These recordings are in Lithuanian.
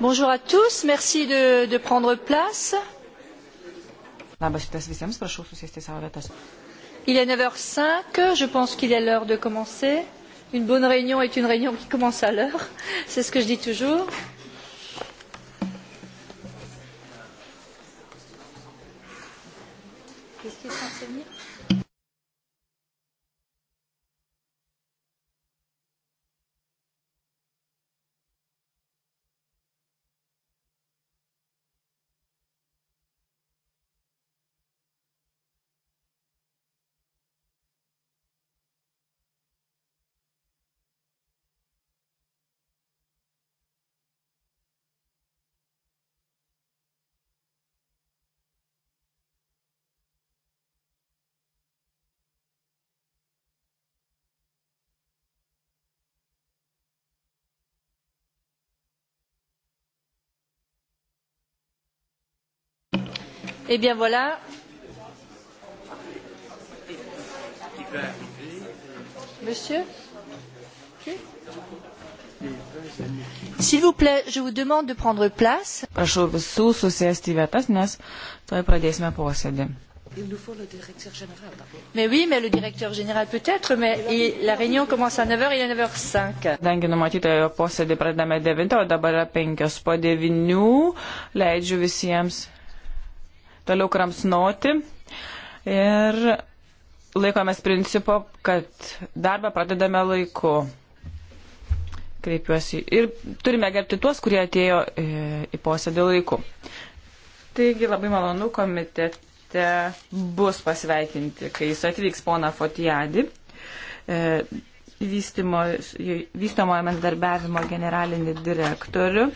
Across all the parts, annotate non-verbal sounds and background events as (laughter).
Bonjour à tous, merci de, de prendre place. Labas rytas visiems, prašau susėsti savo vietas. Il est 9h05, je pense qu'il est l'heure de commencer. Une bonne réunion est une réunion qui commence à l'heure, c'est ce que je dis toujours. Euh, Eh bien voilà. Monsieur S'il vous plaît, je vous demande de prendre place. Prašau visų susėsti vietas, nes toj pradėsime posėdį. Mais oui, mais le directeur général peut-être, mais il, la réunion commence à 9h, il est 9h05. Kadangi numatyta, jo posėdį pradame 9, o dabar yra 5 po 9, leidžiu visiems toliau kramsnoti. Ir laikomės principo, kad darbą pradedame laiku. Kreipiuosi. Ir turime gerbti tuos, kurie atėjo e, į posėdį laiku. Taigi labai malonu komitete bus pasveikinti, kai jis atvyks pona Fotijadi, e, vystomojo bendarbiavimo generalinį direktorių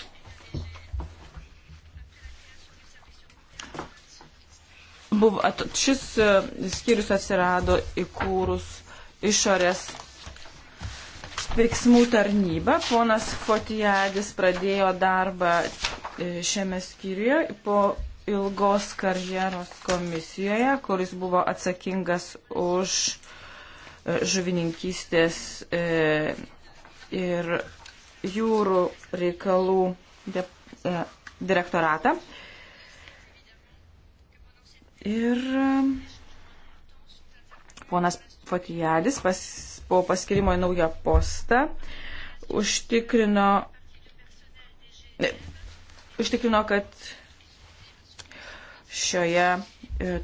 buvo, at, šis e, skyrius atsirado įkūrus išorės veiksmų tarnybą. Ponas Fotijadis pradėjo darbą e, šiame skyriuje po ilgos karjeros komisijoje, kuris buvo atsakingas už e, žuvininkystės ir jūrų reikalų direktoratą. Ir um, ponas Fotijadis pas, po paskirimo į naują postą užtikrino, ne, užtikrino kad šioje e,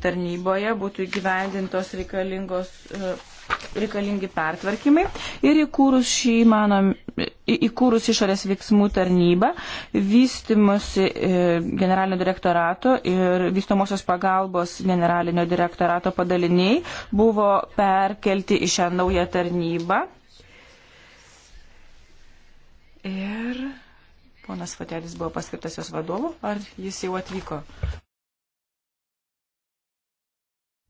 tarnyboje būtų įgyvendintos reikalingos e, reikalingi pertvarkymai ir įkūrus šį mano, įkūrus išorės veiksmų tarnybą, vystimosi e, generalinio direktorato ir vystomosios pagalbos generalinio direktorato padaliniai buvo perkelti į šią naują tarnybą. Ir ponas Fatelis buvo paskirtas jos vadovu, ar jis jau atvyko?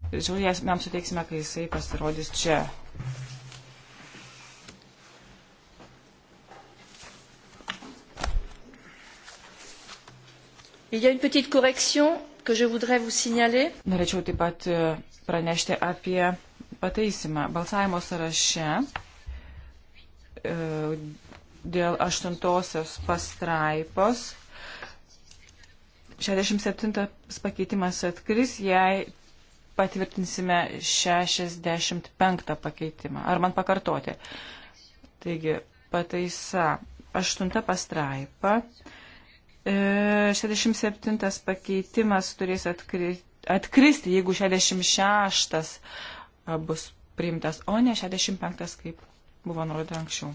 Tačiau jas jam suteiksime, kai jisai pasirodys čia. Il y a une petite correction que je voudrais vous signaler. Norėčiau taip pat e, pranešti apie pataisimą balsavimo sąraše e, dėl aštuntosios pastraipos. 67 pakeitimas atkris, jei patvirtinsime 65 pakeitimą. Ar man pakartoti? Taigi, pataisa 8 pastraipa. 67 e, pakeitimas turės atkri, atkristi, jeigu 66 bus priimtas, o ne 65, kaip buvo nurodyta anksčiau.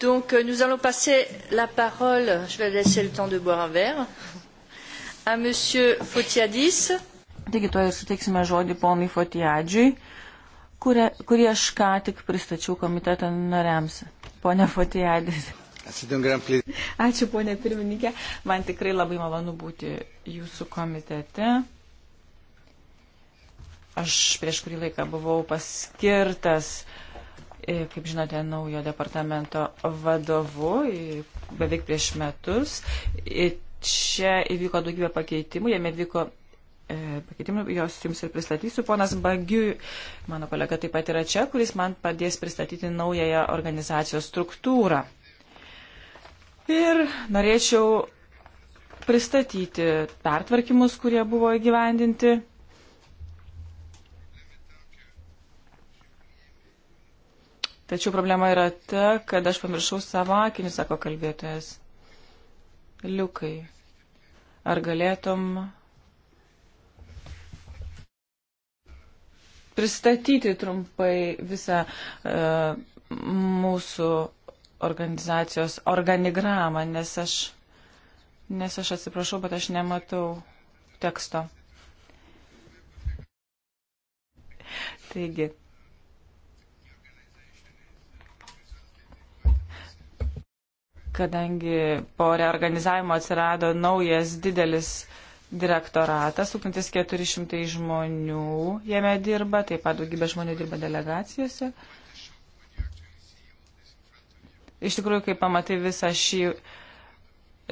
Donc, euh, nous allons passer la parole, je vais laisser le temps de boire un verre, à Monsieur Fotiadis. Taigi, tuoj suteiksime žodį ponui Fotiadžiui, kurį aš ką tik pristačiau komiteto nariams. Pone Fotiadis. Ačiū, tai ponė pirmininkė. Man tikrai labai malonu būti jūsų komitete. Aš prieš kurį laiką buvau paskirtas uh, E, kaip žinote, naujo departamento vadovu beveik prieš metus. Čia įvyko daugybė pakeitimų, jame vyko e, pakeitimų, jos jums ir pristatysiu. Ponas Bagiu, mano kolega taip pat yra čia, kuris man padės pristatyti naująją organizacijos struktūrą. Ir norėčiau pristatyti pertvarkymus, kurie buvo įgyvendinti Tačiau problema yra ta, kad aš pamiršau savo akinių, sako kalbėtojas. Liukai, ar galėtum pristatyti trumpai visą uh, mūsų organizacijos organigramą, nes aš, nes aš atsiprašau, bet aš nematau teksto. Taigi, kadangi po reorganizavimo atsirado naujas didelis direktoratas, tūkstantis 400 žmonių jame dirba, taip pat daugybė žmonių dirba delegacijose. Iš tikrųjų, kai pamatai visą, šį,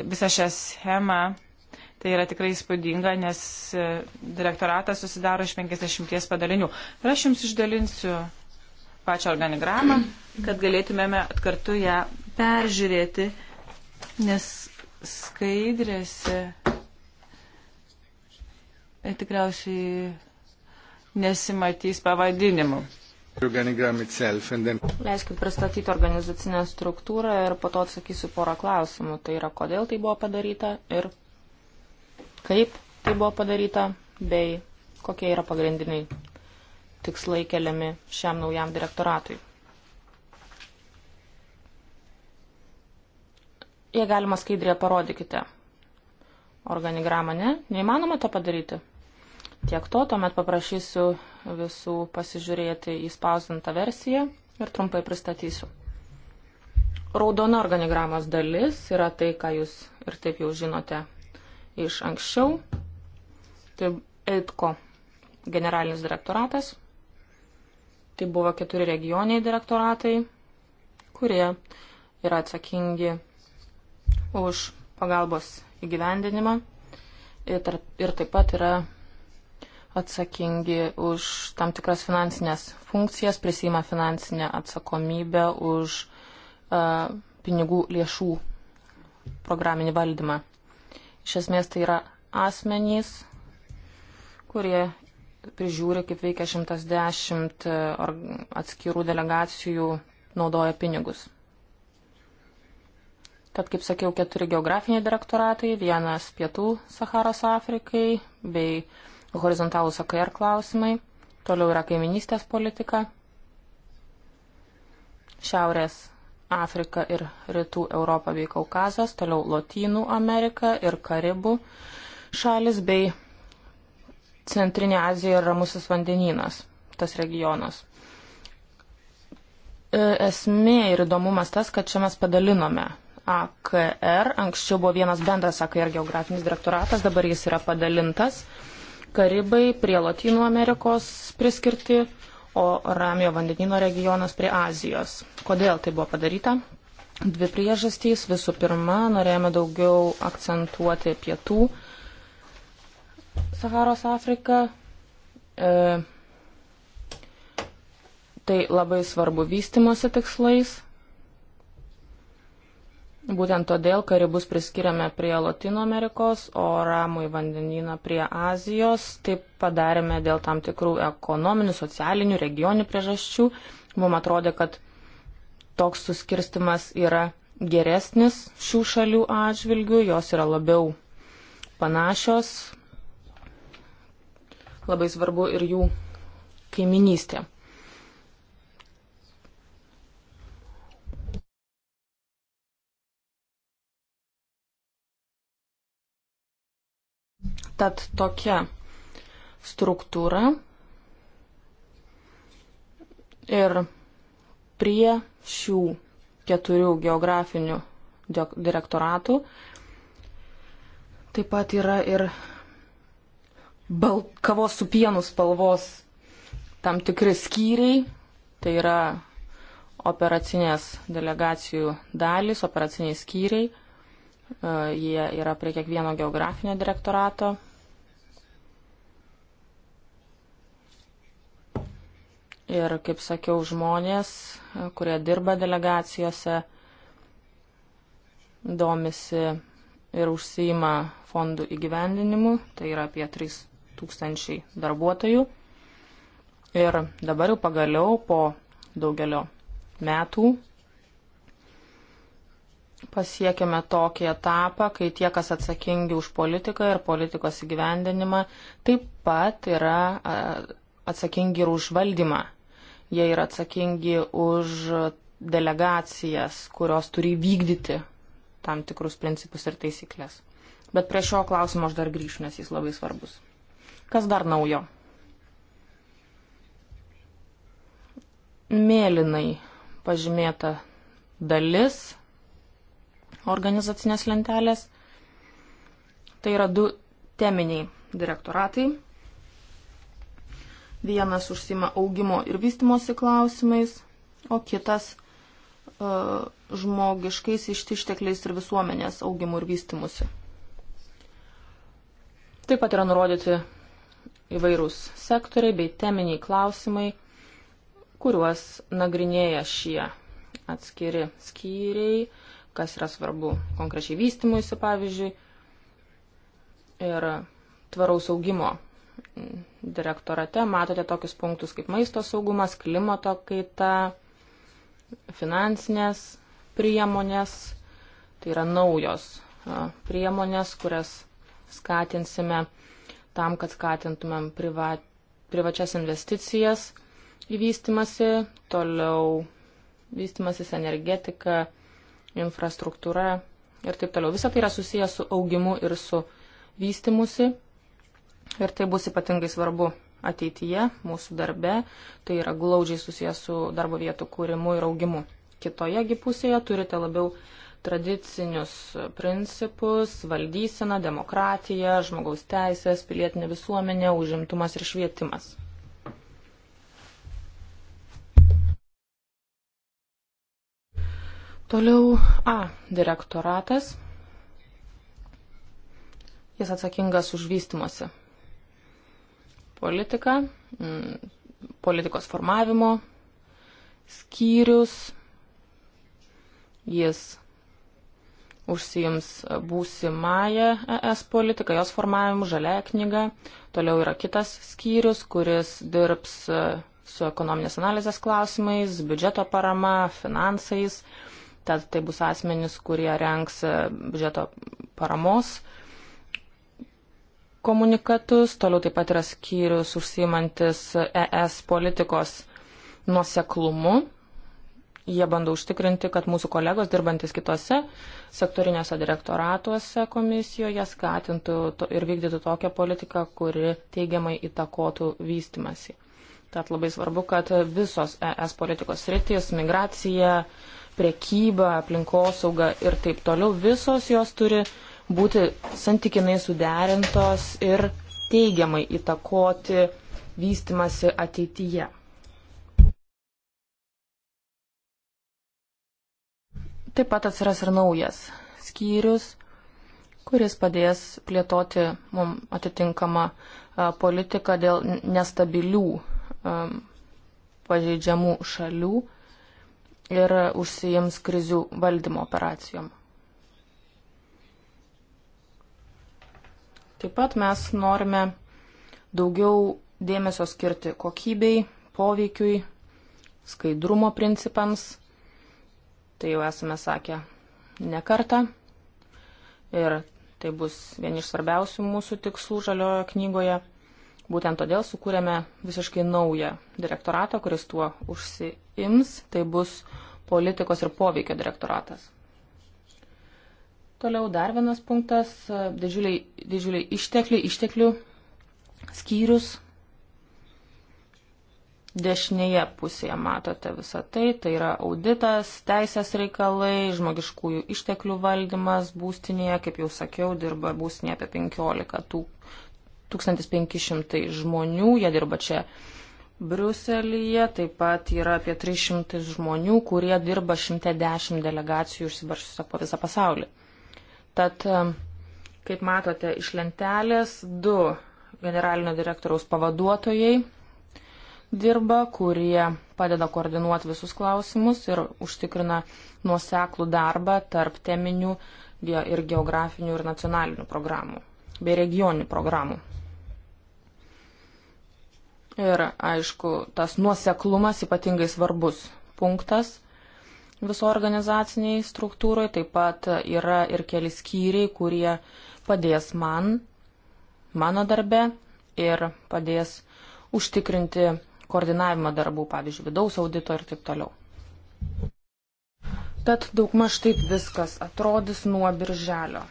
visą šią schemą, tai yra tikrai įspūdinga, nes e, direktoratas susidaro iš 50 padalinių. Ir aš jums išdalinsiu pačią organigramą, kad galėtumėme kartu ją peržiūrėti, nes skaidrėse e, tikriausiai nesimatys pavadinimu. Leiskit pristatyti organizacinę struktūrą ir po to atsakysiu porą klausimų. Tai yra, kodėl tai buvo padaryta ir kaip tai buvo padaryta, bei kokie yra pagrindiniai tikslai keliami šiam naujam direktoratui. jei galima skaidrėje parodykite. Organigramą ne, neįmanoma to padaryti. Tiek to, tuomet paprašysiu visų pasižiūrėti į spausdintą versiją ir trumpai pristatysiu. Raudona organigramos dalis yra tai, ką jūs ir taip jau žinote iš anksčiau. Tai EITKO generalinis direktoratas. Tai buvo keturi regioniai direktoratai, kurie yra atsakingi už pagalbos įgyvendinimą ir, ir taip pat yra atsakingi už tam tikras finansinės funkcijas, prisima finansinę atsakomybę už uh, pinigų lėšų programinį valdymą. Iš esmės tai yra asmenys, kurie prižiūri, kaip veikia 110 atskirų delegacijų, naudoja pinigus. Tad, kaip sakiau, keturi geografiniai direktoratai, vienas pietų Saharos Afrikai bei horizontalūs AKR klausimai, toliau yra kaiminystės politika, Šiaurės Afrika ir Rytų Europa bei Kaukazas, toliau Lotynų Amerika ir Karibų šalis bei Centrinė Azija ir Ramusis vandenynas, tas regionas. E, esmė ir įdomumas tas, kad čia mes padalinome AKR. Anksčiau buvo vienas bendras AKR geografinis direktoratas, dabar jis yra padalintas. Karibai prie Latino Amerikos priskirti, o Ramio vandenino regionas prie Azijos. Kodėl tai buvo padaryta? Dvi priežastys. Visų pirma, norėjome daugiau akcentuoti pietų Saharos Afriką. E, tai labai svarbu vystimosi tikslais, Būtent todėl karibus priskiriame prie Latino Amerikos, o ramui vandenyną prie Azijos. Taip padarėme dėl tam tikrų ekonominių, socialinių, regionių priežasčių. Mums atrodė, kad toks suskirstimas yra geresnis šių šalių atžvilgių, jos yra labiau panašios. Labai svarbu ir jų kaiminystė. Tad tokia struktūra ir prie šių keturių geografinių direktoratų taip pat yra ir bal, kavos su pienu spalvos tam tikri skyriai, tai yra operacinės delegacijų dalis, operaciniai skyriai, e, jie yra prie kiekvieno geografinio direktorato Ir, kaip sakiau, žmonės, kurie dirba delegacijose, domisi ir užsima fondų įgyvendinimu, tai yra apie 3000 darbuotojų. Ir dabar jau pagaliau po daugelio metų pasiekėme tokį etapą, kai tie, kas atsakingi už politiką ir politikos įgyvendinimą, taip pat yra atsakingi ir už valdymą. Jie yra atsakingi už delegacijas, kurios turi vykdyti tam tikrus principus ir taisyklės. Bet prie šio klausimo aš dar grįšiu, nes jis labai svarbus. Kas dar naujo? Mėlynai pažymėta dalis organizacinės lentelės. Tai yra du teminiai direktoratai Vienas užsima augimo ir vystimosi klausimais, o kitas uh, žmogiškais ištekliais ir visuomenės augimu ir vystimusi. Taip pat yra nurodyti įvairūs sektoriai bei teminiai klausimai, kuriuos nagrinėja šie atskiri skyriai, kas yra svarbu konkrečiai vystimuisi, pavyzdžiui, ir tvaraus augimo direktorate matote tokius punktus kaip maisto saugumas, klimato kaita, finansinės priemonės, tai yra naujos priemonės, kurias skatinsime tam, kad skatintumėm priva, privačias investicijas į vystimasi, toliau vystimasis energetika, infrastruktūra ir taip toliau. Visa tai yra susijęs su augimu ir su vystimusi. Ir tai bus ypatingai svarbu ateityje, mūsų darbe, tai yra glaudžiai susijęs su darbo vietų kūrimu ir augimu. Kitojegi pusėje turite labiau tradicinius principus - valdyseną, demokratiją, žmogaus teisės, pilietinė visuomenė, užimtumas ir švietimas. Toliau A direktoratas. Jis atsakingas už vystimosi politiką, mm, politikos formavimo skyrius. Jis užsijims būsimąją ES politiką, jos formavimu, žalia knyga. Toliau yra kitas skyrius, kuris dirbs e, su ekonominės analizės klausimais, biudžeto parama, finansais. Tad tai bus asmenys, kurie renks e, biudžeto paramos uh, komunikatus, toliau taip pat yra skyrius užsimantis ES politikos nuoseklumu. Jie bando užtikrinti, kad mūsų kolegos dirbantis kitose sektorinėse direktoratuose komisijoje skatintų ir vykdytų tokią politiką, kuri teigiamai įtakotų vystimasi. Tad labai svarbu, kad visos ES politikos rytis - migracija, priekyba, aplinkosauga ir taip toliau - visos jos turi uh, būti santykinai suderintos ir teigiamai įtakoti vystimasi ateityje. Taip pat atsiras ir naujas skyrius, kuris padės plėtoti mums atitinkamą politiką dėl nestabilių pažeidžiamų šalių ir užsijims krizių valdymo operacijom. Taip pat mes norime daugiau dėmesio skirti kokybei, poveikiui, skaidrumo principams. Tai jau esame sakę ne kartą. Ir tai bus vieni iš svarbiausių mūsų tikslų žaliojo knygoje. Būtent todėl sukūrėme visiškai naują direktoratą, kuris tuo užsiims. Tai bus politikos ir poveikio direktoratas. Toliau dar vienas punktas - didžiuliai, didžiuliai ištekliai, išteklių skyrius. Dešinėje pusėje matote visą tai, tai yra auditas, teisės reikalai, žmogiškųjų išteklių valdymas būstinėje, kaip jau sakiau, dirba būstinėje apie 15 1500 žmonių, jie dirba čia Briuselyje, taip pat yra apie 300 žmonių, kurie dirba 110 delegacijų išsibaršusios po visą pasaulį. Tad, kaip matote, iš lentelės du generalinio direktoriaus pavaduotojai dirba, kurie padeda koordinuoti visus klausimus ir užtikrina nuoseklų darbą tarp teminių ir geografinių ir nacionalinių programų bei regioninių programų. Ir aišku, tas nuoseklumas ypatingai svarbus punktas, viso organizaciniai struktūroje. Taip pat yra ir keli skyriai, kurie padės man, mano darbe ir padės užtikrinti koordinavimą darbų, pavyzdžiui, vidaus audito ir taip toliau. Tad daugmaž taip viskas atrodys nuo birželio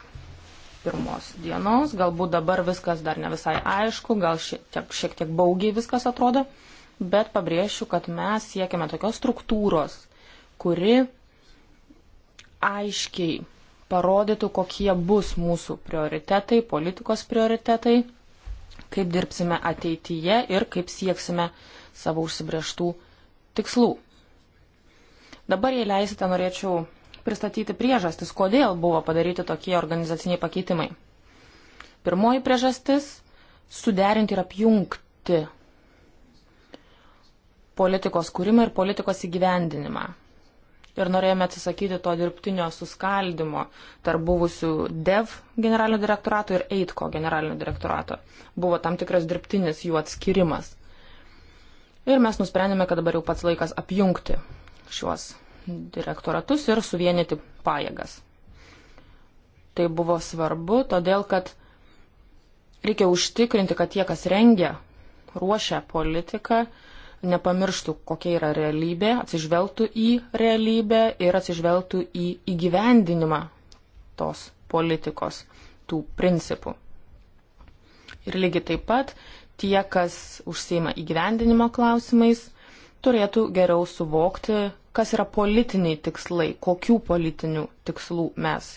pirmos dienos. Galbūt dabar viskas dar ne visai aišku, gal šiek tiek, šiek tiek baugiai viskas atrodo, bet pabrėšiu, kad mes siekiame tokios struktūros, kuri aiškiai parodytų, kokie bus mūsų prioritetai, politikos prioritetai, kaip dirbsime ateityje ir kaip sieksime savo užsibrieštų tikslų. Dabar, jei leisite, norėčiau pristatyti priežastis, kodėl buvo padaryti tokie organizaciniai pakeitimai. Pirmoji priežastis - suderinti ir apjungti politikos kūrimą ir politikos įgyvendinimą ir norėjome atsisakyti to dirbtinio suskaldimo tarp buvusių DEV generalinio direktorato ir EITCO generalinio direktorato. Buvo tam tikras dirbtinis jų atskirimas. Ir mes nusprendėme, kad dabar jau pats laikas apjungti šiuos direktoratus ir suvienyti pajėgas. Tai buvo svarbu, todėl kad reikia užtikrinti, kad tie, kas rengia, ruošia politiką, uh, nepamirštų, kokia yra realybė, atsižvelgtų į realybę ir atsižvelgtų į įgyvendinimą tos politikos, tų principų. Ir lygiai taip pat tie, kas užseima įgyvendinimo klausimais, turėtų geriau suvokti, kas yra politiniai tikslai, kokių politinių tikslų mes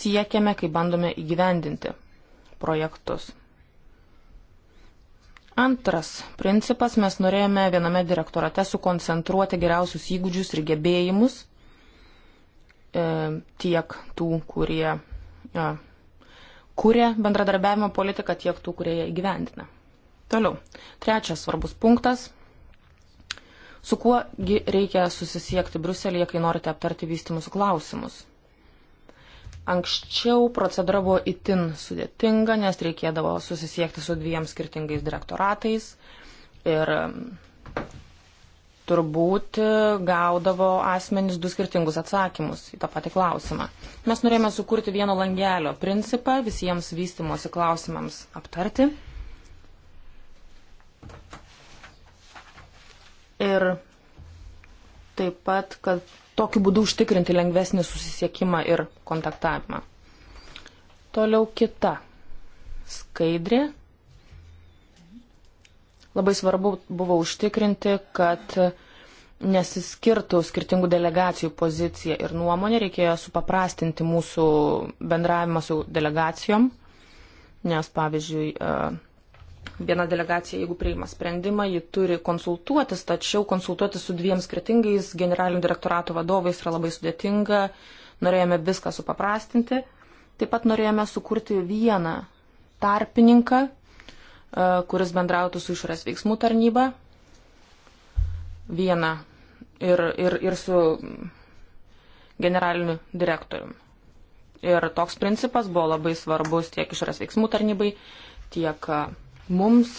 siekiame, kai bandome įgyvendinti projektus. Antras principas, mes norėjome viename direktorate sukoncentruoti geriausius įgūdžius ir gebėjimus e, tiek tų, kurie e, kuria bendradarbiavimo politiką, tiek tų, kurie ją įgyvendina. Toliau. Trečias svarbus punktas. Su kuo reikia susisiekti Bruselėje, kai norite aptarti vystimus klausimus? Anksčiau procedūra buvo itin sudėtinga, nes reikėdavo susisiekti su dviem skirtingais direktoratais ir um, turbūt e, gaudavo asmenys du skirtingus atsakymus į tą patį klausimą. Mes norėjome sukurti vieno langelio principą visiems vystimosi klausimams aptarti. Ir taip pat, kad tokiu būdu užtikrinti lengvesnį susisiekimą ir kontaktavimą. Toliau kita skaidrė. Labai svarbu buvo užtikrinti, kad nesiskirtų skirtingų delegacijų pozicija ir nuomonė, reikėjo supaprastinti mūsų bendravimą su delegacijom, nes pavyzdžiui, viena delegacija, jeigu priima sprendimą, ji turi konsultuotis, tačiau konsultuotis su dviem skirtingais generalinių direktoratų vadovais yra labai sudėtinga. Norėjome viską supaprastinti. Taip pat norėjome sukurti vieną tarpininką, e, kuris bendrautų su išorės veiksmų tarnyba. Vieną ir, ir, ir su generaliniu direktoriumi. Ir toks principas buvo labai svarbus tiek išorės veiksmų tarnybai, tiek uh, mums,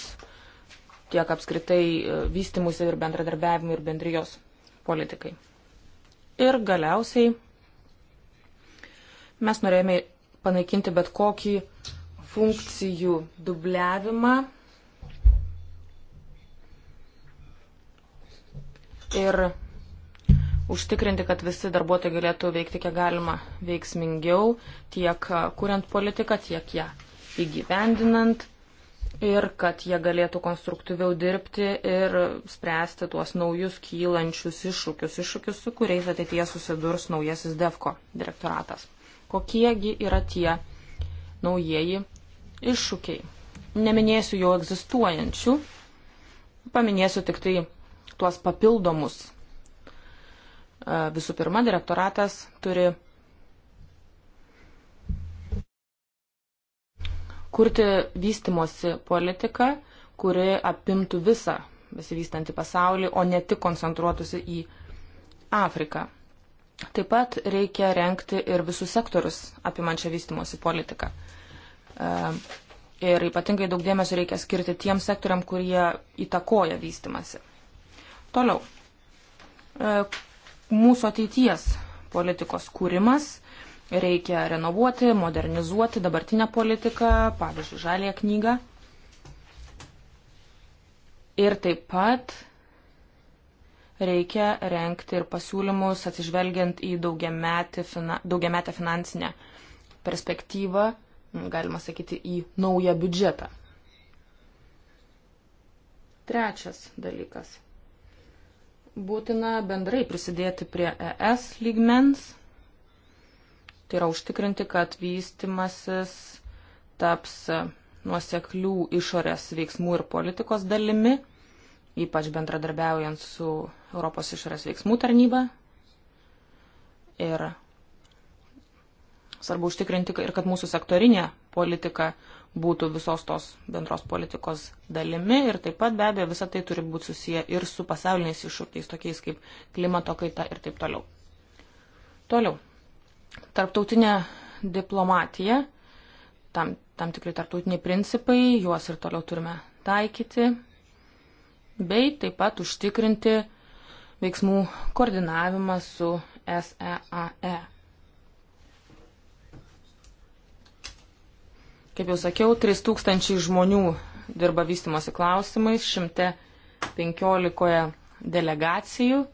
tiek apskritai e, vystimusi ir bendradarbiavimui ir bendrijos politikai. Ir galiausiai mes norėjome panaikinti bet kokį funkcijų dubliavimą ir užtikrinti, kad visi darbuotojai galėtų veikti kiek galima veiksmingiau, tiek e, kuriant politiką, tiek ją įgyvendinant ir kad jie galėtų konstruktyviau dirbti ir spręsti tuos naujus kylančius iššūkius, iššūkius, su kuriais ateityje susidurs naujasis DEFCO direktoratas. Kokiegi yra tie naujieji iššūkiai? Neminėsiu jau egzistuojančių, paminėsiu tik tai tuos papildomus. Visų pirma, direktoratas turi kurti vystimosi politiką, kuri apimtų visą besivystantį pasaulį, o ne tik koncentruotųsi į Afriką. Taip pat reikia renkti ir visus sektorius apimančią vystimosi politiką. E, ir ypatingai daug dėmesio reikia skirti tiem sektoriam, kurie įtakoja vystimasi. Toliau. E, mūsų ateities politikos kūrimas Reikia renovuoti, modernizuoti dabartinę politiką, pavyzdžiui, žalėją knygą. Ir taip pat reikia renkti ir pasiūlymus atsižvelgiant į daugiametę, fina, daugiametę finansinę perspektyvą, galima sakyti, į naują biudžetą. Trečias dalykas. Būtina bendrai prisidėti prie ES lygmens Tai yra užtikrinti, kad vystimasis taps nuoseklių išorės veiksmų ir politikos dalimi, ypač bendradarbiaujant su Europos išorės veiksmų tarnyba. Ir svarbu užtikrinti ir kad mūsų sektorinė politika būtų visos tos bendros politikos dalimi ir taip pat be abejo visą tai turi būti susiję ir su pasauliniais iššūkiais, tokiais kaip klimato kaita ir taip toliau. Toliau. Tarptautinė diplomatija, tam, tam tikri tarptautiniai principai, juos ir toliau turime taikyti, bei taip pat užtikrinti veiksmų koordinavimą su SEAE. E. Kaip jau sakiau, 3000 žmonių dirba vystimosi klausimais, 115 delegacijų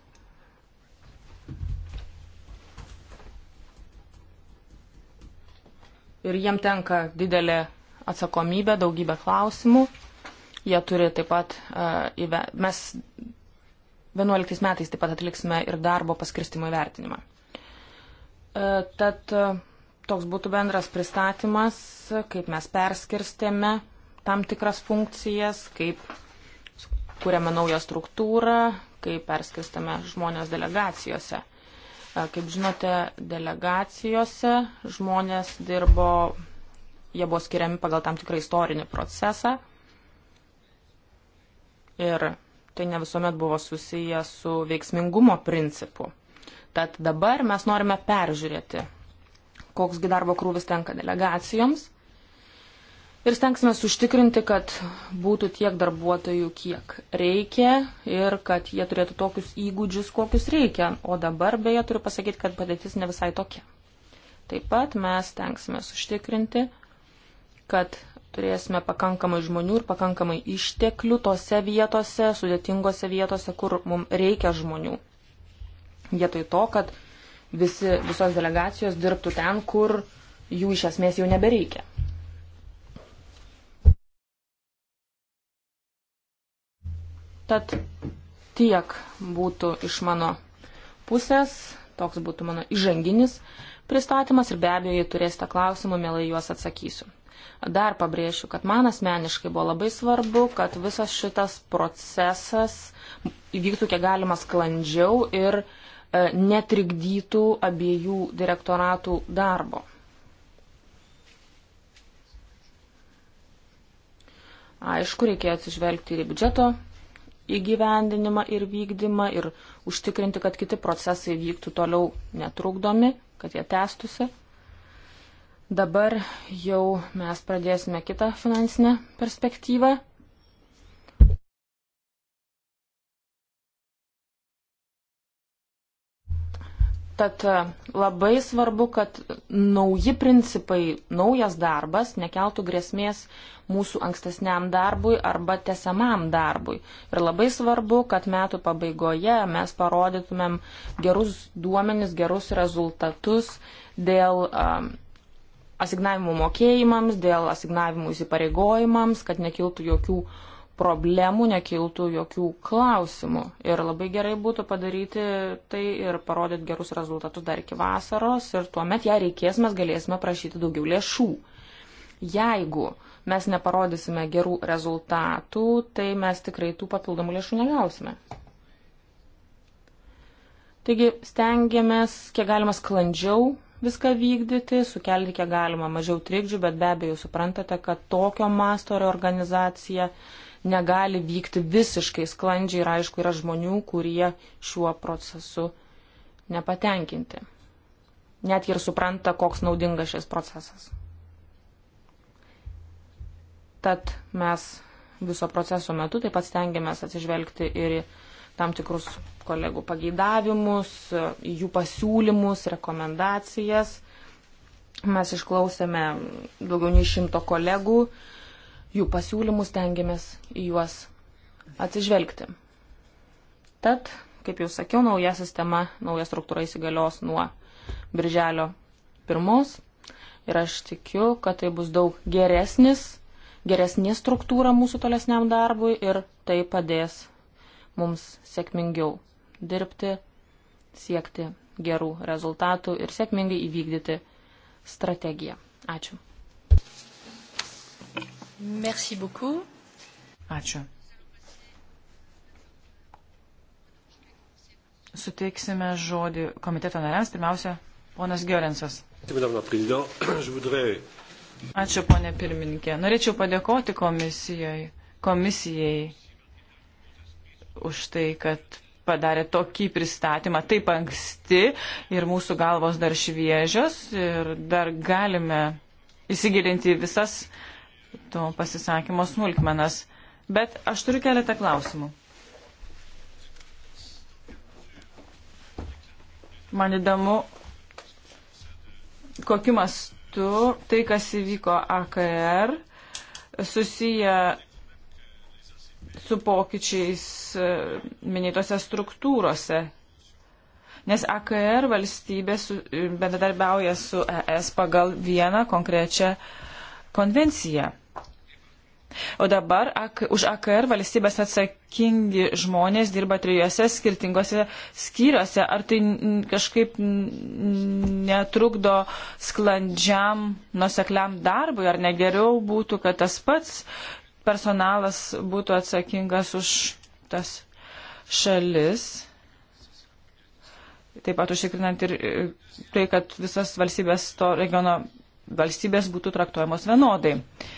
ir jiem tenka didelė atsakomybė, daugybė klausimų. Jie turi taip pat, uh, mes 11 metais taip pat atliksime ir darbo paskirstimo įvertinimą. Uh, tad uh, toks būtų bendras pristatymas, kaip mes perskirstėme tam tikras funkcijas, kaip kūrėme naują struktūrą, kaip perskirstame žmonės delegacijose. Kaip žinote, delegacijose žmonės dirbo, jie buvo skiriami pagal tam tikrą istorinį procesą. Ir tai ne visuomet buvo susiję su veiksmingumo principu. Tad dabar mes norime peržiūrėti, koksgi darbo krūvis tenka delegacijoms ir stengsime užtikrinti, kad būtų tiek darbuotojų, kiek reikia ir kad jie turėtų tokius įgūdžius, kokius reikia. O dabar beje turiu pasakyti, kad padėtis ne visai tokia. Taip pat mes stengsime užtikrinti, kad turėsime pakankamai žmonių ir pakankamai išteklių tose vietose, sudėtingose vietose, kur mums reikia žmonių. Vietoj to, kad visi, visos delegacijos dirbtų ten, kur jų iš esmės jau nebereikia. Tad tiek būtų iš mano pusės, toks būtų mano įžanginis pristatymas ir be abejo, jei turėsite klausimų, mielai juos atsakysiu. Dar pabrėšiu, kad man asmeniškai buvo labai svarbu, kad visas šitas procesas įvyktų kiek galima sklandžiau ir e, netrikdytų abiejų direktoratų darbo. Aišku, reikėjo atsižvelgti ir į biudžeto įgyvendinimą ir vykdymą ir užtikrinti, kad kiti procesai vyktų toliau netrukdomi, kad jie tęstusi. Dabar jau mes pradėsime kitą finansinę perspektyvą Tad e, labai svarbu, kad nauji principai, naujas darbas nekeltų grėsmės mūsų ankstesniam darbui arba tesamam darbui. Ir labai svarbu, kad metų pabaigoje mes parodytumėm gerus duomenis, gerus rezultatus dėl um, asignavimų mokėjimams, dėl asignavimų įsipareigojimams, kad nekiltų jokių problemų nekiltų jokių klausimų. Ir labai gerai būtų padaryti tai ir parodyti gerus rezultatus dar iki vasaros ir tuomet, jei reikės, mes galėsime prašyti daugiau lėšų. Jeigu mes neparodysime gerų rezultatų, tai mes tikrai tų papildomų lėšų negausime. Taigi stengiamės, kiek galima sklandžiau viską vykdyti, sukelti kiek galima mažiau trikdžių, bet be abejo suprantate, kad tokio masto reorganizacija organizacija negali vykti visiškai sklandžiai ir aišku yra žmonių, kurie šiuo procesu nepatenkinti. Net ir supranta, koks naudingas šis procesas. Tad mes viso proceso metu taip pat stengiamės atsižvelgti ir į tam tikrus kolegų pageidavimus, jų pasiūlymus, rekomendacijas. Mes išklausėme daugiau nei šimto kolegų, jų pasiūlymus tengiamės į juos atsižvelgti. Tad, kaip jau sakiau, nauja sistema, nauja struktūra įsigalios nuo birželio pirmos ir aš tikiu, kad tai bus daug geresnis, geresnė struktūra mūsų tolesniam darbui ir tai padės mums sėkmingiau dirbti, siekti gerų rezultatų ir sėkmingai įvykdyti strategiją. Ačiū. Merci beaucoup. Ačiū. Suteiksime žodį komiteto nariams. Pirmiausia, ponas Giorensas. (clears throat) Ačiū, ponė pirmininkė. Norėčiau padėkoti komisijai, komisijai už tai, kad padarė tokį pristatymą taip anksti ir mūsų galvos dar šviežios ir dar galime įsigilinti visas uh, to pasisakymo smulkmenas. Bet aš turiu keletą klausimų. Man įdomu, kokiu mastu tai, kas įvyko AKR, susiję su pokyčiais e, minėtose struktūrose. Nes AKR valstybė su, e, bendradarbiauja su ES pagal vieną konkrečią konvenciją. O dabar ak, už AKR valstybės atsakingi žmonės dirba trijose skirtingose skyriuose. Ar tai kažkaip netrukdo sklandžiam, nusekliam darbui, ar negeriau būtų, kad tas pats personalas būtų atsakingas už tas šalis? Taip pat užtikrinant ir e, tai, kad visas valstybės to regiono valstybės būtų traktuojamos vienodai. Uh,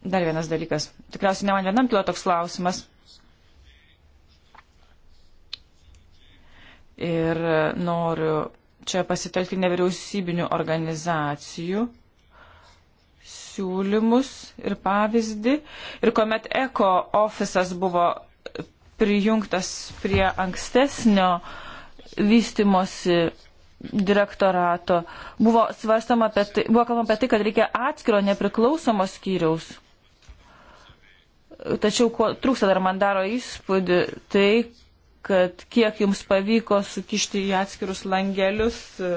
Dar vienas dalykas. Tikriausiai ne man vienam kilo toks klausimas. Ir noriu čia pasitelkti nevyriausybinių organizacijų siūlymus ir pavyzdį. Ir kuomet eko ofisas buvo prijungtas prie ankstesnio vystimosi direktorato, buvo svarstama apie tai, buvo kalbama apie tai, kad reikia atskiro nepriklausomo skyriaus Tačiau ko trūksta dar man daro įspūdį tai, kad kiek jums pavyko sukišti į atskirus langelius e,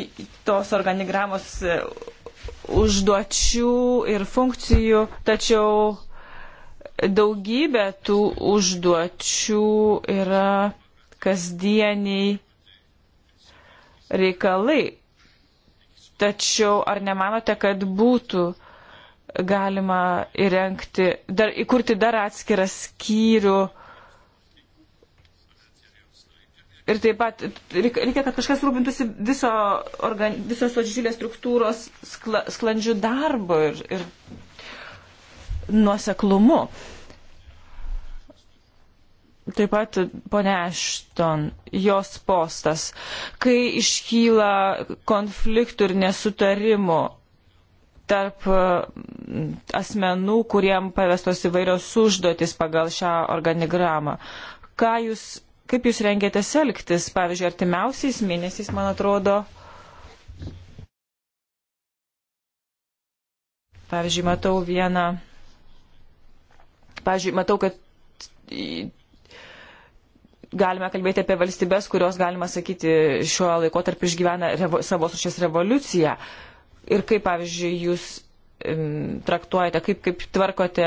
į tos organigramos e, užduočių ir funkcijų, tačiau daugybė tų užduočių yra kasdieniai reikalai. Tačiau ar nemanote, kad būtų uh, galima įrengti, dar, įkurti dar atskirą skyrių. Ir taip pat reikia, kad kažkas rūpintųsi viso organ, visos tos didžiulės struktūros skla, sklandžių darbo ir, ir nuoseklumu. Taip pat ponia Ashton, jos postas, kai iškyla konfliktų ir nesutarimų tarp e, asmenų, kuriem pavestos įvairios užduotis pagal šią organigramą. Ką jūs, kaip jūs rengėtės elgtis, pavyzdžiui, artimiausiais mėnesiais, man atrodo, pavyzdžiui, matau vieną, pavyzdžiui, matau, kad galime kalbėti apie valstybės, kurios, galima sakyti, šiuo laikotarpiu išgyvena revo, savo sušias revoliuciją. Uh, ir kaip, pavyzdžiui, jūs traktuojate, kaip, kaip tvarkote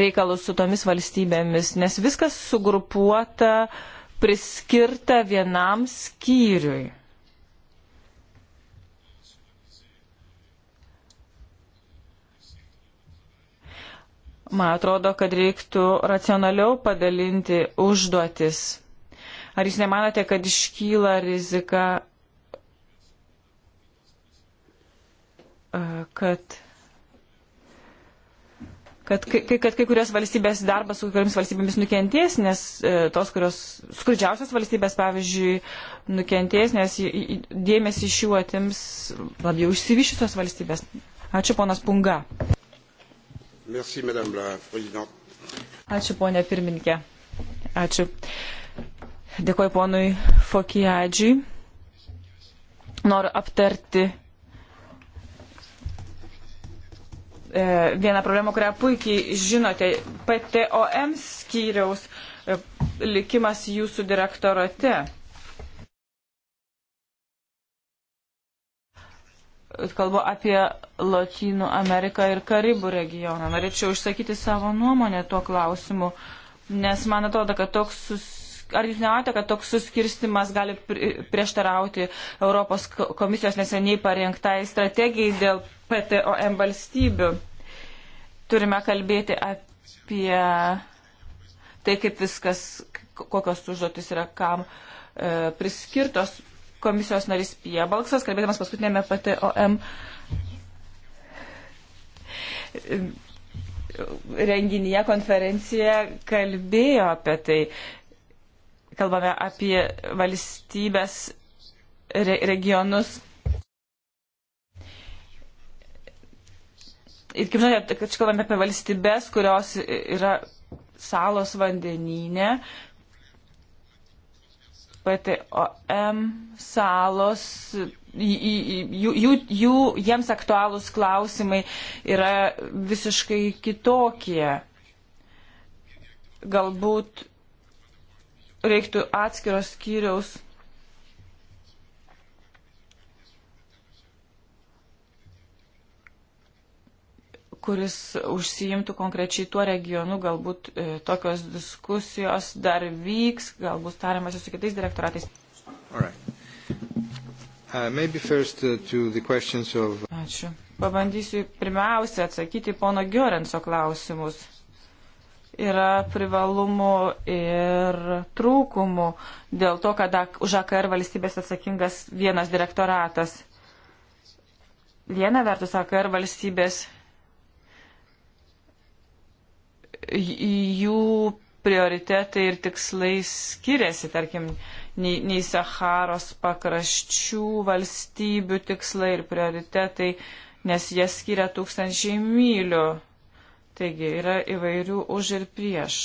reikalus su tomis valstybėmis, nes viskas sugrupuota, priskirta vienam skyriui. Man atrodo, kad reiktų racionaliau padalinti užduotis. Ar jūs nemanote, kad iškyla rizika kad kad kai, kad kai kurios valstybės darbas su kuriomis valstybėmis nukentės, nes e, tos, kurios skurdžiausios valstybės, pavyzdžiui, nukentės, nes dėmesį iš jų atims labiau išsivyšusios valstybės. Ačiū, ponas Punga. Merci, Ačiū, ponė pirmininkė. Ačiū. Dėkuoju ponui Fokijadžiui. Noriu aptarti E, vieną problemą, kurią puikiai žinote, PTOM skyriaus e, likimas jūsų direktorate. Kalbu apie Latinų Ameriką ir Karibų regioną. Norėčiau išsakyti savo nuomonę tuo klausimu, nes man atrodo, kad toks sus... Ar jūs nematote, kad toks suskirstimas gali prieštarauti Europos komisijos neseniai parengtai strategijai dėl PTOM valstybių. Turime kalbėti apie tai, kaip viskas, kokios užduotis yra kam e, priskirtos. Komisijos narys Piebalksas, kalbėdamas paskutinėme PTOM e, renginyje, konferencija, kalbėjo apie tai. Kalbame apie valstybės re, regionus ir kaip žinote, kad čia kalbame apie valstybės, kurios yra salos vandenyne. PTOM salos, jų, jų, jų, jiems aktualūs klausimai yra visiškai kitokie. Galbūt reiktų atskiros skyriaus kuris užsiimtų konkrečiai tuo regionu, galbūt e, tokios diskusijos dar vyks, galbūt tariamasi su kitais direktoratais. Right. Uh, first, uh, of... Ačiū. Pabandysiu pirmiausia atsakyti pono Giorenso klausimus. Yra privalumų ir trūkumų dėl to, kad už AKR valstybės atsakingas vienas direktoratas. Viena vertus AKR valstybės jų prioritetai ir tikslai skiriasi, tarkim, nei, nei Saharos pakraščių valstybių tikslai ir prioritetai, nes jie skiria tūkstančiai mylių. Taigi yra įvairių už ir prieš.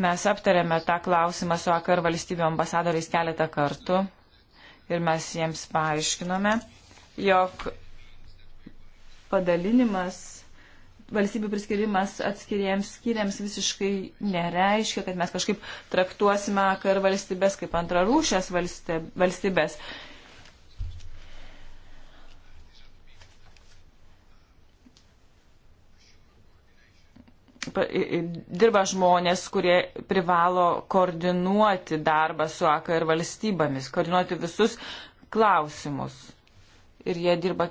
Mes aptarėme tą klausimą su AKR valstybių ambasadoriais keletą kartų ir mes jiems paaiškinome, jog padalinimas valstybių priskirimas atskiriems skyriams visiškai nereiškia, kad mes kažkaip traktuosime AKR valstybės kaip antrarūšės valstybės. Dirba žmonės, kurie privalo koordinuoti darbą su AKR valstybėmis, koordinuoti visus klausimus. Ir jie dirba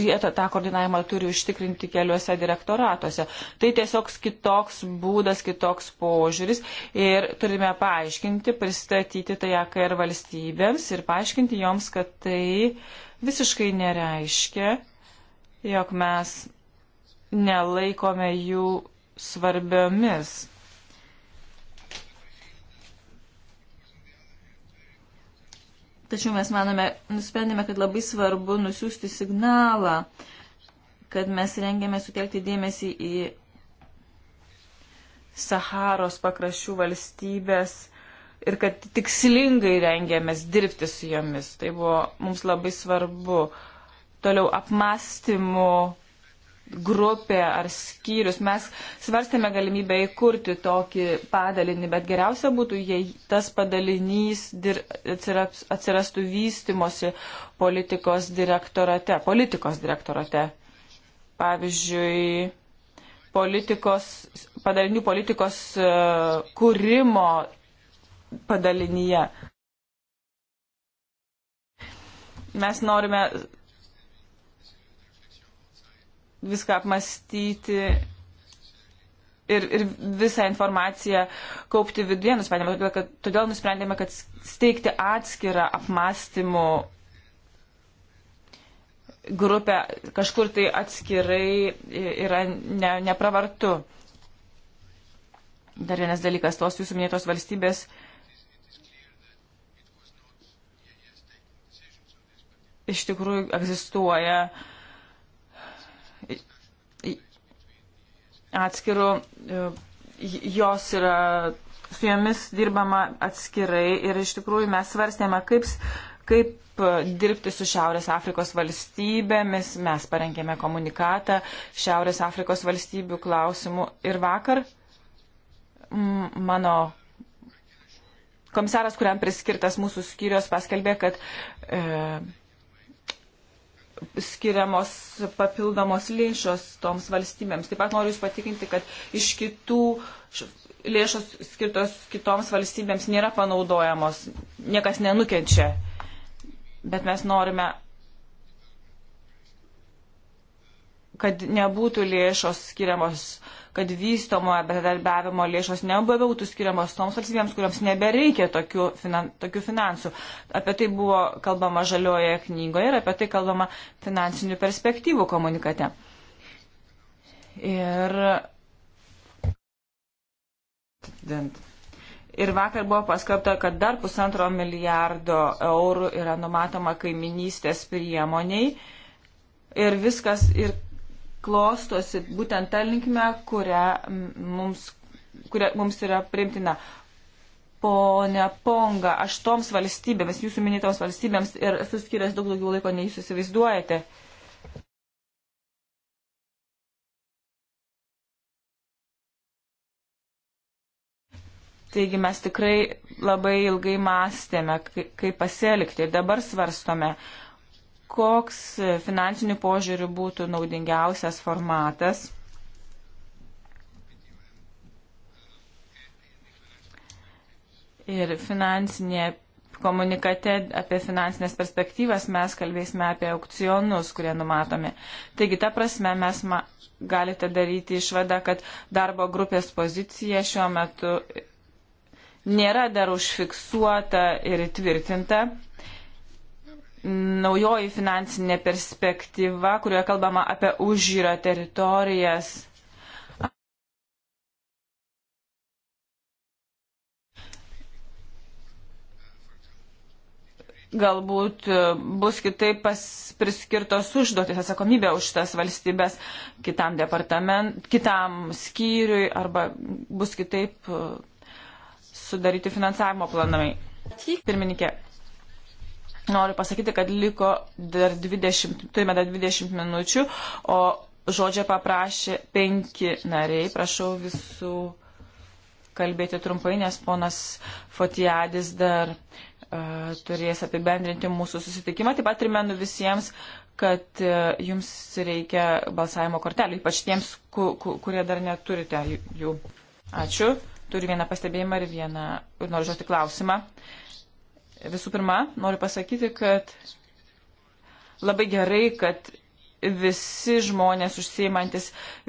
jie tą, tą koordinavimą turi užtikrinti keliuose direktoratuose. Tai tiesiog kitoks būdas, kitoks požiūris ir turime paaiškinti, pristatyti tai AKR valstybėms ir paaiškinti joms, kad tai visiškai nereiškia, jog mes nelaikome jų svarbiomis Tačiau mes manome, nusprendėme, kad labai svarbu nusiųsti signalą, kad mes rengėme sutelkti dėmesį į Saharos pakraščių valstybės ir kad tikslingai rengėmės dirbti su jomis. Tai buvo mums labai svarbu. Toliau apmastymų grupė ar skyrius. Mes svarstėme galimybę įkurti tokį padalinį, bet geriausia būtų, jei tas padalinys dir, atsiras, atsirastų vystimosi politikos direktorate, politikos direktorate. Pavyzdžiui, politikos, padalinių politikos e, kūrimo padalinyje. Mes norime viską apmastyti ir, ir visą informaciją kaupti viduje, nusprendėme, todėl, kad, todėl nusprendėme, kad steigti atskirą apmastymų grupę kažkur tai atskirai yra ne, nepravartu. Dar vienas dalykas, tos jūsų minėtos valstybės iš tikrųjų egzistuoja uh, atskirų, e, jos yra, su jomis dirbama atskirai ir iš tikrųjų mes svarstėme, kaip, kaip e, dirbti su Šiaurės Afrikos valstybėmis. Mes parengėme komunikatą Šiaurės Afrikos valstybių klausimų. Ir vakar mano komisaras, kuriam priskirtas mūsų skyrios, paskelbė, kad e, skiriamos papildomos lėšos toms valstybėms. Taip pat noriu Jūs patikinti, kad iš kitų lėšos skirtos kitoms valstybėms nėra panaudojamos, niekas nenukenčia. Bet mes norime, kad nebūtų lėšos skiriamos uh, kad vystomojo bendradarbiavimo lėšos nebebūtų skiriamos toms valstybėms, kuriams nebereikia tokių, finan, tokių finansų. Apie tai buvo kalbama žaliojoje knygoje ir apie tai kalbama finansinių perspektyvų komunikate. Ir, ir vakar buvo paskelbta, kad dar pusantro milijardo eurų yra numatoma kaiminystės priemoniai. Ir viskas, ir klostosi būtent tą linkmę, kurią mums, kuria mums yra primtina. Pone Ponga, aš toms valstybėms, jūsų minėtoms valstybėms ir esu skiręs daug daugiau laiko, nei jūs įsivaizduojate. Taigi mes tikrai labai ilgai mąstėme, kaip pasielgti ir dabar svarstome, uh, koks finansinių požiūrių būtų naudingiausias formatas. Ir finansinė komunikate apie finansinės perspektyvas mes kalbėsime apie aukcionus, kurie numatomi. Taigi, ta prasme, mes ma, galite daryti išvadą, kad darbo grupės pozicija šiuo metu nėra dar užfiksuota ir tvirtinta naujoji finansinė perspektyva, kurioje kalbama apie užžyro teritorijas. Galbūt e, bus kitaip priskirtos užduotis atsakomybė už tas valstybės kitam departament, kitam skyriui arba bus kitaip e, sudaryti finansavimo planai. Pirmininkė, Noriu pasakyti, kad liko dar 20, turime dar 20 minučių, o žodžio paprašė penki nariai. Prašau visų kalbėti trumpai, nes ponas Fotijadis dar uh, turės apibendrinti mūsų susitikimą. Taip pat primenu visiems, kad uh, jums reikia balsavimo kortelių, ypač tiems, ku, ku, kurie dar neturite jų. Ačiū. Turiu vieną pastebėjimą ir vieną, noriu žodžiu, klausimą. Uh, Visų pirma, noriu pasakyti, kad labai gerai, kad visi žmonės užsieimantis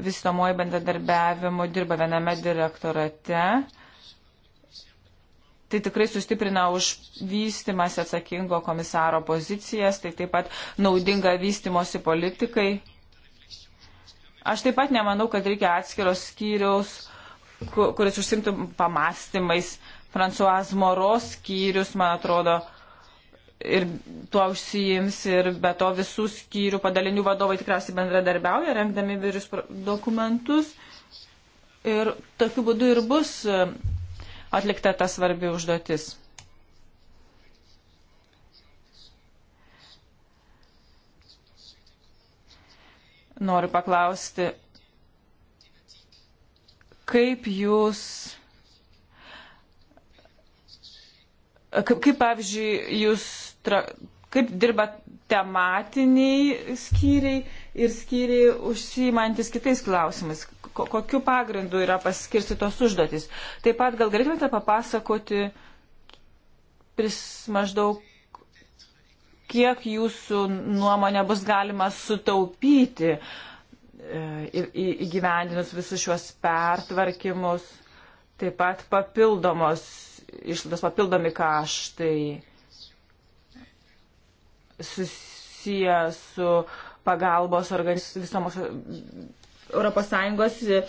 vystomoji bendradarbiavimu dirba viename direktorate. Tai tikrai sustiprina už vystimas atsakingo komisaro pozicijas, tai taip pat naudinga vystimosi politikai. Aš taip pat nemanau, kad reikia atskiros skyriaus, kuris užsimtų pamastymais, uh, Fransuas Moros skyrius, man atrodo, ir tuo užsijims ir be to visų skyrių padalinių vadovai tikriausiai bendradarbiauja, rengdami vyrius dokumentus. Ir tokiu būdu ir bus e, atlikta ta svarbi užduotis. Noriu paklausti, kaip jūs kaip, kaip pavyzdžiui, jūs, tra, kaip dirba tematiniai skyriai ir skyriai užsiimantis kitais klausimais, kokiu pagrindu yra paskirsti tos užduotis. Taip pat gal galėtumėte papasakoti pris maždaug, kiek jūsų nuomonė bus galima sutaupyti e, įgyvendinus visus šiuos pertvarkimus, taip pat papildomos išlaidos papildomi kaštai susiję su pagalbos organiz... visoms ES e,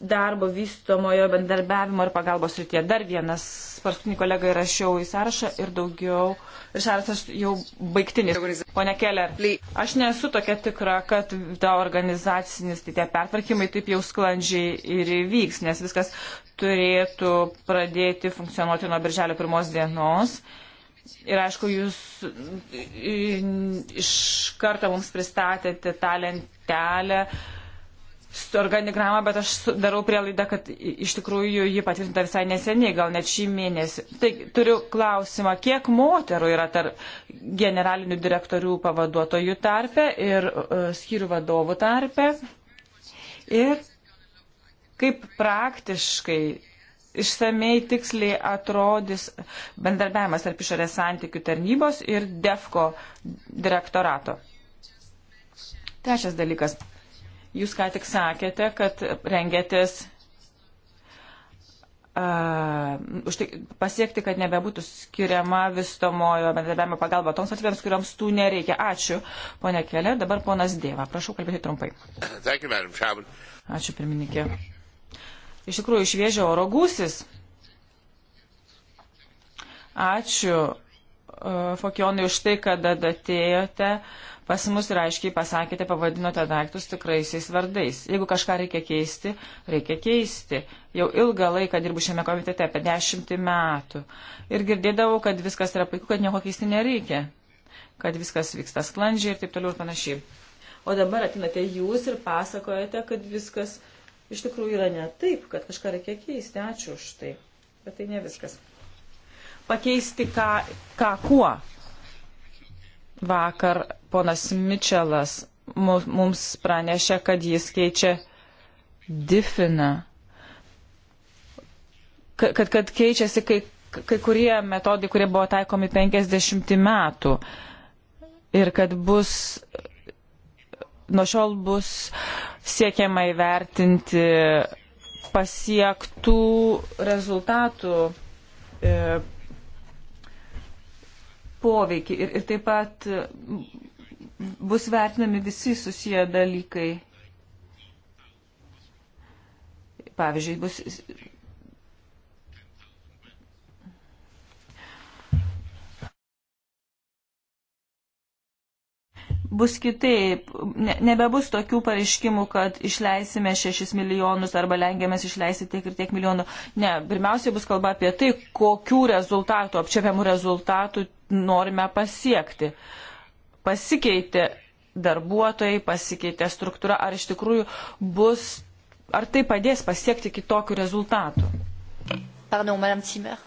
darbo vystomojo bendarbiavimo ir pagalbos rytie. Dar vienas paskutinį kolegą įrašiau į sąrašą ir daugiau. Ir sąrašas jau baigtinis. Pone Keller, aš nesu tokia tikra, kad ta organizacinis, tai tie pertvarkymai taip jau sklandžiai ir įvyks, nes viskas turėtų pradėti funkcionuoti nuo birželio pirmos dienos. Ir aišku, jūs iš karto mums pristatėte tą lentelę, organigramą, bet aš darau prielaidą, kad iš tikrųjų ji patvirtinta visai neseniai, gal net šį mėnesį. Tai turiu klausimą, kiek moterų yra tarp generalinių direktorių pavaduotojų tarpe ir uh, skyrių vadovų tarpe. Ir kaip praktiškai išsamei tiksliai atrodys bendarbiavimas tarp išorės santykių tarnybos ir DEFCO direktorato. Trečias dalykas Jūs ką tik sakėte, kad rengėtės uh, pasiekti, kad nebebūtų skiriama vistomojo bendradarbiavimo pagalba toms valstybėms, kuriuoms tų nereikia. Ačiū, ponė Kelė. Dabar ponas Dėva. Prašau kalbėti trumpai. Ačiū, pirmininkė. Iš tikrųjų, išviežia oro gūsis. Ačiū E, Fokionai, už tai, kad atėjote pas mus ir aiškiai pasakėte, pavadinote daiktus tikraisiais vardais. Jeigu kažką reikia keisti, reikia keisti. Jau ilgą laiką dirbu šiame komitete, apie dešimtį metų. Ir girdėdavau, kad viskas yra puiku, kad nieko keisti nereikia. Kad viskas vyksta sklandžiai ir taip toliau ir panašiai. O dabar atinate jūs ir pasakojate, kad viskas iš tikrųjų yra ne taip, kad kažką reikia keisti. Ačiū už tai. Bet tai ne viskas pakeisti ką, ką kuo. Vakar ponas Mičelas mums pranešė, kad jis keičia difiną. Kad, kad keičiasi kai, kai kurie metodai, kurie buvo taikomi 50 metų. Ir kad bus nuo šiol bus siekiama įvertinti pasiektų rezultatų e, poveikį ir, ir taip pat bus vertinami visi susiję dalykai. Pavyzdžiui, bus bus kitaip. Ne, nebebus tokių pareiškimų, kad išleisime 6 milijonus arba lengiamės išleisti tiek ir tiek milijonų. Ne, pirmiausiai bus kalba apie tai, kokių rezultatų, apčiapiamų rezultatų norime pasiekti. Pasikeitė darbuotojai, pasikeitė struktūra, ar iš tikrųjų bus, ar tai padės pasiekti kitokių rezultatų. Pardon, Madame Cimer.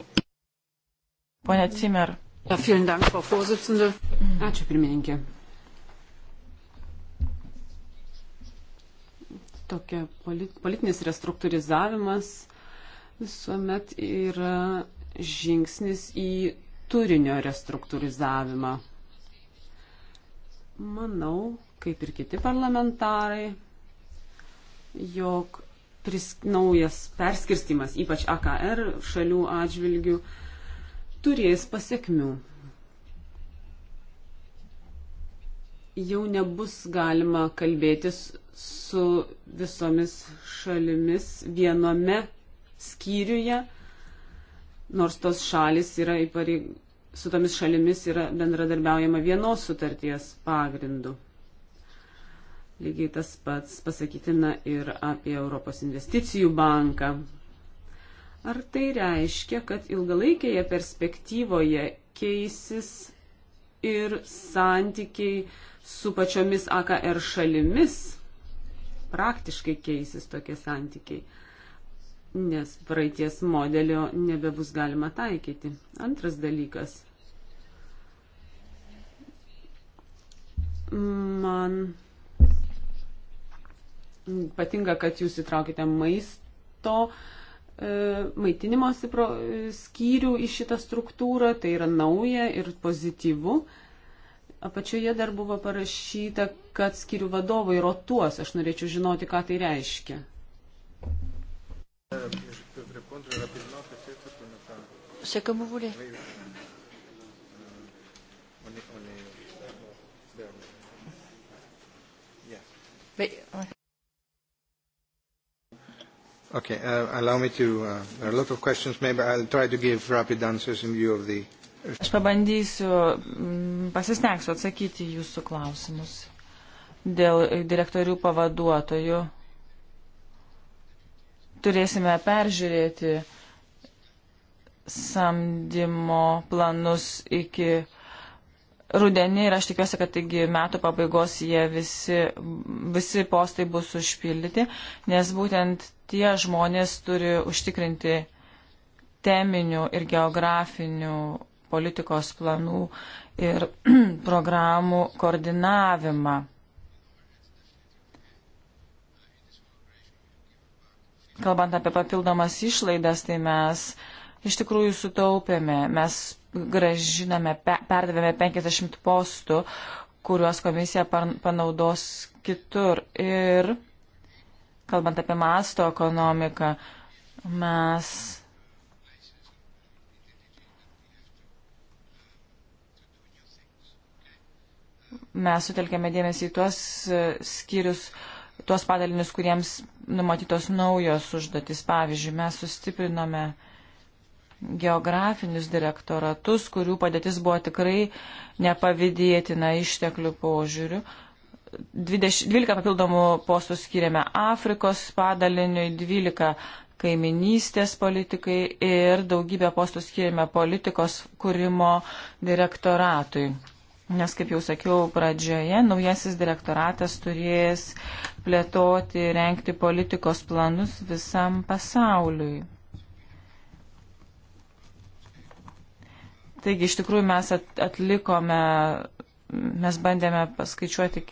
Pone Cimer. Ja, vielen Dank, Frau Vorsitzende. Mhm. Ačiū, pirmininkė. tokia politinis restruktūrizavimas visuomet yra žingsnis į turinio restruktūrizavimą. Manau, kaip ir kiti parlamentarai, jog pris, naujas perskirstimas, ypač AKR šalių atžvilgių, turės pasiekmių. Jau nebus galima kalbėtis su visomis šalimis viename skyriuje, nors tos šalis yra įpareig... su tomis šalimis yra bendradarbiaujama vienos sutarties pagrindu. Lygiai tas pats pasakytina ir apie Europos investicijų banką. Ar tai reiškia, kad ilgalaikėje perspektyvoje keisis ir santykiai su pačiomis AKR šalimis praktiškai keisis tokie santykiai, nes praeities modelio nebebus galima taikyti. Antras dalykas. Man patinka, kad jūs įtraukite maisto e, maitinimosi e, skyrių į šitą struktūrą, tai yra nauja ir pozityvu, Apačioje dar buvo parašyta, kad skirių vadovai rotuos. Aš norėčiau žinoti, ką tai reiškia. C'est comme vous voulez. Mais, ouais. Okay, uh, allow me to. Uh, there are a lot of questions. Maybe I'll try to give rapid answers in view of the uh, Aš pabandysiu, mm, pasistengsiu atsakyti jūsų klausimus dėl direktorių pavaduotojų. Turėsime peržiūrėti samdymo planus iki rudenį ir aš tikiuosi, kad iki metų pabaigos jie visi, visi postai bus užpildyti, nes būtent tie žmonės turi užtikrinti teminių ir geografinių politikos planų ir (clears throat) programų koordinavimą. Kalbant apie papildomas išlaidas, tai mes iš tikrųjų sutaupėme, mes gražiname, pe, perdavėme 50 postų, kuriuos komisija panaudos kitur. Ir kalbant apie masto ekonomiką, mes mes sutelkėme dėmesį į tuos e, skyrius, tuos padalinius, kuriems numatytos naujos užduotis. Pavyzdžiui, mes sustiprinome geografinius direktoratus, kurių padėtis buvo tikrai nepavydėtina išteklių požiūrių. 20, 12 papildomų postų skiriame Afrikos padaliniui, 12 kaiminystės politikai ir daugybę postų skiriame politikos kūrimo direktoratui. Nes, kaip jau sakiau pradžioje, naujasis direktoratas turės plėtoti, renkti politikos planus visam pasauliui. Taigi, iš tikrųjų, mes atlikome, mes bandėme paskaičiuoti,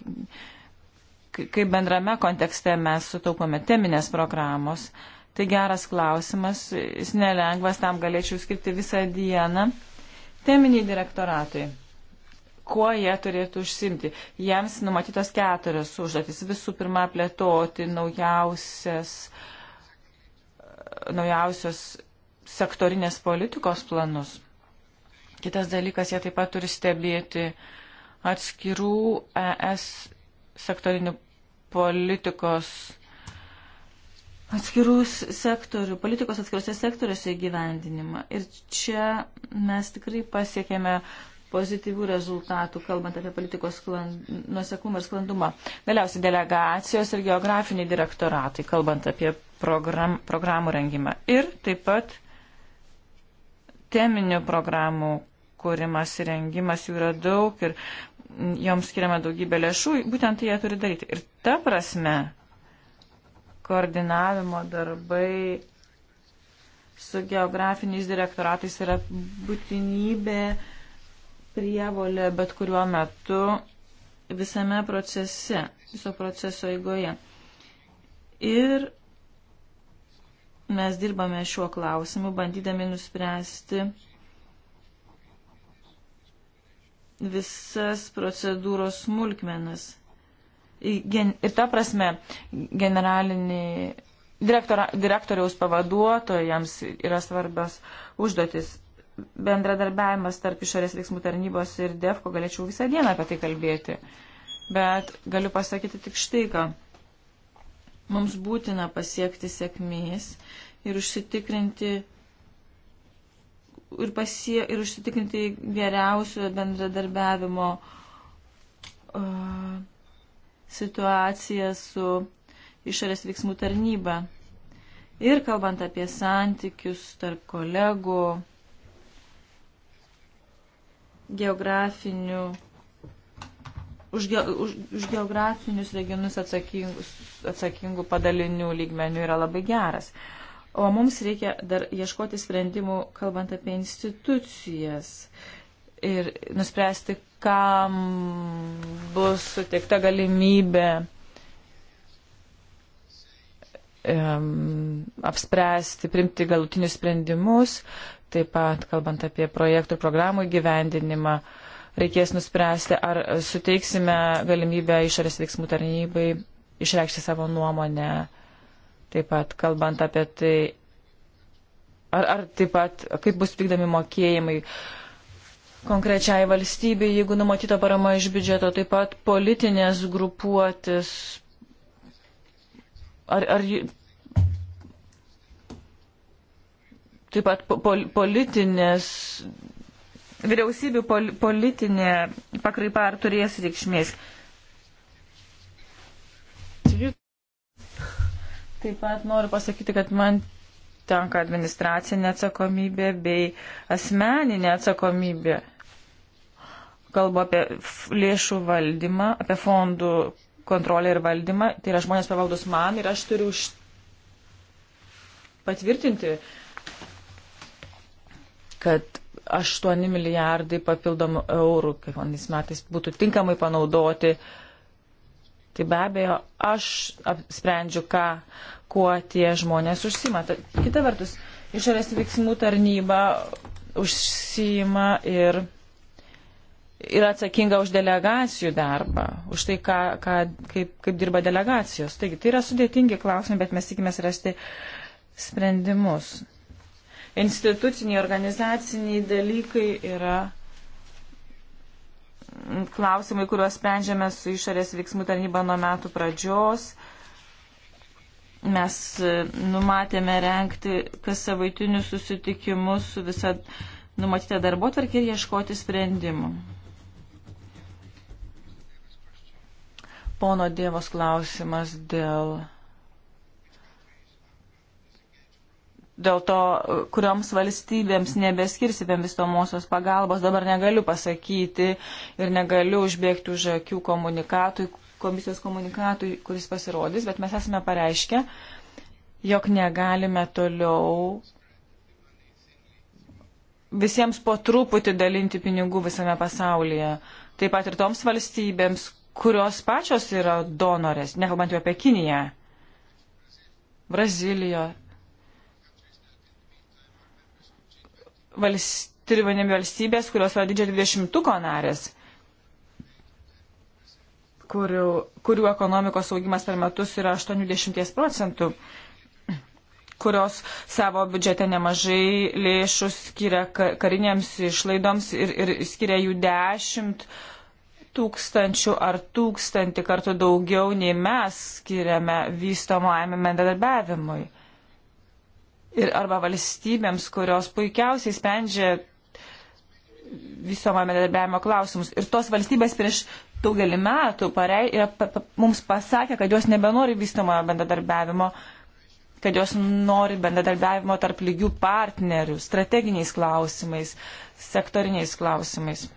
kaip bendrame kontekste mes sutaupome teminės programos. Tai geras klausimas, jis nelengvas, tam galėčiau skirti visą dieną. Teminiai direktoratai kuo jie turėtų užsimti. Jiems numatytos keturios užduotis. Visų pirma, plėtoti naujausias, naujausios sektorinės politikos planus. Kitas dalykas, jie taip pat turi stebėti atskirų ES sektorinių politikos atskirus sektorių, politikos atskiruose sektoriuose įgyvendinimą. Ir čia mes tikrai pasiekėme pozityvių rezultatų, kalbant apie politikos skland... nuoseklumą ir sklandumą. Galiausiai delegacijos ir geografiniai direktoratai, kalbant apie program... programų rengimą. Ir taip pat teminių programų kūrimas ir rengimas jų yra daug ir joms skiriama daugybė lėšų, būtent tai jie turi daryti. Ir ta prasme, koordinavimo darbai su geografiniais direktoratais yra būtinybė prievolė bet kuriuo metu visame procese, viso proceso eigoje. Ir mes dirbame šiuo klausimu, bandydami nuspręsti visas procedūros smulkmenas. Ir ta prasme, generalinį direktora, direktoriaus pavaduotojams yra svarbios užduotis bendradarbiavimas tarp išorės veiksmų tarnybos ir DEFCO, galėčiau visą dieną apie tai kalbėti. Bet galiu pasakyti tik štai ką. Mums būtina pasiekti sėkmės ir užsitikrinti. Ir, pasie, ir užsitikrinti geriausio bendradarbiavimo uh, situaciją su išorės veiksmų tarnyba. Ir kalbant apie santykius tarp kolegų, geografinių už, ge, už, už geografinius regionus atsakingus, atsakingų padalinių lygmenių yra labai geras. O mums reikia dar ieškoti sprendimų, kalbant apie institucijas ir nuspręsti, kam bus suteikta galimybė um, apspręsti, primti galutinius sprendimus, Taip pat, kalbant apie projektų ir programų įgyvendinimą, reikės nuspręsti, ar suteiksime galimybę išorės veiksmų tarnybai išreikšti savo nuomonę. Taip pat, kalbant apie tai, ar, ar taip pat, kaip bus vykdami mokėjimai konkrečiai valstybei, jeigu numatyta parama iš biudžeto, taip pat politinės grupuotis. Ar, ar taip pat pol, politinės, vyriausybių pol, politinė pakraipa ar turės reikšmės. Taip pat noriu pasakyti, kad man tenka administracinė atsakomybė bei asmeninė atsakomybė. Kalbu apie lėšų valdymą, apie fondų kontrolę ir valdymą. Tai yra žmonės pavaldus man ir aš turiu už patvirtinti uh, kad 8 milijardai papildomų eurų kiekvienais metais būtų tinkamai panaudoti. Tai be abejo, aš sprendžiu, ką, kuo tie žmonės užsima. Ta, kita vertus, išorės veiksmų tarnyba užsima ir yra atsakinga už delegacijų darbą, už tai, ką, ką, kaip, kaip dirba delegacijos. Taigi, tai yra sudėtingi klausimai, bet mes tikimės rasti sprendimus instituciniai, organizaciniai dalykai yra klausimai, kuriuos sprendžiame su išorės veiksmų tarnyba nuo metų pradžios. Mes e, numatėme renkti kas savaitinius susitikimus su visa numatyta darbo tvarkė ir ieškoti sprendimų. Pono Dievos klausimas dėl dėl to, kurioms valstybėms nebeskirsime vystomosios pagalbos, dabar negaliu pasakyti ir negaliu užbėgti už akių komunikatui, komisijos komunikatui, kuris pasirodys, bet mes esame pareiškę, jog negalime toliau visiems po truputį dalinti pinigų visame pasaulyje. Taip pat ir toms valstybėms, kurios pačios yra donorės, nekalbant jau apie Kiniją, Braziliją, valstybė, valstybės, kurios yra didžiojo dvidešimtuko narės, kurių, kurių ekonomikos augimas per metus yra 80 procentų kurios savo biudžete nemažai lėšų skiria karinėms išlaidoms ir, ir skiria jų dešimt tūkstančių ar tūkstantį kartų daugiau nei mes skiriame vystomajame bendradarbiavimui ir arba valstybėms, kurios puikiausiai sprendžia visomą bendradarbiavimo klausimus. Ir tos valstybės prieš daugelį metų parei, yra, pa, pa, mums pasakė, kad jos nebenori vystomojo bendradarbiavimo, kad jos nori bendradarbiavimo tarp lygių partnerių, strateginiais klausimais, sektoriniais klausimais.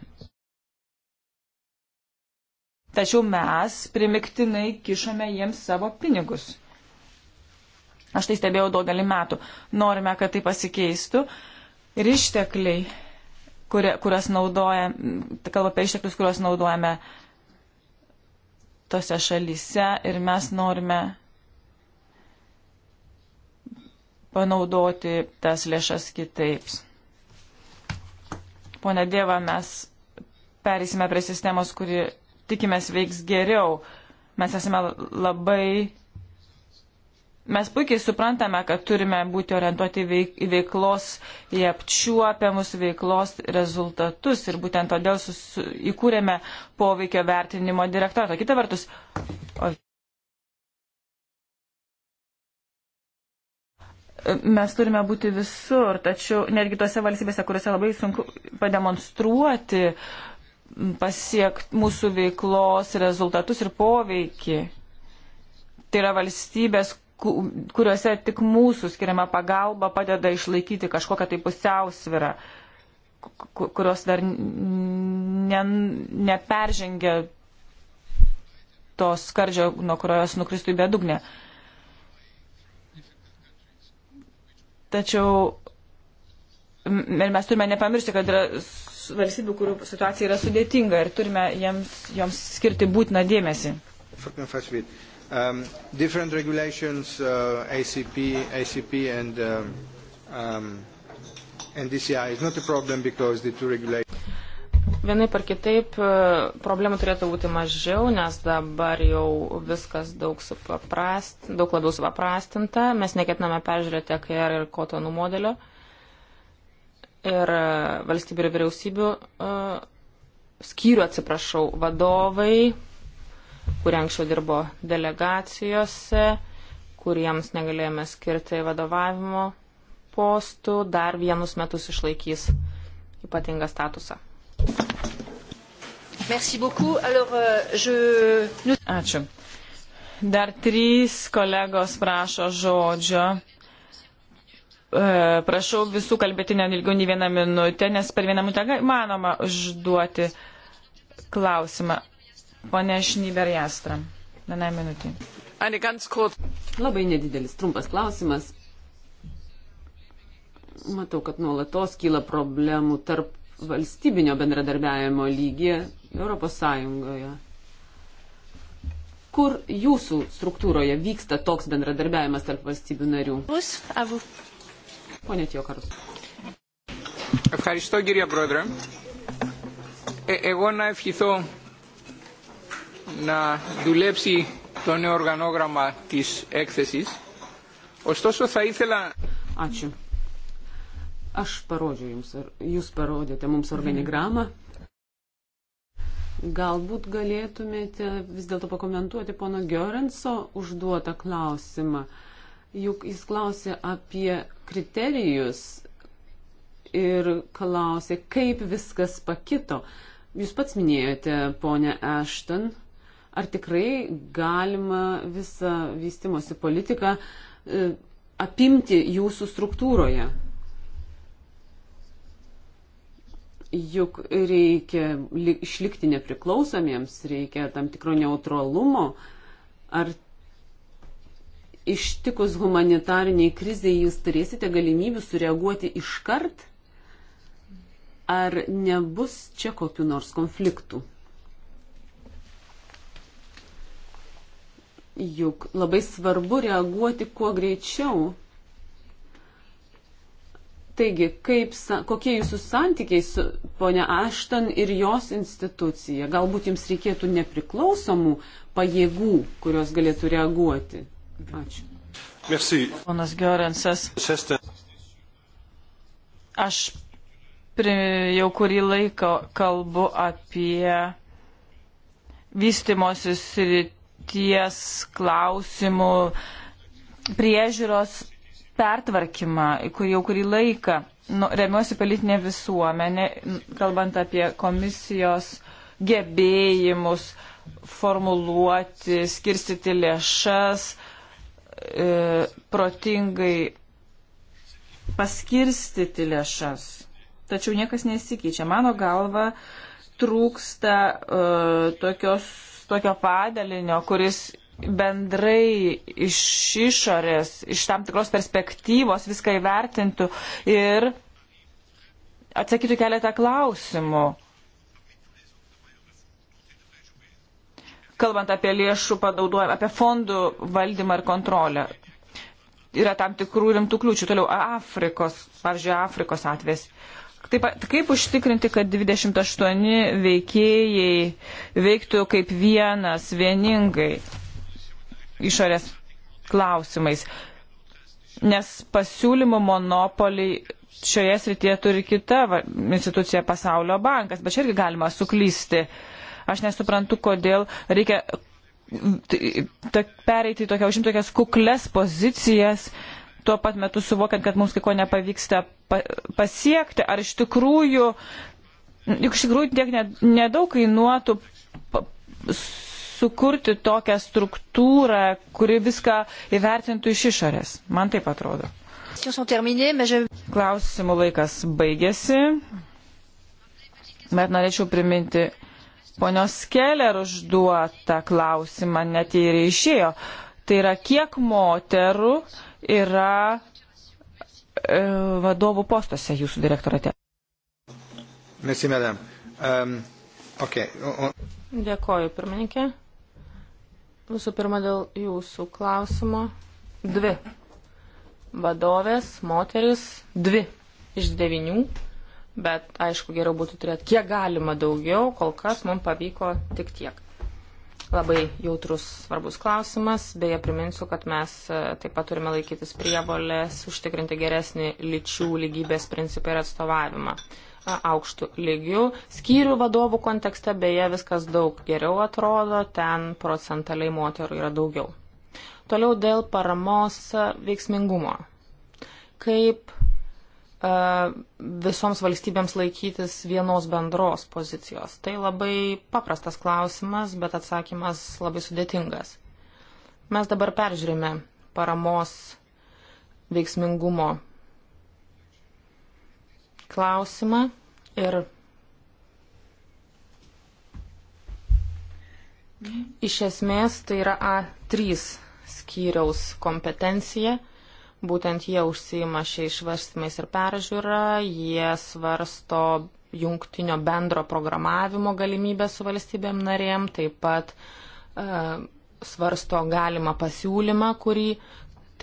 Tačiau mes primiktinai kišame jiems savo pinigus. Aš tai stebėjau daugelį metų. Norime, kad tai pasikeistų ir ištekliai, kurie, kurias naudojame, kalba apie išteklius, kuriuos naudojame tose šalyse ir mes norime panaudoti tas lėšas kitaip. Pone Dieva, mes perėsime prie sistemos, kuri tikimės veiks geriau. Mes esame labai Mes puikiai suprantame, kad turime būti orientuoti į veiklos, į apčiuopiamus veiklos rezultatus ir būtent todėl sus, įkūrėme poveikio vertinimo direktoratą. Kita vertus. O, mes turime būti visur, tačiau netgi tose valstybėse, kuriuose labai sunku pademonstruoti pasiekt mūsų veiklos rezultatus ir poveikį. Tai yra valstybės, kuriuose tik mūsų skiriama pagalba padeda išlaikyti kažkokią tai pusiausvirą, kurios dar ne, neperžengia to skardžio, nuo kurios nukristų į bedugnę. Tačiau ir mes turime nepamiršti, kad yra valstybių, kurių situacija yra sudėtinga ir turime jiems, joms skirti būtiną dėmesį. Faktum, Um, different regulations, uh, ACP, ACP and, um, um, and DCI is not a problem because the two regulations. Vienai par kitaip uh, problemų turėtų būti mažiau, nes dabar jau viskas daug, supaprast, daug labiau supaprastinta. Mes neketiname peržiūrėti AKR ir kotonų modelio ir uh, valstybių ir vyriausybių uh, skyrių, atsiprašau, vadovai kurie anksčiau dirbo delegacijose, kuriems negalėjome skirti vadovavimo postų, dar vienus metus išlaikys ypatingą statusą. Euh, Ačiū. Dar trys kolegos prašo žodžio e, prašau visų kalbėti ne ilgiau nei vieną minutę, nes per vieną minutę manoma užduoti klausimą. Pane Šnyber Jastra, vienai minutį. Labai nedidelis, trumpas klausimas. Matau, kad nuolatos kyla problemų tarp valstybinio bendradarbiavimo lygyje Europos Sąjungoje. Kur jūsų struktūroje vyksta toks bendradarbiavimas tarp valstybių narių? Bus, avu. Pone Tiokarus. Ευχαριστώ κυρία Πρόεδρε. Ε, εγώ να ευχηθώ να δουλέψει το νέο οργανόγραμμα της έκθεσης. Ωστόσο θα ήθελα... Ačiū. Aš parodžiau jums, jūs parodėte mums organigramą. Galbūt galėtumėte vis dėlto pakomentuoti pono Gerenso užduotą klausimą. Juk jis klausė apie kriterijus ir klausė, kaip viskas pakito. Jūs pats minėjote, ponė Ashton, ar tikrai galima visą vystimosi politiką e, apimti jūsų struktūroje. Juk reikia išlikti nepriklausomiems, reikia tam tikro neutralumo. Ar ištikus humanitariniai kriziai jūs turėsite galimybių sureaguoti iškart? Ar nebus čia kokiu nors konfliktu? juk labai svarbu reaguoti kuo greičiau. Taigi, kaip, kokie jūsų santykiai su ponia Ašton ir jos institucija? Galbūt jums reikėtų nepriklausomų pajėgų, kurios galėtų reaguoti. Ačiū. Merci. Ponas Giorensas. Aš jau kurį laiką kalbu apie vystimosi sritį ties klausimų priežiūros pertvarkymą, kur jau kurį laiką nu, remiuosi politinė visuomenė, kalbant apie komisijos gebėjimus formuluoti, skirstyti lėšas, e, protingai paskirstyti lėšas. Tačiau niekas nesikeičia. Mano galva, trūksta e, tokios tokio padalinio, kuris bendrai iš išorės, iš tam tikros perspektyvos viską įvertintų ir atsakytų keletą klausimų. Kalbant apie lėšų padaudojimą, apie fondų valdymą ir kontrolę. Yra tam tikrų rimtų kliūčių. Toliau Afrikos, pavyzdžiui, Afrikos atvės. Uh, Taip, kaip užtikrinti, kad 28 veikėjai veiktų kaip vienas, vieningai išorės klausimais? Nes pasiūlymų monopoliai šioje srityje turi kita institucija pasaulio bankas, bet čia irgi galima suklysti. Aš nesuprantu, kodėl reikia pereiti į tokias, užimti tokias kukles pozicijas. Uh, tuo pat metu suvokiant, kad mums kai ko nepavyksta pasiekti, ar iš tikrųjų, juk iš tikrųjų tiek nedaug kainuotų sukurti tokią struktūrą, kuri viską įvertintų iš išorės. Man taip atrodo. Klausimų laikas baigėsi, bet norėčiau priminti ponios Keller užduotą klausimą, net jei ir išėjo. Tai yra, kiek moterų yra e, vadovų postuose jūsų direktorate. Merci, madame. Um, okay. Dėkoju, pirmininkė. Visų pirma, dėl jūsų klausimo. Dvi vadovės, moteris, dvi iš devinių, bet aišku, geriau būtų turėti kiek galima daugiau, kol kas mums pavyko tik tiek. Labai jautrus svarbus klausimas. Beje, priminsiu, kad mes e, taip pat turime laikytis prievolės užtikrinti geresnį lyčių lygybės principą ir atstovavimą e, aukštų lygių. Skyrių vadovų kontekste beje viskas daug geriau atrodo, ten procentaliai moterų yra daugiau. Toliau dėl paramos e, veiksmingumo. Kaip E, visoms valstybėms laikytis vienos bendros pozicijos? Tai labai paprastas klausimas, bet atsakymas labai sudėtingas. Mes dabar peržiūrime paramos veiksmingumo klausimą ir iš esmės tai yra A3 skyriaus kompetencija Būtent jie užsima šiais svarstymais ir peržiūra, jie svarsto jungtinio bendro programavimo galimybę su valstybėm narėm, taip pat e, svarsto galimą pasiūlymą, kurį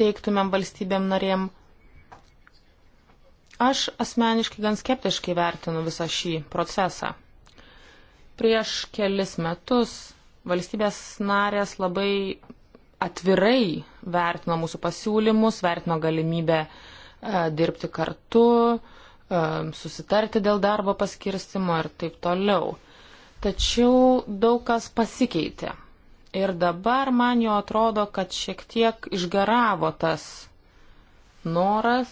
teiktumėm valstybėm narėm. Aš asmeniškai gan skeptiškai vertinu visą šį procesą. Prieš kelis metus valstybės narės labai atvirai vertino mūsų pasiūlymus, vertino galimybę e, dirbti kartu, e, susitarti dėl darbo paskirstimo ir taip toliau. Tačiau daug kas pasikeitė. Ir dabar man jo atrodo, kad šiek tiek išgaravo tas noras,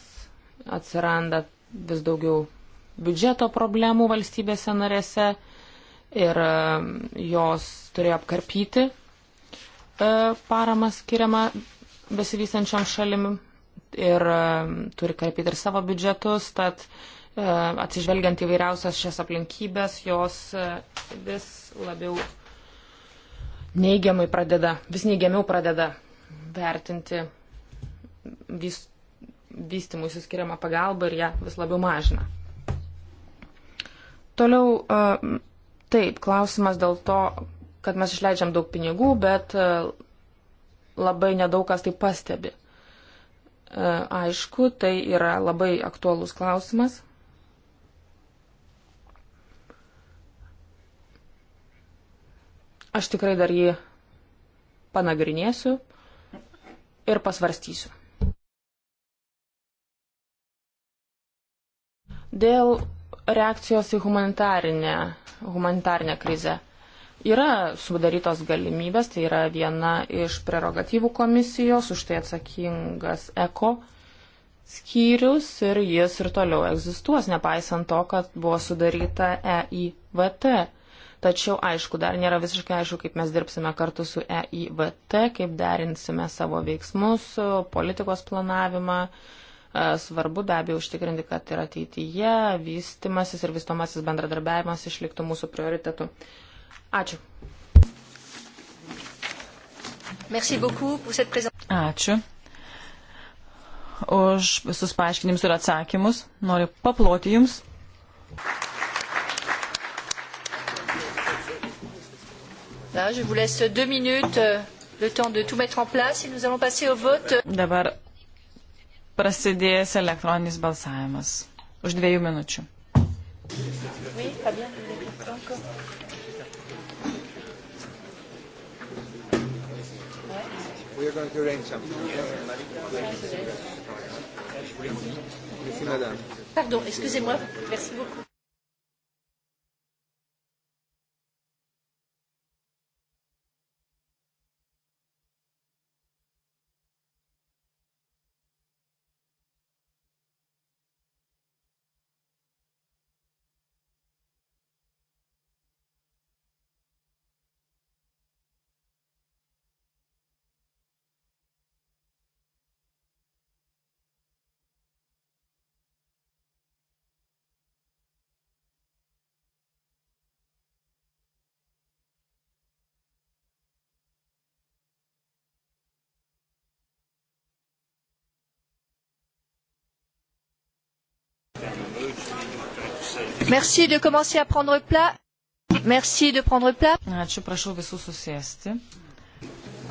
atsiranda vis daugiau biudžeto problemų valstybėse narėse ir e, jos turėjo apkarpyti paramą skiriamą besivystančiam šalim ir turi karpyti ir savo biudžetus, tad atsižvelgiant į vairiausias šias aplinkybės, jos vis labiau neigiamai pradeda, vis neigiamiau pradeda vertinti vis, vystimui suskiriamą pagalbą ir ją vis labiau mažina. Toliau, taip, klausimas dėl to, kad mes išleidžiam daug pinigų, bet labai nedaug kas tai pastebi. E, aišku, tai yra labai aktuolus klausimas. Aš tikrai dar jį panagrinėsiu ir pasvarstysiu. Dėl reakcijos į humanitarinę, humanitarinę krizę. Yra sudarytos galimybės, tai yra viena iš prerogatyvų komisijos, už tai atsakingas ECO skyrius ir jis ir toliau egzistuos, nepaisant to, kad buvo sudaryta EIVT. Tačiau, aišku, dar nėra visiškai aišku, kaip mes dirbsime kartu su EIVT, kaip derinsime savo veiksmus, politikos planavimą. E, svarbu be abejo užtikrinti, kad ir ateityje vystimasis ir vystomasis bendradarbiavimas išliktų mūsų prioritetu. Ačiū. Ačiū už visus paaiškinimus ir atsakymus. Noriu paploti jums. Là, je vous laisse deux minutes, euh, le temps de tout mettre en place et nous allons passer au vote. Dabar prasidės elektroninis balsavimas. Už dviejų minučių. Oui, pas bien, il est encore. We are going to arrange something. Yes. Merci, madame. Pardon, excusez-moi. Merci beaucoup. Merci de commencer à prendre plat. Merci de prendre plat. Ačiū, prašau visų susėsti.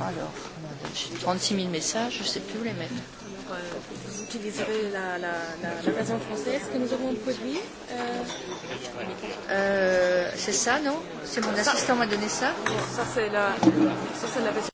Alors, 36 000 messages, je ne sais plus où les mettre. Alors, euh, vous utiliserez la, la, la, la version française que nous avons produite. Euh, euh, c'est ça, non C'est mon assistant m'a donné ça. Ça, c'est la, ça, la version.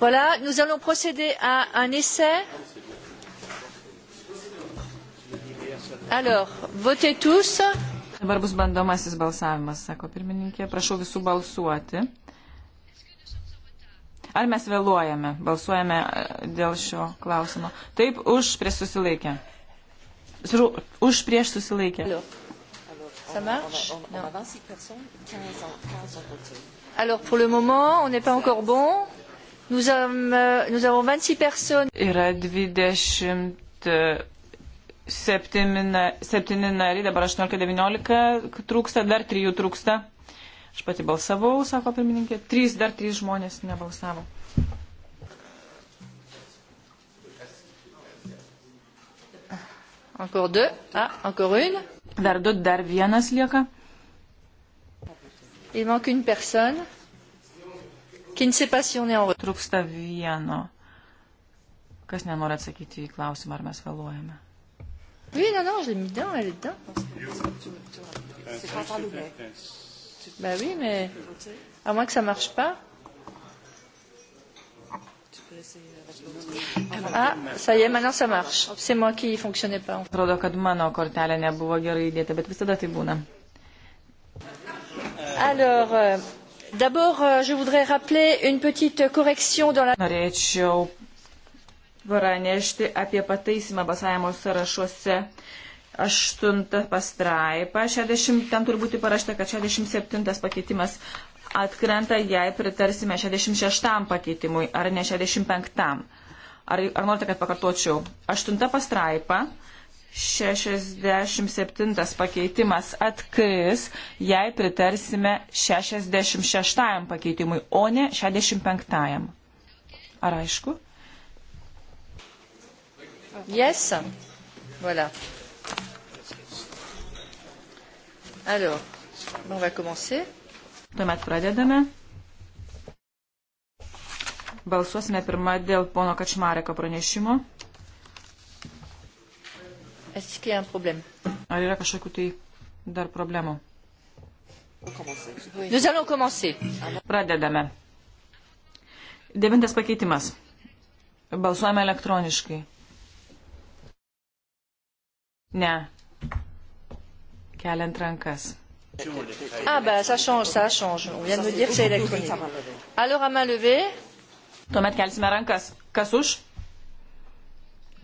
Voilà, nous allons procéder à un essai. Alors, votez tous. Dabar bus bandomasis balsavimas, sako pirmininkė. Prašau visų balsuoti. Ar mes vėluojame? Balsuojame e, dėl šio klausimo. Taip, už prieš susilaikę. Už prieš susilaikę. Ça marche? Non. 26 personnes, 15 ans, 15 ans votés. Alors pour le moment, on n'est pas encore bon. Nous, am, euh, nous avons 26 personnes. Yra 27 e, septyni nariai, dabar 18-19 trūksta, dar trijų trūksta. Aš pati balsavau, sako pirmininkė, trys, dar trys žmonės nebalsavo. Encore deux. Ah, encore une. Dar du, dar vienas lieka. Il manque une personne qui ne sait pas si on est en retard. Trūksta vieno. Kas nenori atsakyti į klausimą, ar mes vėluojame? Oui, non, non, je l'ai mis dedans, elle est dedans. C'est pas par l'oubli. Ben oui, mais à moins que ça marche pas. Ah, ça y est, maintenant ça marche. C'est moi qui fonctionnais pas. Atrodo, kad mano kortelė nebuvo gerai įdėta, bet visada tai būna. Alors, euh, d'abord, euh, je voudrais rappeler une petite correction dans la. Norėčiau pranešti apie pataisimą balsavimo sąrašuose. Aštunta pastraipa, 60, ten turi būti parašta, kad 67 pakeitimas atkrenta, jei pritarsime 66 pakeitimui, ar ne 65. Ar, ar norite, kad pakartočiau? Aštunta pastraipa, 67 pakeitimas atkris, jei pritarsime 66 pakeitimui, o ne 65. Ar aišku? Yes. Voilà. Alors, on va commencer. Tuomet pradedame. Balsuosime pirmą dėl pono Kačmareko pranešimo. Ar yra kažkokių tai dar problemų? Pradedame. Devintas pakeitimas. Balsuojame elektroniškai. Ne. Keliant rankas. Ah, bah, ça change, ça change. On vient de me dire que c'est électronique. Alors, à main levée. Tuomet kelsime rankas. Kas už?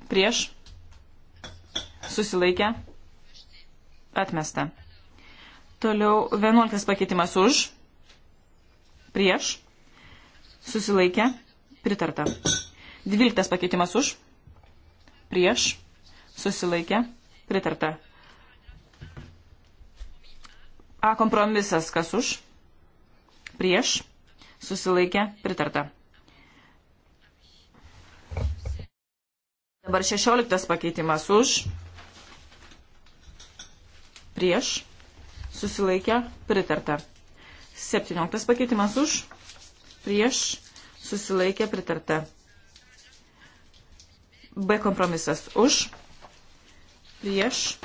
Prieš? Susilaikė. Atmesta. Toliau 11 pakeitimas už. Prieš. Susilaikė. Pritarta. 12 pakeitimas už. Prieš. Susilaikė. Pritarta. A kompromisas kas už. Prieš. Susilaikė. Pritarta. Dabar 16 pakeitimas už prieš, susilaikę, pritarta. 17 pakeitimas už, prieš, susilaikę, pritarta. B kompromisas už, prieš,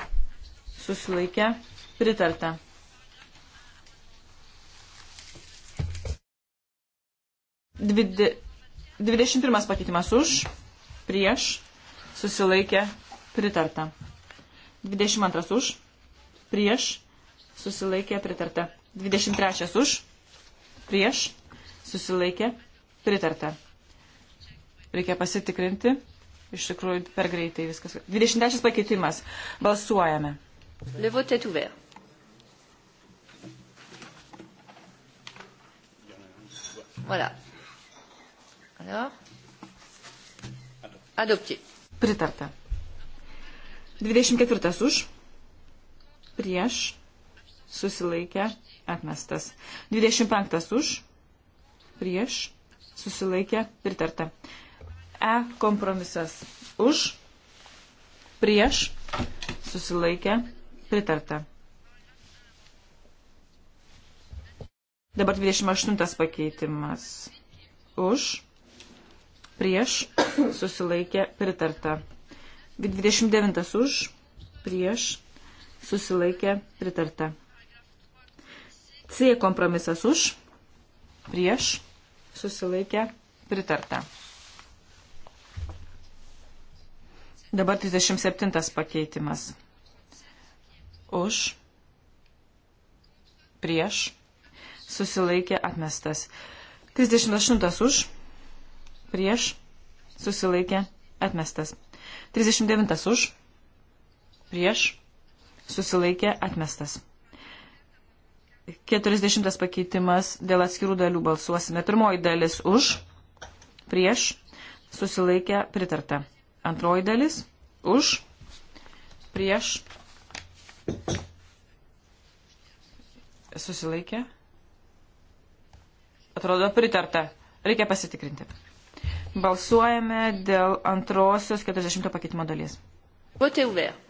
susilaikę, pritarta. Dvide, 21 pakeitimas už, prieš, susilaikė, pritarta. 22 už, prieš, susilaikė pritarta. 23 už, prieš, susilaikė pritarta. Reikia pasitikrinti. Iš tikrųjų, per greitai viskas. 23 pakeitimas. Balsuojame. Le vote est ouvert. Voilà. Alors. Adopté. Pritarta. 24 už prieš, susilaikę, atmestas. 25 už, prieš, susilaikę, pritarta. E kompromisas už, prieš, susilaikę, pritarta. Dabar 28 pakeitimas. Už, prieš, susilaikė, pritarta. 29 už, prieš, susilaikė pritarta. C kompromisas už, prieš, susilaikė pritarta. Dabar 37 pakeitimas. Už, prieš, susilaikė atmestas. 38 už, prieš, susilaikė atmestas. 39 už, prieš, susilaikė atmestas. 40 pakeitimas dėl atskirų dalių balsuosime. Pirmoji dalis už, prieš, susilaikė pritarta. Antroji dalis už, prieš, susilaikė. Atrodo pritarta. Reikia pasitikrinti. Balsuojame dėl antrosios 40 pakeitimo dalies. Votez ouvert.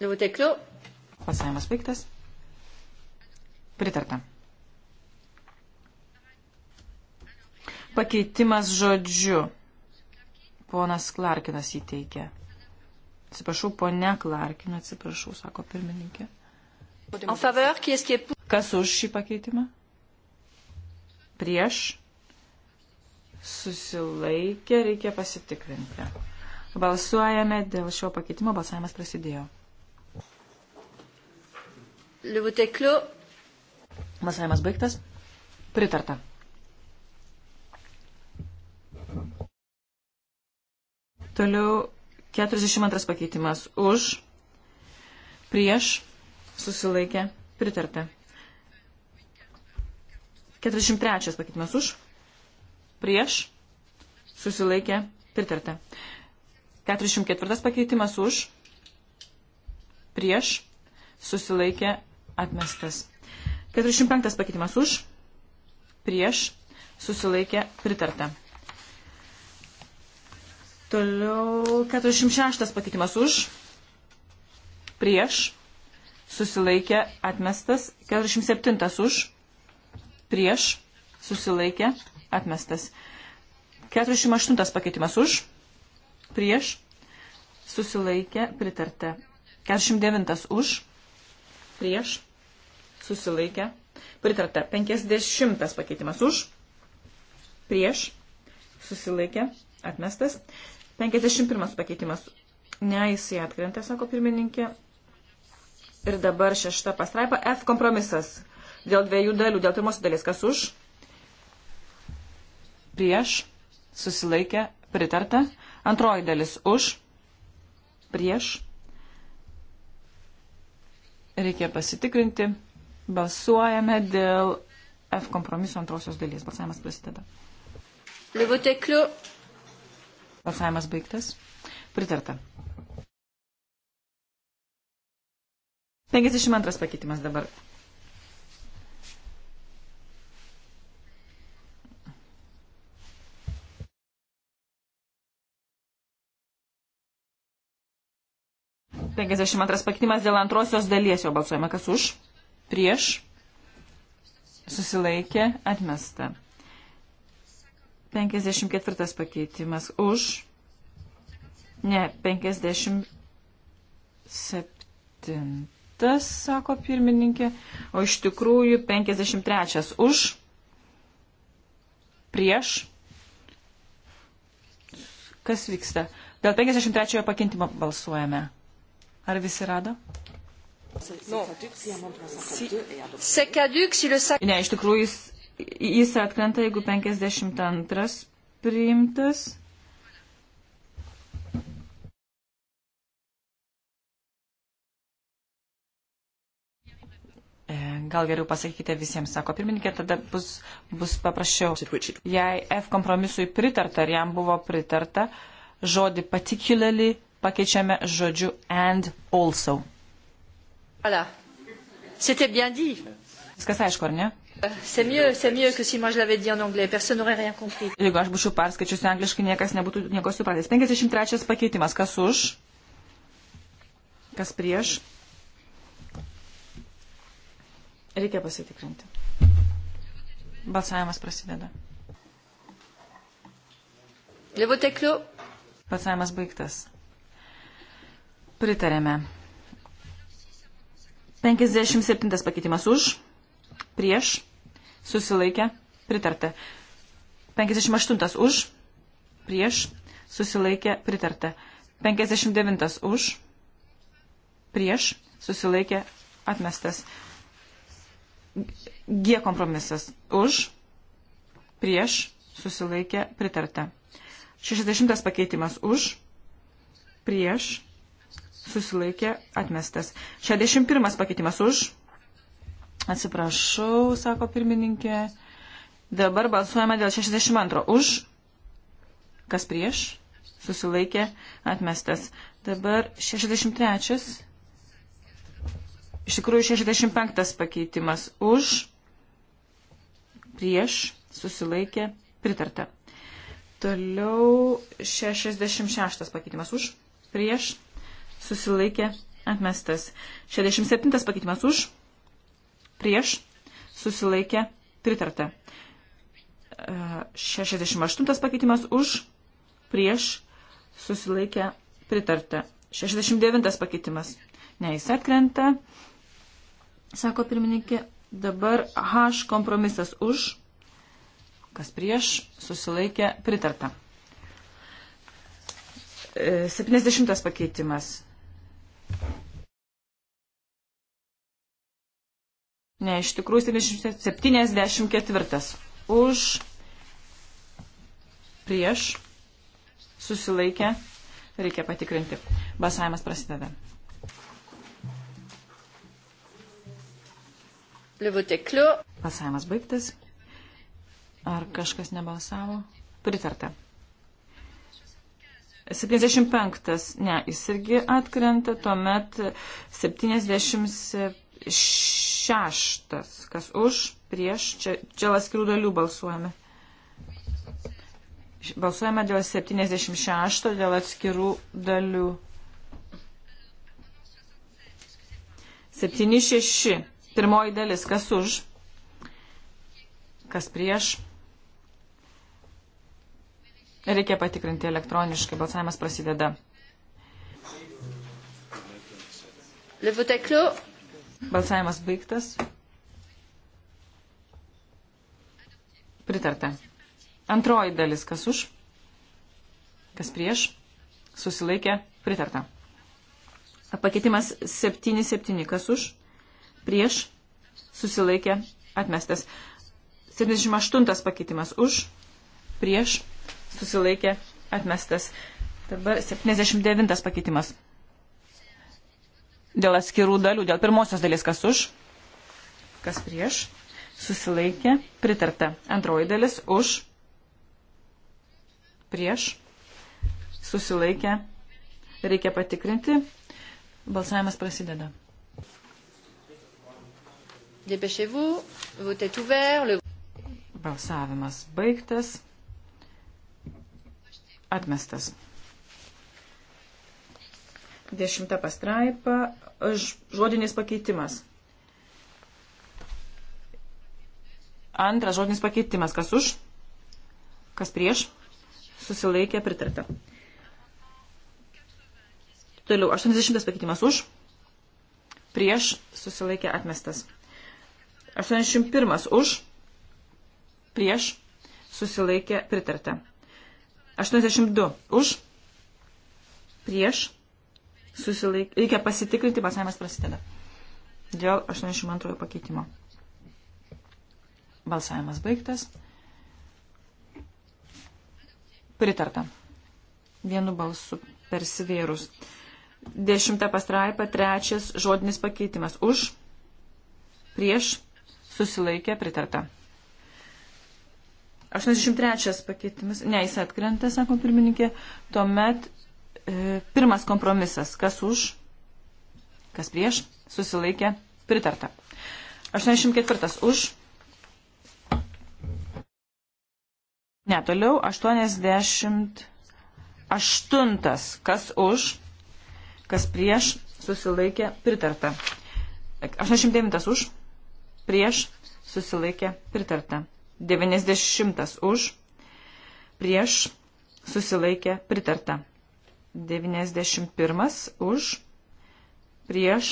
Le vote est clos. Balsavimas baigtas. Pritarta. Pakeitimas žodžiu. Ponas Klarkinas įteikė. Atsiprašau, ponia Klarkina, atsiprašau, sako pirmininkė. Kas už šį pakeitimą? Prieš susilaikė, reikia pasitikrinti. Balsuojame dėl šio pakeitimo, balsavimas prasidėjo. Liutekliu. Masavimas baigtas. Pritarta. Toliau 42 pakeitimas už, prieš, susilaikė, pritarta. 43 pakeitimas už, prieš, susilaikė, pritarta. 44 pakeitimas už, prieš, susilaikė, atmestas. 45 pakeitimas už, prieš, susilaikė, pritarta. Toliau 46 pakeitimas už, prieš, susilaikė, atmestas. 47 už, prieš, susilaikė, atmestas. 48 pakeitimas už, prieš, susilaikė, pritarta. 49 už, prieš, susilaikė, pritarta. 50 pakeitimas už, prieš, susilaikė, atmestas. 51 pakeitimas, ne, jisai atkrenta, sako pirmininkė. Ir dabar šešta pastraipa, F kompromisas. Dėl dviejų dalių, dėl pirmos dalies, kas už, prieš, susilaikė, pritarta. Antroji dalis už, prieš, reikia pasitikrinti. Balsuojame dėl F kompromiso antrosios dalies. Balsavimas prasideda. Livutekliu. Balsavimas baigtas. Pritarta. 52 pakeitimas dabar. Penkiasdešimt antras pakeitimas dėl antrosios dalies jau balsuojame. Kas už? prieš, susilaikė, atmesta. 54 pakeitimas už, ne, 57, sako pirmininkė, o iš tikrųjų 53 už, prieš, kas vyksta. Dėl 53 pakintimo balsuojame. Ar visi rado? Ne, iš tikrųjų jis, jis atkrenta, jeigu 52 priimtas. E, gal geriau pasakykite visiems, sako pirmininkė, tada bus, bus paprasčiau. Jei F kompromisui pritarta ir jam buvo pritarta, žodį particularly pakeičiame žodžiu and also. Voilà. C'était bien dit. Viskas aišku, ar ne? Euh, c'est mieux, c'est mieux que si moi je l'avais dit en anglais. Personne n'aurait rien compris. Jeigu aš būčiau perskaičiusi angliškai, niekas nebūtų nieko supratęs. 53 pakeitimas. Kas už? Kas prieš? Reikia pasitikrinti. Balsavimas prasideda. Balsavimas baigtas. Pritarėme. 57 pakeitimas už, prieš, susilaikė, pritarta. 58 už, prieš, susilaikė, pritarta. 59 už, prieš, susilaikė, atmestas. G kompromisas už, prieš, susilaikė, pritarta. 60 pakeitimas už, prieš, susilaikė atmestas. 61 pakeitimas už. Atsiprašau, sako pirmininkė. Dabar balsuojame dėl 62. Už. Kas prieš? Susilaikė atmestas. Dabar 63. Iš tikrųjų 65 pakeitimas už. Prieš. Susilaikė pritarta. Toliau 66 pakeitimas už. Prieš susilaikė atmestas. 67 pakeitimas už, prieš, susilaikė pritarta. 68 pakeitimas už, prieš, susilaikė pritarta. 69 pakeitimas. Ne, jis atkrenta, sako pirmininkė. Dabar H kompromisas už, kas prieš, susilaikė pritarta. 70 e, pakeitimas Ne, iš tikrųjų 74. Už, prieš, susilaikę, reikia patikrinti. Basavimas prasideda. Liubutikliu. Basavimas baigtas. Ar kažkas nebalsavo? Pritarta. 75. Ne, jis irgi atkrenta, tuomet 77 šeštas, kas už, prieš, čia, čia laskirų dalių balsuojame. Balsuojame dėl 76, dėl atskirų dalių. 76, pirmoji dalis, kas už, kas prieš. Reikia patikrinti elektroniškai, balsavimas prasideda. Le vote est clos. Balsavimas baigtas. Pritarta. Antroji dalis, kas už, kas prieš, susilaikė, pritarta. Pakeitimas 77, kas už, prieš, susilaikė, atmestas. 78 pakeitimas už, prieš, susilaikė, atmestas. Dabar 79 pakeitimas dėl atskirų dalių. Dėl pirmosios dalies kas už, kas prieš, susilaikė, pritarta. Antroji dalis už, prieš, susilaikė, reikia patikrinti. Balsavimas prasideda. Dépêchez-vous, vote est ouvert. Le... Balsavimas baigtas. Atmestas. Dešimta pastraipa, žodinis pakeitimas. Antras žodinis pakeitimas, kas už, kas prieš, susilaikė pritarta. Toliau, 80 pakeitimas už, prieš, susilaikė atmestas. 81 už, prieš, susilaikė pritarta. 82 už, prieš, susilaik... Reikia pasitikrinti, balsavimas prasideda. Dėl 82 pakeitimo. Balsavimas baigtas. Pritarta. Vienu balsu persivėrus. Dešimta pastraipa, trečias žodinis pakeitimas. Už, prieš, susilaikė, pritarta. 83 pakeitimas. Ne, jis atkrenta, sako pirmininkė. Tuomet E, pirmas kompromisas. Kas už, kas prieš, susilaikė, pritarta. 84 už. Ne, toliau 88. Kas už, kas prieš, susilaikė, pritarta. 89 už, prieš, susilaikė, pritarta. 90 už, prieš, susilaikė, pritarta. 91 už, prieš,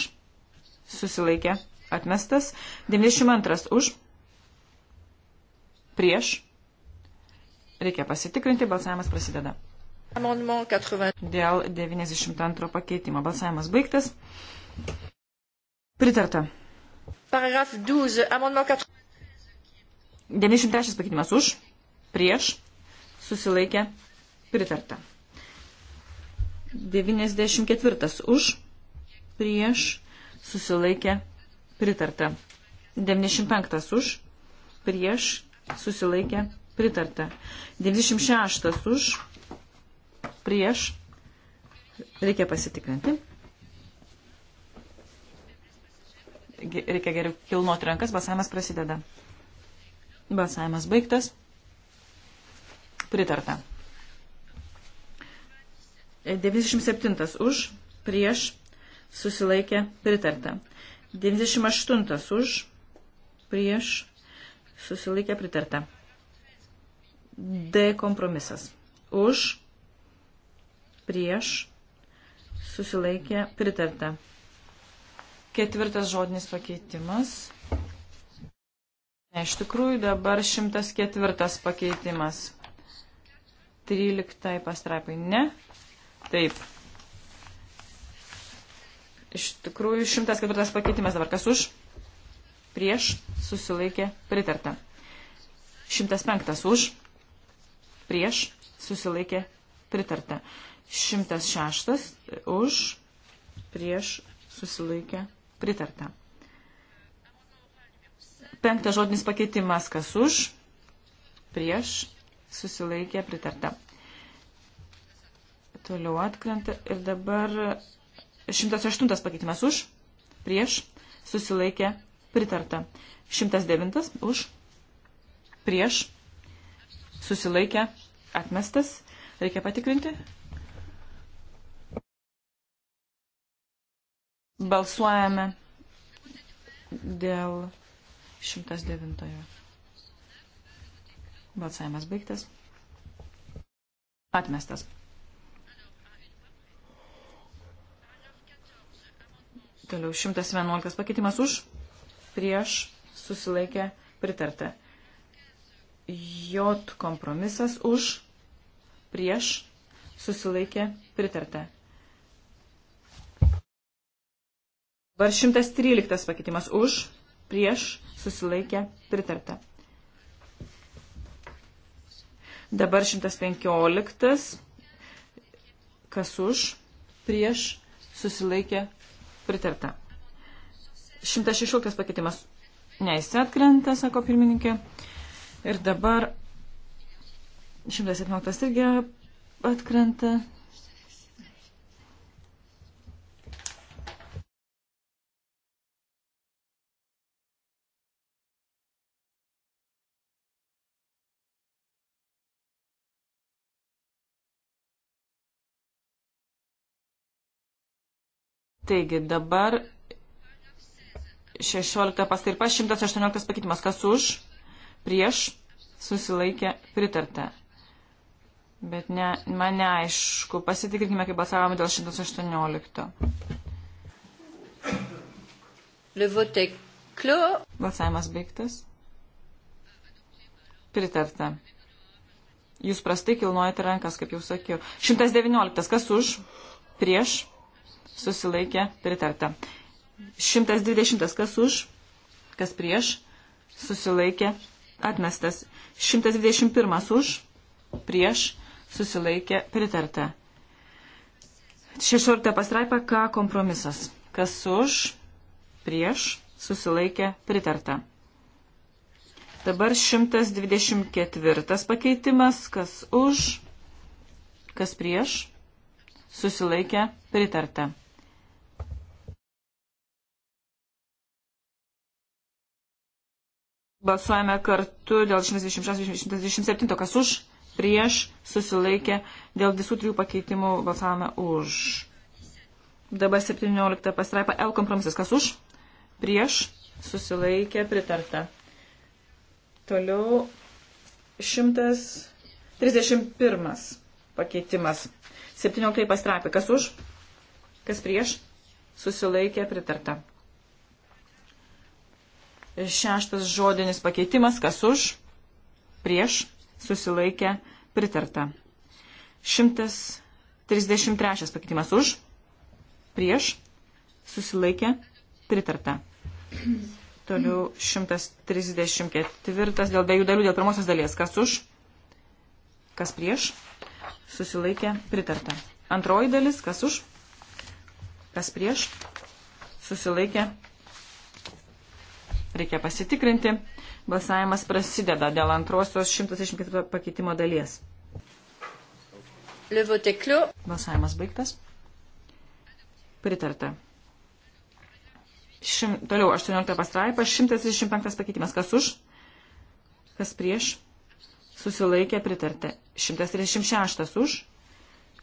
susilaikė, atmestas. 92 už, prieš. Reikia pasitikrinti, balsavimas prasideda. Dėl 92 pakeitimo balsavimas baigtas. Pritarta. Paragraf 12, amendement 4. 93 pakeitimas už, prieš, susilaikė, pritarta. 94 už, prieš, susilaikė, pritarta. 95 už, prieš, susilaikė, pritarta. 96 už, prieš, reikia pasitikrinti. Reikia geriau kilnuoti rankas, balsavimas prasideda. Balsavimas baigtas. Pritarta. 97 už, prieš, susilaikė, pritarta. 98 už, prieš, susilaikė, pritarta. D kompromisas. Už, prieš, susilaikė, pritarta. Ketvirtas žodinis pakeitimas. Ne, iš tikrųjų dabar 104 pakeitimas. 13 pastraipai ne. Taip. Iš tikrųjų, 104 pakeitimas dabar kas už? Prieš susilaikė pritarta. 105 už. Prieš susilaikė pritarta. 106 už. Prieš susilaikė pritarta. Penktas žodinis pakeitimas kas už. Prieš susilaikė pritarta. Toliau atkrenta ir dabar 108 pakeitimas už, prieš, susilaikė, pritarta. 109 už, prieš, susilaikė, atmestas. Reikia patikrinti. Balsuojame dėl 109. Balsavimas baigtas. Atmestas. Toliau 111 pakeitimas už, prieš, susilaikė, pritarta. J kompromisas už, prieš, susilaikė, pritarta. Var 113 pakeitimas už, prieš, susilaikė, pritarta. Dabar 115, kas už, prieš, susilaikė, Pritarta. 116 pakeitimas. Ne, jis atkrenta, sako pirmininkė. Ir dabar 117 irgi atkrenta. Taigi dabar 16 pastraipa, 118 pakeitimas. Kas už, prieš, susilaikė, pritarta. Bet ne, man neaišku. Pasitikrinkime, kaip balsavome dėl 118. Le vote clos. Balsavimas baigtas. Pritarta. Jūs prastai kilnuojate rankas, kaip jau sakiau. 119. Kas už? Prieš? susilaikė pritarta. 120 kas už, kas prieš, susilaikė atmestas. 121 už, prieš, susilaikė pritarta. 16 pastraipa, ką kompromisas. Kas už, prieš, susilaikė pritarta. Dabar 124 pakeitimas, kas už, kas prieš, susilaikė pritarta. Balsuojame kartu dėl 126-127, kas už, prieš, susilaikė, dėl visų trijų pakeitimų balsavome už. Dabar 17 pastraipa L kompromisas, kas už, prieš, susilaikė, pritarta. Toliau 131 pakeitimas. 17 pastraipė, kas už, kas prieš, susilaikė, pritarta. Šeštas žodinis pakeitimas, kas už, prieš, susilaikė, pritarta. 133 pakeitimas už, prieš, susilaikė, pritarta. Toliau 134 dėl dviejų dalių, dėl pirmosios dalies, kas už, kas prieš, susilaikė, pritarta. Antroji dalis, kas už, kas prieš, susilaikė, Reikia pasitikrinti. Balsavimas prasideda dėl antrosios 164 pakeitimo dalies. Balsavimas baigtas. Pritarta. Šim, toliau 18 pastraipa, 165 pakeitimas. Kas už? Kas prieš? Susilaikė pritarti. 136 už.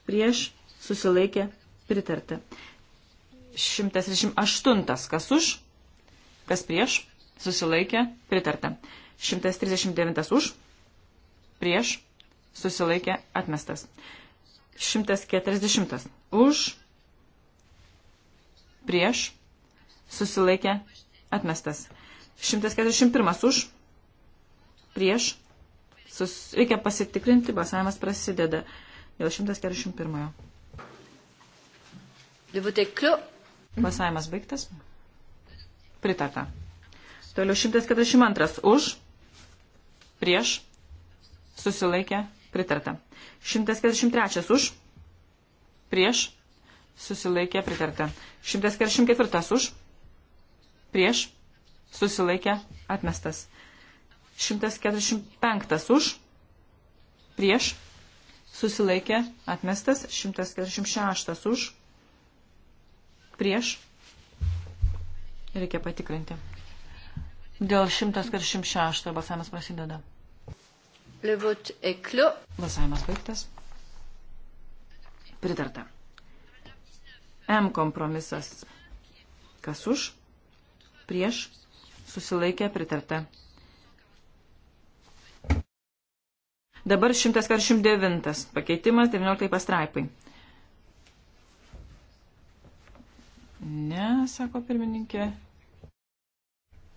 Prieš susilaikė pritarti. 138 kas už? Kas prieš? susilaikė, pritarta. 139 už, prieš, susilaikė, atmestas. 140 už, prieš, susilaikė, atmestas. 141 už, prieš, sus... reikia pasitikrinti, balsavimas prasideda dėl 141. Balsavimas baigtas. Pritarta. Toliau 142 už, prieš, susilaikė, pritarta. 143 už, prieš, susilaikė, pritarta. 144 už, prieš, susilaikė, atmestas. 145 už, prieš, susilaikė, atmestas. 146 už, prieš, reikia patikrinti. Dėl 146 balsavimas prasideda. Le vote est clos. Balsavimas baigtas. Pritarta. M kompromisas. Kas už? Prieš? Susilaikė pritarta. Dabar 149 pakeitimas 19 pastraipai. Ne, sako pirmininkė.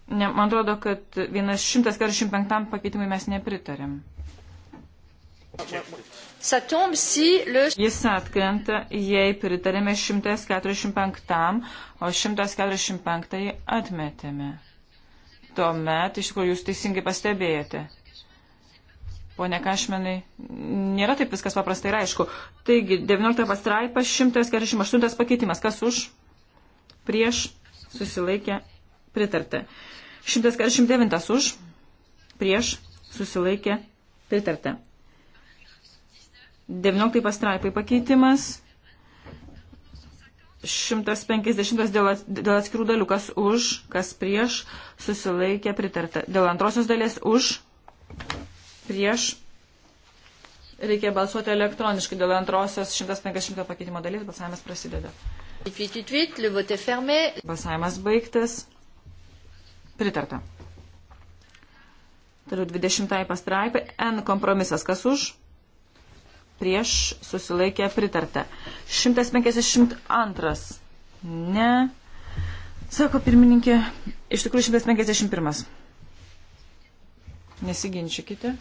Ne, man atrodo, kad 145 pakeitimui mes nepritarėm. Jis atkrenta, jei pritarėme 145, o 145 atmetėme. Tuomet, iš tikrųjų, jūs teisingai pastebėjote. Pone Kašmenai, nėra taip viskas paprastai ir aišku. Taigi, 19 pastraipas, 148 pakeitimas. Kas už? Prieš? Susilaikė? pritarta. 149 už, prieš, susilaikė, pritarta. 19 pastraipai pakeitimas. 150 dėl, dėl atskirų dalių, kas už, kas prieš, susilaikė pritarta. Dėl antrosios dalies už, prieš, reikia balsuoti elektroniškai. Dėl antrosios 150 pakeitimo dalies balsavimas prasideda. Balsavimas baigtas. Pritarta. Toliau 20 pastraipai. N kompromisas. Kas už? Prieš susilaikė pritarta. 152. Ne. Sako pirmininkė. Iš tikrųjų 151. Nesiginčykite.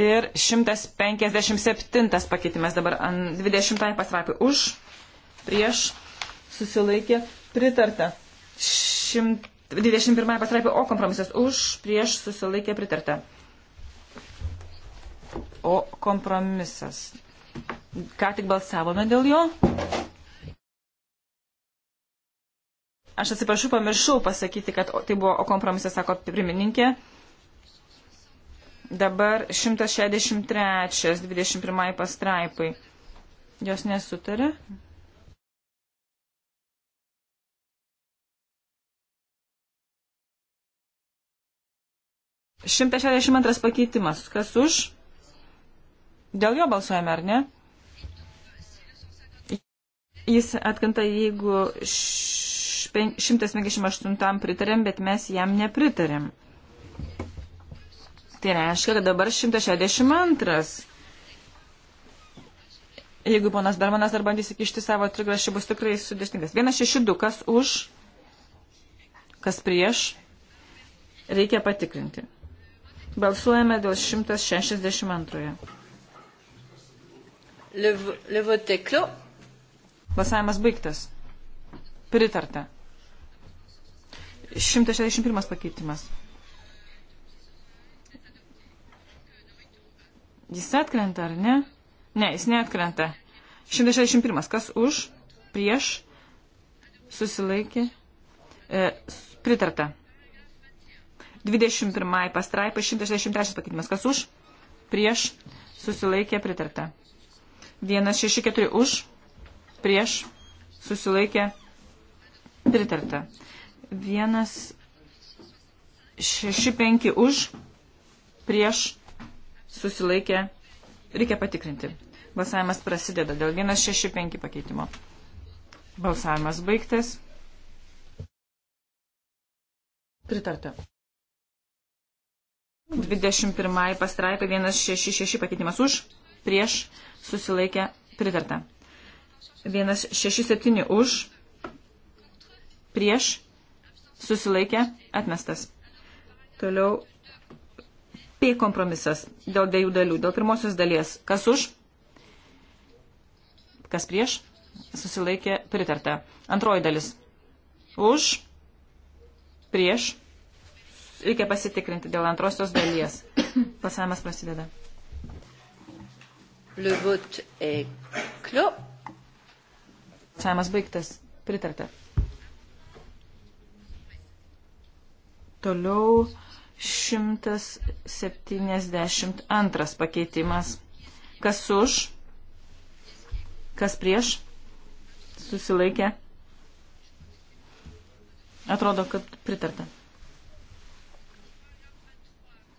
Ir 157 pakeitimas dabar 20 pasrapį už, prieš susilaikė pritarta. 21 pasraipė O kompromisas už, prieš susilaikė pritarta. O kompromisas. Ką tik balsavome dėl jo. Aš atsiprašau, pamiršau pasakyti, kad tai buvo O kompromisas, sako pirmininkė. Dabar 163, 21 pastraipai. Jos nesutarė. 162 pakeitimas. Kas už? Dėl jo balsuojame, ar ne? Jis atkanta, jeigu 158 pritarėm, bet mes jam nepritarėm. Tai reiškia, kad dabar 162. Jeigu ponas Bermanas dar bandys įkišti savo trigrašį, bus tikrai sudėtingas. 162, kas už, kas prieš, reikia patikrinti. Balsuojame dėl 162. Livotekliu. Balsavimas baigtas. Pritarta. 161 pakeitimas. Jis atkrenta, ar ne? Ne, jis neatkrenta. 161. Kas už, prieš, susilaikė, e, pritarta. 21 pastraipa 163 pakeitimas. Kas už? Prieš susilaikė pritarta. 164 už. Prieš susilaikė pritarta. 165 už. Prieš susilaikė. Reikia patikrinti. Balsavimas prasideda dėl 165 pakeitimo. Balsavimas baigtas. Pritarta. 21 pastraipai 166 pakeitimas už, prieš susilaikę pritarta. 167 už, prieš susilaikę atmestas. Toliau P kompromisas dėl dviejų dalių. Dėl pirmosios dalies, kas už, kas prieš, susilaikė pritarta. Antroji dalis, už, prieš reikia pasitikrinti dėl antrosios dalies. Balsavimas prasideda. Le vote est clos. Balsavimas baigtas. Pritarta. Toliau 172 pakeitimas. Kas už? Kas prieš? Susilaikė. Atrodo, kad pritarta.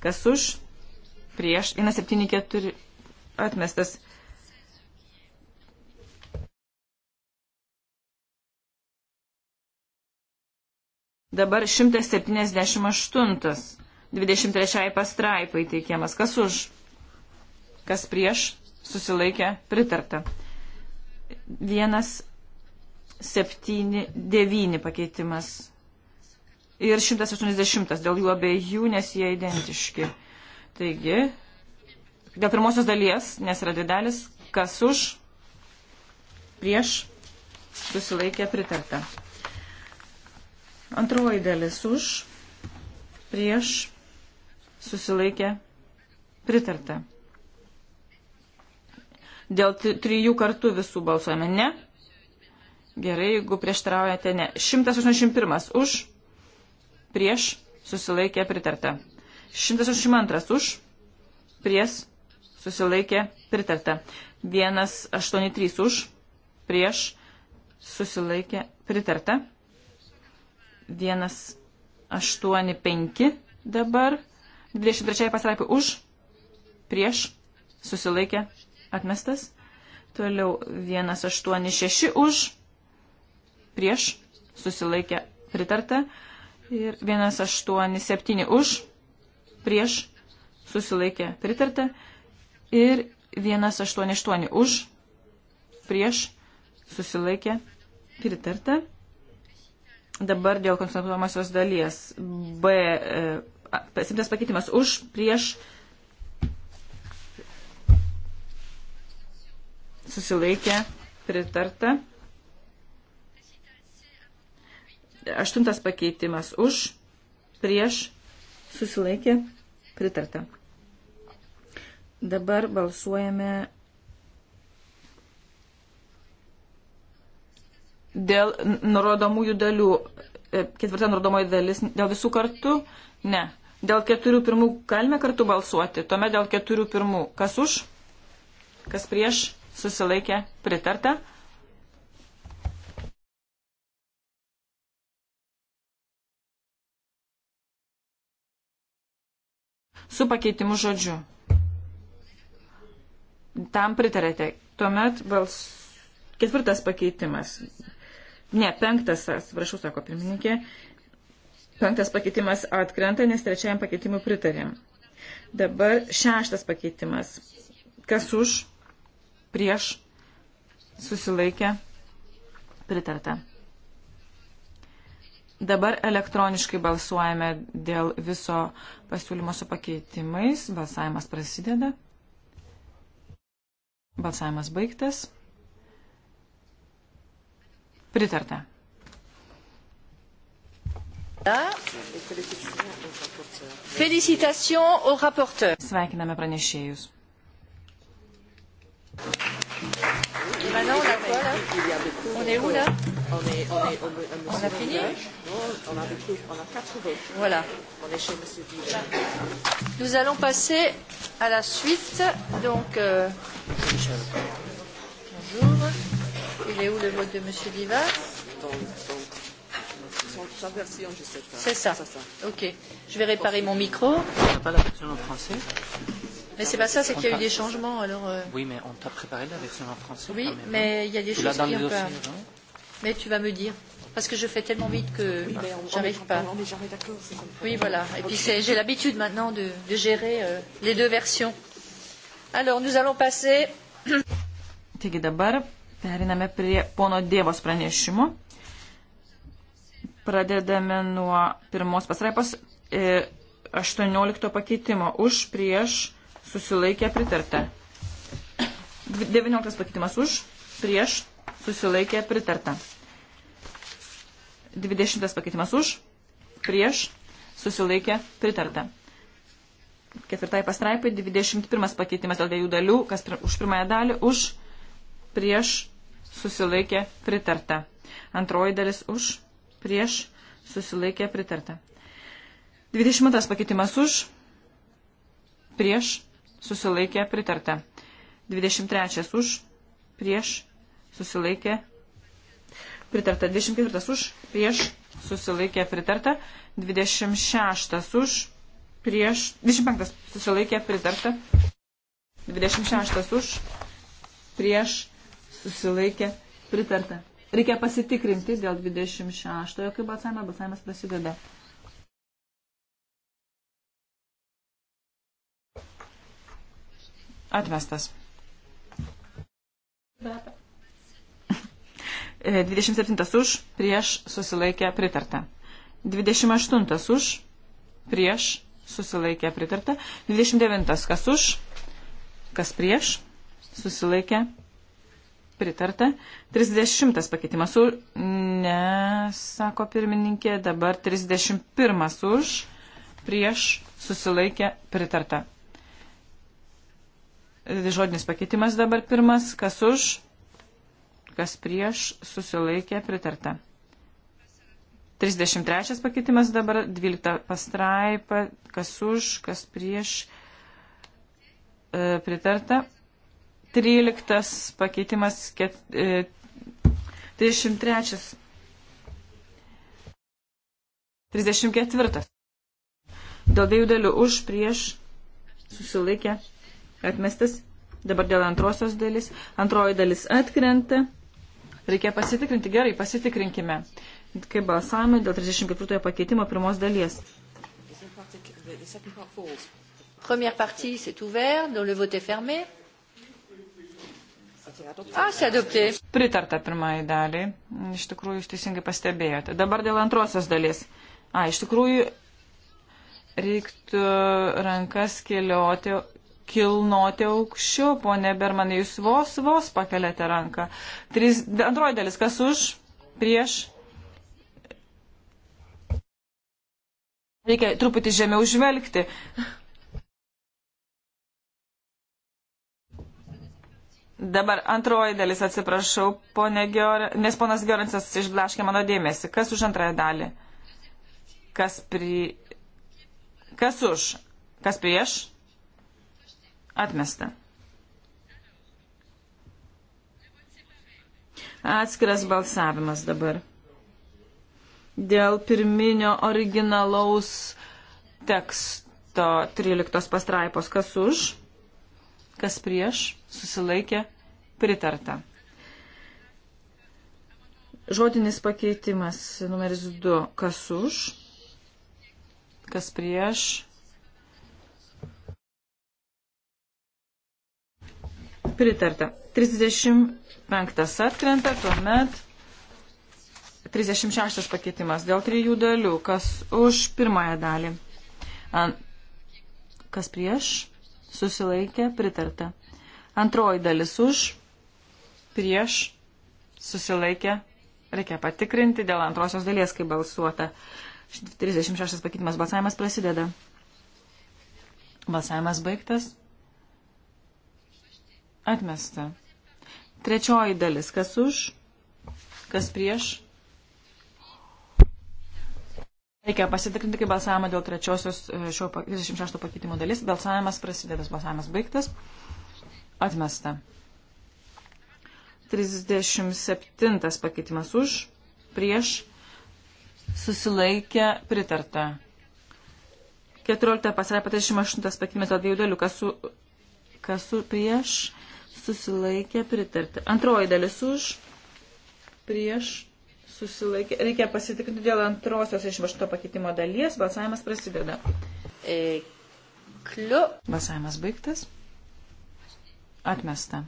Kas už? Prieš. 174 atmestas. Dabar 178. 23 pastraipai teikiamas. Kas už? Kas prieš? Susilaikė pritarta. 1, 7, 9 pakeitimas ir 180 dėl jų abiejų, nes jie identiški. Taigi, dėl pirmosios dalies, nes yra didelis, kas už, prieš, susilaikė pritarta. Antroji dalis už, prieš, susilaikė pritarta. Dėl trijų kartų visų balsuojame ne. Gerai, jeigu prieštaraujate ne. 181 už, prieš, susilaikė pritarta. 182 už, prieš, susilaikė pritarta. 183 už, prieš, susilaikė pritarta. 185 dabar, 23 pasraipį už, prieš, susilaikė atmestas. Toliau 186 už, prieš, susilaikė pritarta. Ir 187 už, prieš, susilaikė, pritarta. Ir 188 už, prieš, susilaikė, pritarta. Dabar dėl konstatuojamosios dalies. B. E, Simtas pakeitimas už, prieš, susilaikė, pritarta. Aštuntas pakeitimas už, prieš, susilaikė, pritarta. Dabar balsuojame dėl nurodomųjų dalių. E, ketvirta nurodomoji dalis dėl visų kartų? Ne. Dėl keturių pirmų galime kartu balsuoti. Tuomet dėl keturių pirmų. Kas už? Kas prieš? Susilaikė? Pritarta? su pakeitimu žodžiu. Tam pritarėte. Tuomet bals... ketvirtas pakeitimas. Ne, penktas, atsiprašau, sako pirmininkė. Penktas pakeitimas atkrenta, nes trečiajam pakeitimui pritarėm. Dabar šeštas pakeitimas. Kas už, prieš, susilaikė, pritarta. Dabar elektroniškai balsuojame dėl viso pasiūlymo su pakeitimais. Balsavimas prasideda. Balsavimas baigtas. Pritarta. Félicitations au rapporteur. Sveikiname pranešėjus. Maintenant, on a quoi là On est où là on est, on est, on, on, on, on a fini non, on, a beaucoup, on a quatre votes. Voilà. On est chez Monsieur Dillon. Nous allons passer à la suite. Donc, euh, bonjour. Il est où le vote de Monsieur Diva sa version, je sais pas. C'est ça. ça. Ok. Je vais réparer mon micro. On n'a pas la version en français mais c'est pas ça, c'est qu'il y a eu des changements. Alors, euh... Oui, mais on t'a préparé la version en français. Oui, mais il y a des choses qui ont pas. Mais tu vas me dire. Parce que je fais tellement vite que oui, j'arrive pas. On n'est jamais d'accord. Oui, voilà. Et puis j'ai l'habitude maintenant de, de gérer euh, les deux versions. Alors, nous allons passer. (clears throat) Taigi dabar periname prie pono Dievos pranešimo. Pradedame nuo pirmos pasraipos 18 e, pakeitimo. Už, prieš, susilaikė, pritarta. 19 pakeitimas už, prieš, susilaikė pritarta. 20 pakeitimas už, prieš, susilaikė pritarta. Ketvirtai pastraipai, 21 pakeitimas dėl dviejų dalių, kas pir, už pirmąją dalį, už, prieš, susilaikė pritarta. Antroji dalis už, prieš, susilaikė pritarta. 22 pakeitimas už, prieš, susilaikė pritarta. 23 už, prieš, susilaikė pritarta. 24 už, prieš, susilaikė pritarta. 26 už, prieš, 25 susilaikė pritarta. 26 už, prieš, susilaikė pritarta. Reikia pasitikrinti dėl 26-ojo, kai balsavime balsavimas prasideda. Atmestas. Bet. 27 už, prieš susilaikė pritarta. 28 už, prieš susilaikė pritarta. 29 kas už, kas prieš susilaikė pritarta. 30 pakeitimas už, ne, sako pirmininkė, dabar 31 už, prieš susilaikė pritarta. Žodinis pakeitimas dabar pirmas, kas už, kas prieš, susilaikė, pritarta. 33 pakeitimas dabar, 12 pastraipa, kas už, kas prieš, e, pritarta. 13 pakeitimas, ket, e, 33. 34. Dėl dviejų dalių už, prieš, susilaikė, atmestas. Dabar dėl antrosios dalis. Antroji dalis atkrenta. Reikia pasitikrinti. Gerai, pasitikrinkime. Kaip balsavome dėl 34 pakeitimo pirmos dalies. Première partie, c'est ouvert, dont le vote est fermé. Ah, c'est adopté. Pritarta pirmąjį dalį. Iš tikrųjų, jūs teisingai pastebėjote. Dabar dėl antrosios dalies. A, iš tikrųjų, reiktų rankas kelioti kilnoti aukščiau, ponė Bermanai, jūs vos, vos pakeliate ranką. Tris, antroji dalis, kas už, prieš. Reikia truputį žemiau žvelgti. Dabar antroji dalis, atsiprašau, Gior... nes ponas Giorinsas išblaškė mano dėmesį. Kas už antrąją dalį? Kas, pri... Kas už? Kas prieš? Atmesta. Atskiras balsavimas dabar. Dėl pirminio originalaus teksto 13 pastraipos, kas už, kas prieš, susilaikė, pritarta. Žodinis pakeitimas numeris 2, kas už, kas prieš, pritarta. 35 atkrenta, tuomet 36 pakeitimas dėl trijų dalių. Kas už pirmąją dalį? Kas prieš? Susilaikė, pritarta. Antroji dalis už, prieš, susilaikė. Reikia patikrinti dėl antrosios dalies, kai balsuota. 36 pakeitimas balsavimas prasideda. Balsavimas baigtas. Atmesta. Trečioji dalis. Kas už? Kas prieš? Reikia pasitikrinti, kaip balsavimą dėl trečiosios e, šio 26 pakeitimo dalis. Balsavimas prasidėtas, balsavimas baigtas. Atmesta. 37 pakeitimas už, prieš, susilaikė, pritarta. 14 pasiraipė 38 pakeitimas dėl dviejų dalių, kas su, kas su prieš, susilaikė pritarti. Antroji dalis už, prieš, susilaikė. Reikia pasitikrinti dėl antrosios iš vašto pakeitimo dalies. Balsavimas prasideda. E, kliu. Balsavimas baigtas. Atmesta.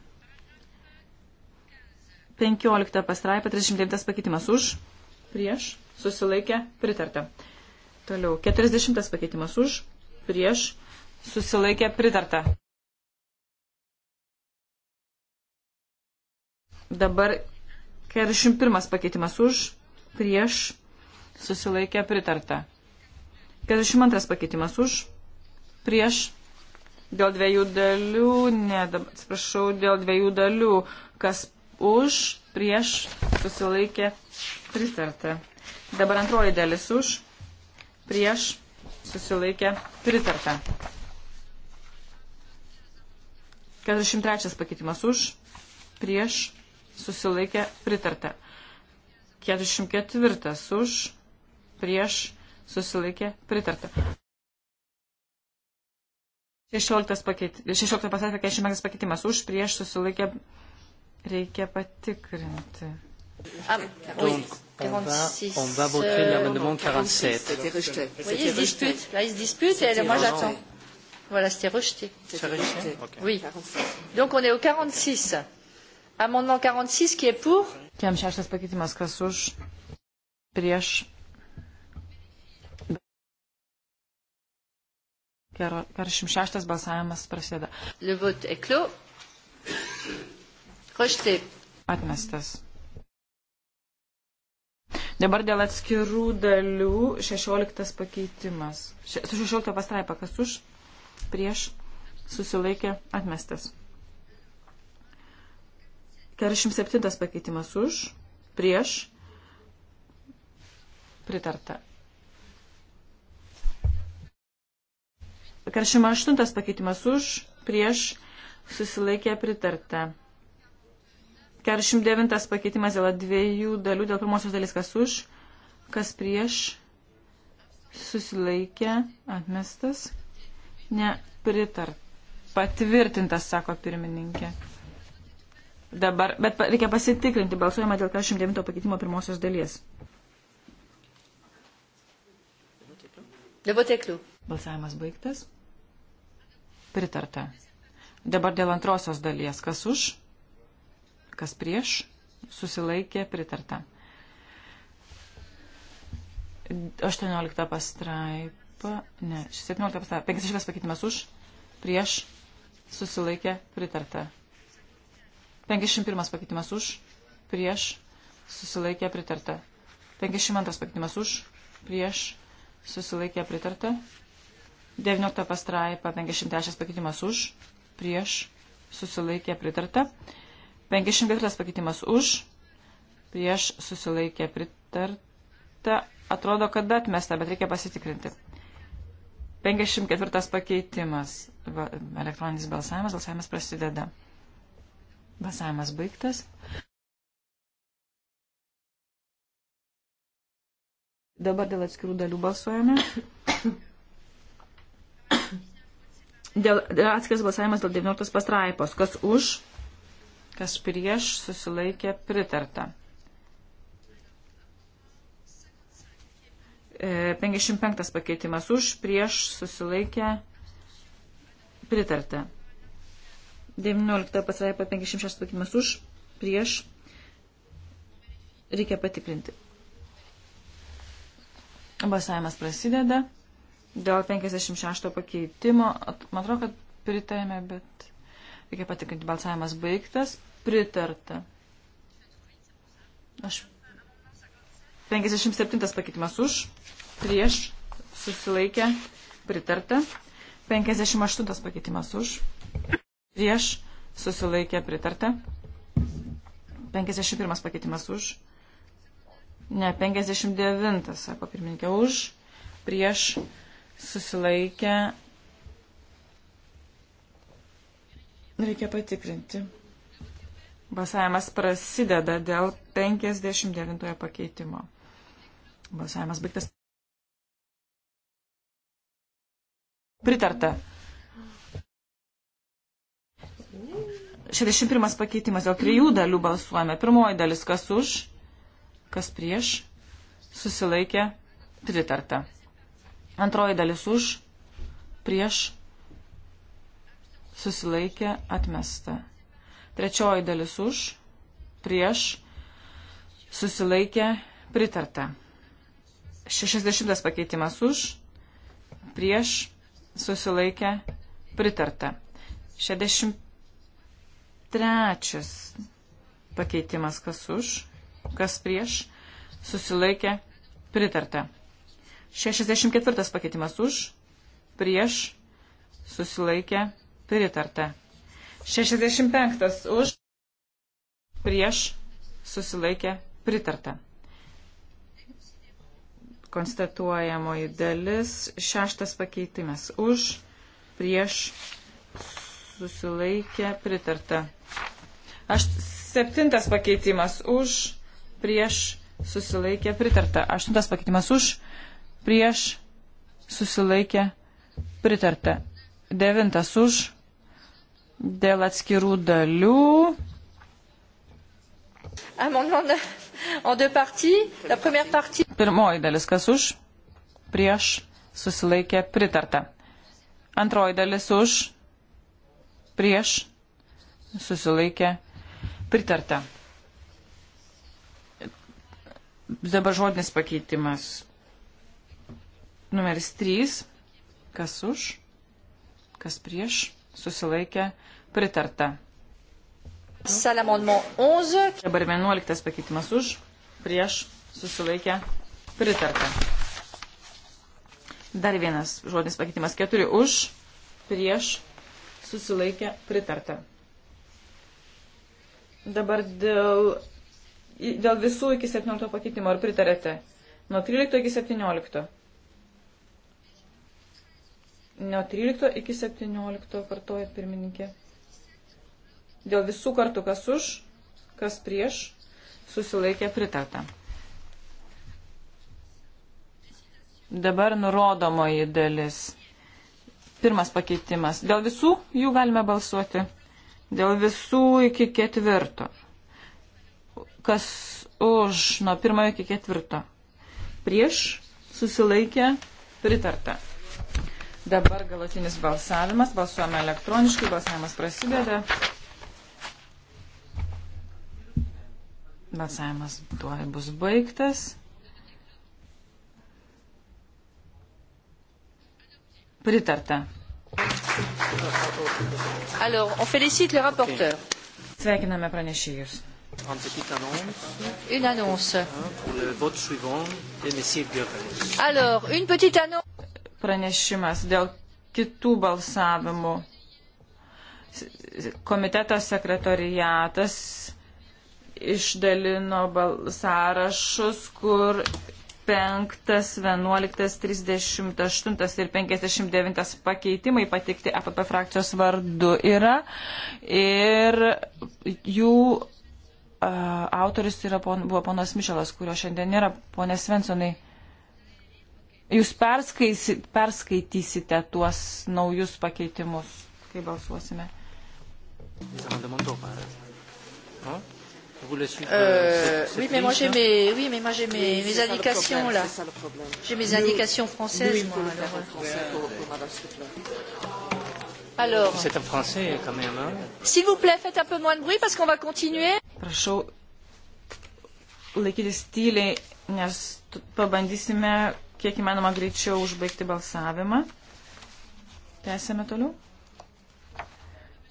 15 pastraipa, 39 pakeitimas už, prieš, susilaikė, pritarta. Toliau, 40 pakeitimas už, prieš, susilaikė, pritarta. Dabar 41 pakeitimas už, prieš, susilaikė pritarta. 42 pakeitimas už, prieš, dėl dviejų dalių, ne, atsiprašau, dėl dviejų dalių, kas už, prieš, susilaikė pritarta. Dabar antroji dalis už, prieš, susilaikė pritarta. 43 pakeitimas už, prieš, susilaikė pritarta. 44 už, prieš, susilaikė pritarta. 16 pakeit, 16 pasakė 45 pakeitimas už, prieš, susilaikė reikia patikrinti. Ah, oui. Donc, 46, on, va, on va voter l'amendement 47. Euh, c'était rejeté. Vous voyez, ils disputent. Là, ils se disputent et moi, j'attends. Voilà, c'était rejeté. C'était rejeté. Okay. Oui. Donc, on est au 46. Amendement 46, qui est pour? 46 pakeitimas, kas už, prieš. Kar 46 balsavimas prasideda. Le vote est clos. Rejeté. Atmestas. Dabar dėl atskirų dalių 16 pakeitimas. 16 pastraipa, kas už, prieš, susilaikė, atmestas. 47 pakeitimas už, prieš, pritarta. 48 pakeitimas už, prieš, susilaikė pritarta. 49 pakeitimas dėl dviejų dalių, dėl pirmosios dalis kas už, kas prieš, susilaikė, atmestas, nepritarta. Patvirtintas, sako pirmininkė. Dabar, bet reikia pasitikrinti, balsuojama dėl 49 pakeitimo pirmosios dalies. Devoteklių. Balsavimas baigtas. Pritarta. Dabar dėl antrosios dalies. Kas už? Kas prieš? Susilaikė, pritarta. 18 pastraipa. Ne, 17 pastraipa. 56 pakeitimas už, prieš, susilaikė, pritarta. 51 pakeitimas už, prieš, susilaikė pritarta. 52 pakeitimas už, prieš, susilaikė pritarta. 19 pastraipa 53 pakeitimas už, prieš, susilaikė pritarta. 54 pakeitimas už, prieš, susilaikė pritarta. Atrodo, kad atmesta, bet reikia pasitikrinti. 54 pakeitimas. Elektroninis balsavimas, balsavimas prasideda. Balsavimas baigtas. Dabar dėl atskirų dalių balsuojame. Dėl, dėl atskiras balsavimas dėl 19 pastraipos. Kas už, kas prieš susilaikė pritarta. 55 e, pakeitimas už, prieš susilaikė pritarta. 19 pasraipa 56 pakimas už, prieš, reikia patikrinti. Balsavimas prasideda. Dėl 56 pakeitimo, man atrodo, kad pritarėme, bet reikia patikrinti, balsavimas baigtas, pritarta. Aš 57 pakeitimas už, prieš, susilaikė, pritarta. 58 pakeitimas už prieš susilaikė pritarta. 51 pakeitimas už. Ne, 59, sako pirmininkė, už. Prieš susilaikė. Reikia patikrinti. Balsavimas prasideda dėl 59 pakeitimo. Balsavimas baigtas. Pritarta. 61 pakeitimas, dėl trijų dalių balsuojame. Pirmoji dalis, kas už, kas prieš, susilaikė, pritarta. Antroji dalis už, prieš, susilaikė, atmesta. Trečioji dalis už, prieš, susilaikė, pritarta. 60 pakeitimas už, prieš, susilaikė, pritarta. 61 trečias pakeitimas, kas už, kas prieš, susilaikė, pritarta. 64 pakeitimas už, prieš, susilaikė, pritarta. 65 už, prieš, susilaikė, pritarta. Konstatuojamoji dalis, šeštas pakeitimas už, prieš, susilaikė, pritarta. Aš septintas pakeitimas už, prieš susilaikė pritarta. Aštuntas pakeitimas už, prieš susilaikė pritarta. Devintas už, dėl atskirų dalių. Pirmoji dalis, kas už, prieš susilaikė pritarta. Antroji dalis už, prieš susilaikė pritarta Pritarta. Dabar žodinis pakeitimas. Numeris 3. Kas už, kas prieš, susilaikė, pritarta. Dabar 11 pakeitimas už, prieš, susilaikė, pritarta. Dar vienas žodinis pakeitimas. 4 už, prieš, susilaikė, pritarta. Dabar dėl, dėl visų iki 17 pakeitimo, ar pritarėte? Nuo 13 iki 17. Nuo 13 iki 17 kartuojat pirmininkė. Dėl visų kartų, kas už, kas prieš, susilaikė pritarta. Dabar nurodomoji dalis. Pirmas pakeitimas. Dėl visų jų galime balsuoti. Dėl visų iki ketvirto. Kas už nuo pirmojo iki ketvirto. Prieš susilaikė pritarta. Dabar galutinis balsavimas. Balsuojame elektroniškai. Balsavimas prasideda. Balsavimas tuoj bus baigtas. Pritarta. Alors, on félicite les rapporteurs. Sveikiname pranešėjus. Un petite annonce. Une annonce. Pour le vote suivant de M. Goebbels. Alors, une petite annonce. Pranešimas dėl kitų balsavimų. Komiteto sekretoriatas išdalino sąrašus, kur 5, 11, 38 ir 59 pakeitimai patikti APP frakcijos vardu yra ir jų uh, autoris yra, pon, buvo ponas Mišelas, kurio šiandien nėra. Pone Svensonai, jūs perskaitysite tuos naujus pakeitimus, kai balsuosime. Huh? Je vous laisse suivre. Euh, cette, euh, cette oui, mais ligne, moi j'ai hein. mes, oui, mais moi j'ai mes, oui, mes indications problème, là. J'ai mes nous, indications françaises. Nous, moi, alors, en français euh. pour, pour Madame Stifler. Alors. C'est en français quand même. Hein. S'il vous plaît, faites un peu moins de bruit parce qu'on va continuer. Prašau laikytis tyliai, nes pabandysime kiek įmanoma greičiau užbaigti balsavimą. Tęsėme toliau.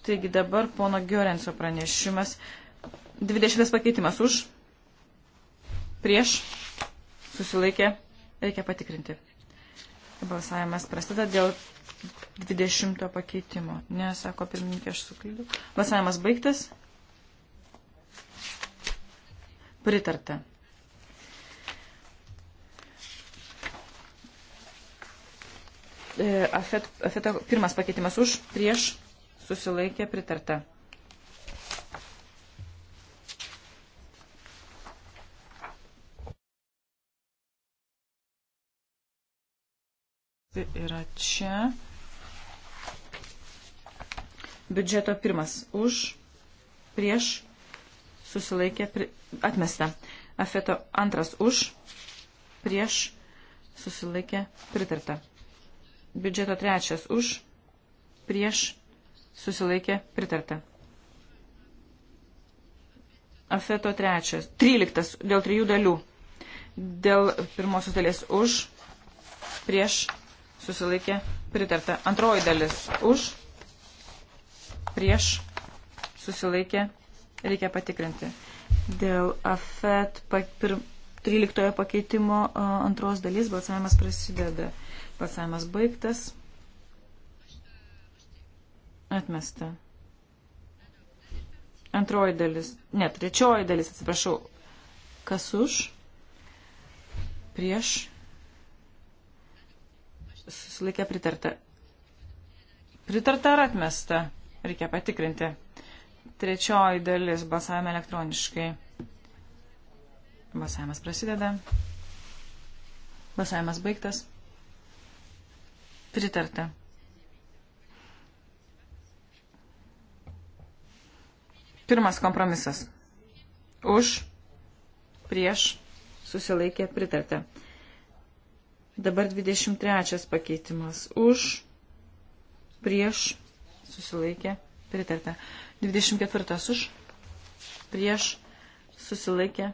Taigi dabar pono Giorenso pranešimas 20 pakeitimas už, prieš, susilaikė, reikia patikrinti. Balsavimas prasideda dėl 20 pakeitimo. Ne, sako pirmininkė, aš suklydau. Balsavimas baigtas. Pritarta. E, afet, afeto pirmas pakeitimas už, prieš, susilaikė, pritarta. yra čia. Biudžeto pirmas už, prieš, susilaikė, pri, atmesta. Afeto antras už, prieš, susilaikė, pritarta. Biudžeto trečias už, prieš, susilaikė, pritarta. Afeto trečias, tryliktas dėl trijų dalių. Dėl pirmosios dalies už, prieš, susilaikė pritarta. Antroji dalis už, prieš, susilaikė, reikia patikrinti. Dėl AFET pir, 13 pakeitimo antros dalis balsavimas prasideda. Balsavimas baigtas. Atmesta. Antroji dalis, ne, trečioji dalis, atsiprašau. Kas už? Prieš susilaikė pritarta. Pritarta ar atmesta? Reikia patikrinti. Trečioji dalis balsavime elektroniškai. Balsavimas prasideda. Balsavimas baigtas. Pritarta. Pirmas kompromisas. Už, prieš, susilaikė, pritarta. Dabar 23 pakeitimas. Už, prieš, susilaikė, pritarta. 24 už, prieš, susilaikė,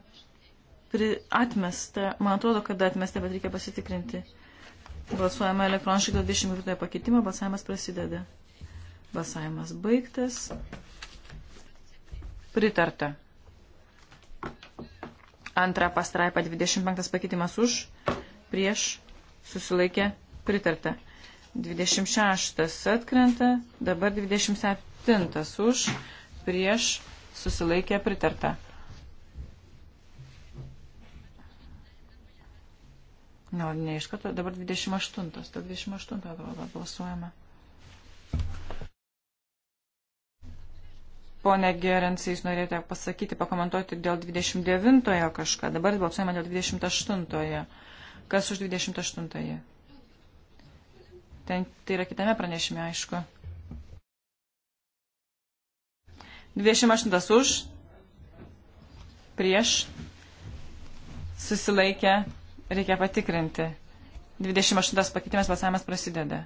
pri, atmesta. Man atrodo, kad atmesta, bet reikia pasitikrinti. Balsuojame elektroniškai dėl 24 pakeitimo, balsavimas prasideda. Balsavimas baigtas. Pritarta. Antra pastraipa 25 pakeitimas už, prieš, susilaikė pritarta. 26 atkrenta, dabar 27 už, prieš susilaikė pritarta. Na, ne iš karto, dabar 28, ta 28 atrodo balsuojama. Pone Gerensai, jūs norėjote pasakyti, pakomentuoti dėl 29 kažką, dabar balsuojama dėl 28. -ojo. Kas už 28-ąjį? Ten tai yra kitame pranešime, aišku. 28 už, prieš, susilaikę, reikia patikrinti. 28 pakeitimas balsavimas prasideda.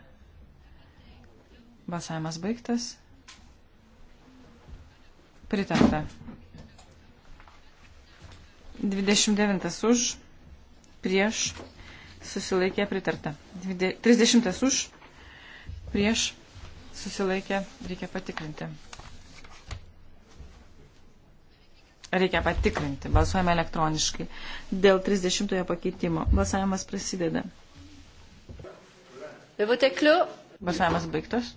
Balsavimas baigtas. Pritarta. 29 už prieš susilaikė pritarta. 30 už, prieš susilaikė, reikia patikrinti. Reikia patikrinti, balsuojame elektroniškai. Dėl 30 pakeitimo balsavimas prasideda. Balsavimas baigtas.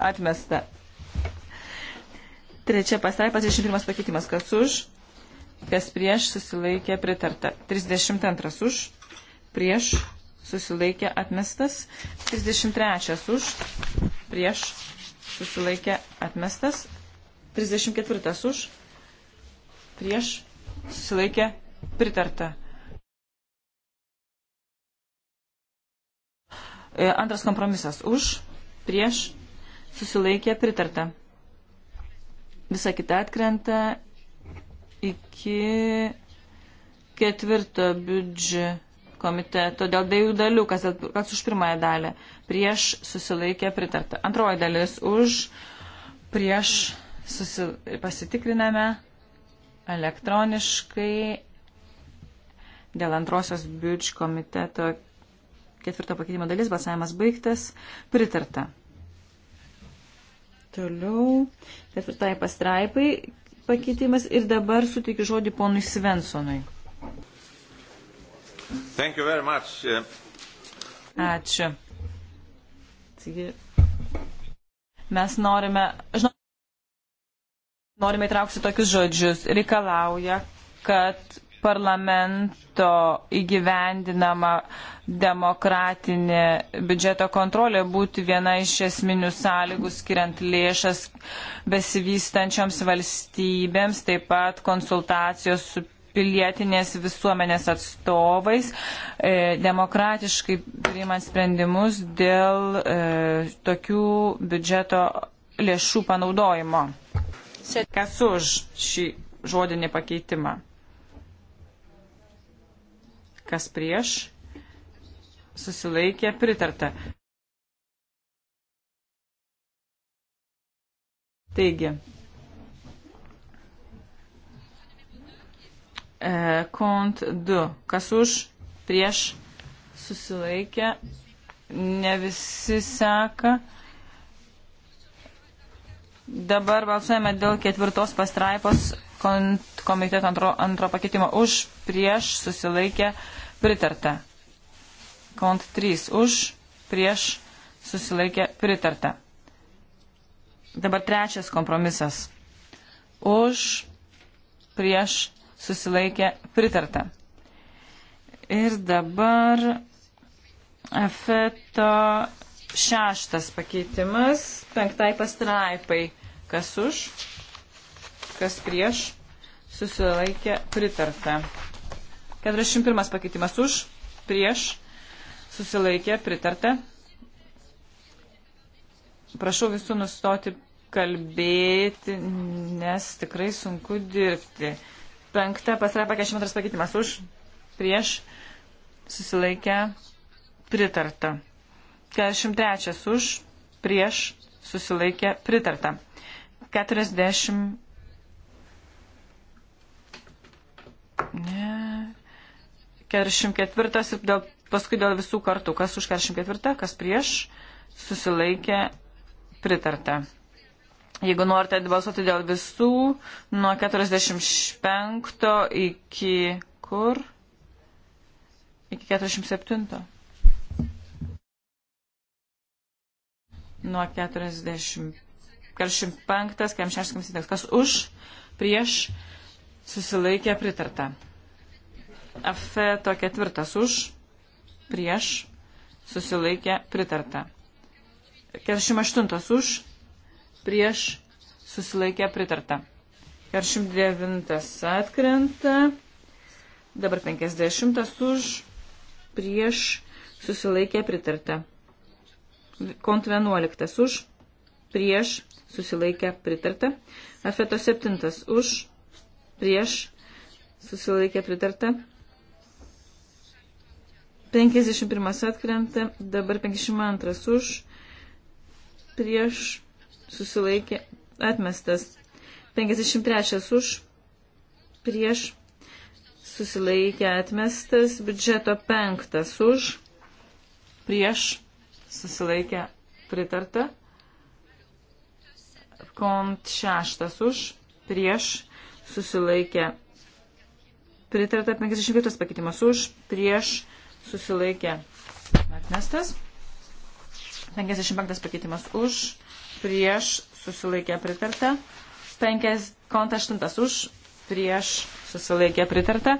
Atmesta. Trečia pastraipa, 31 pakeitimas. Kas už? kas prieš susilaikė pritarta. 32 už, prieš susilaikė atmestas. 33 už, prieš susilaikė atmestas. 34 už, prieš susilaikė pritarta. E, antras kompromisas už, prieš susilaikė pritarta. Visa kita atkrenta iki ketvirto biudžio komiteto dėl dviejų dalių, kas, kas už pirmąją dalį. Prieš susilaikė pritarta. Antroji dalis už, prieš susil... pasitikriname elektroniškai dėl antrosios biudž komiteto ketvirto pakeitimo dalis balsavimas baigtas. Pritarta. Toliau ketvirtai pastraipai pakeitimas ir dabar sutikiu žodį ponui Svensonui. Ačiū. Taigi, mes norime, žinoma, norime įtraukti tokius žodžius. Reikalauja, kad parlamento įgyvendinama demokratinė biudžeto kontrolė būti viena iš esminių sąlygų skiriant lėšas besivystančioms valstybėms, taip pat konsultacijos su pilietinės visuomenės atstovais, e, demokratiškai priimant sprendimus dėl e, tokių biudžeto lėšų panaudojimo. Kas už šį žodinį pakeitimą? Kas prieš? Susilaikė pritarta. Taigi, e, kont 2. Kas už, prieš, susilaikė, ne visi seka. Dabar balsuojame dėl ketvirtos pastraipos komiteto antro, antro pakeitimo. Už, prieš, susilaikė, prieš pritarta. Kont 3 už, prieš, susilaikė, pritarta. Dabar trečias kompromisas. Už, prieš, susilaikė, pritarta. Ir dabar Afeto šeštas pakeitimas, penktai pastraipai. Kas už, kas prieš, susilaikė pritarta. 41 pakeitimas už, prieš, susilaikė, pritarta. Prašau visų nustoti kalbėti, nes tikrai sunku dirbti. Penkta pasrapa 42 pakeitimas už, prieš, susilaikę, pritarta. 43 už, prieš, susilaikę, pritarta. 40. Ne. 44 ir dėl, paskui dėl visų kartų. Kas už 44, kas prieš, susilaikė, pritarta. Jeigu norite balsuoti dėl visų, nuo 45 iki kur? Iki 47. Nuo 40, 45, 46, kas už, prieš, susilaikė, pritarta. Afeto ketvirtas už, prieš, susilaikė, pritarta. 48 už, prieš, susilaikė, pritarta. 49 atkrenta, dabar 50 už, prieš, susilaikė, pritarta. Kont 11 už, prieš, susilaikė, pritarta. Afeto 7 už, prieš, susilaikė, pritarta. 51 atkrenta, dabar 52 už, prieš susilaikė atmestas. 53 už, prieš susilaikė atmestas, biudžeto 5 už, prieš susilaikė pritarta. Kont 6 už, prieš susilaikė pritarta. 54 pakeitimas už, prieš susilaikė pritarta susilaikė atmestas. 55 pakeitimas už, prieš susilaikė pritarta. 5 konta 8 už, prieš susilaikė pritarta.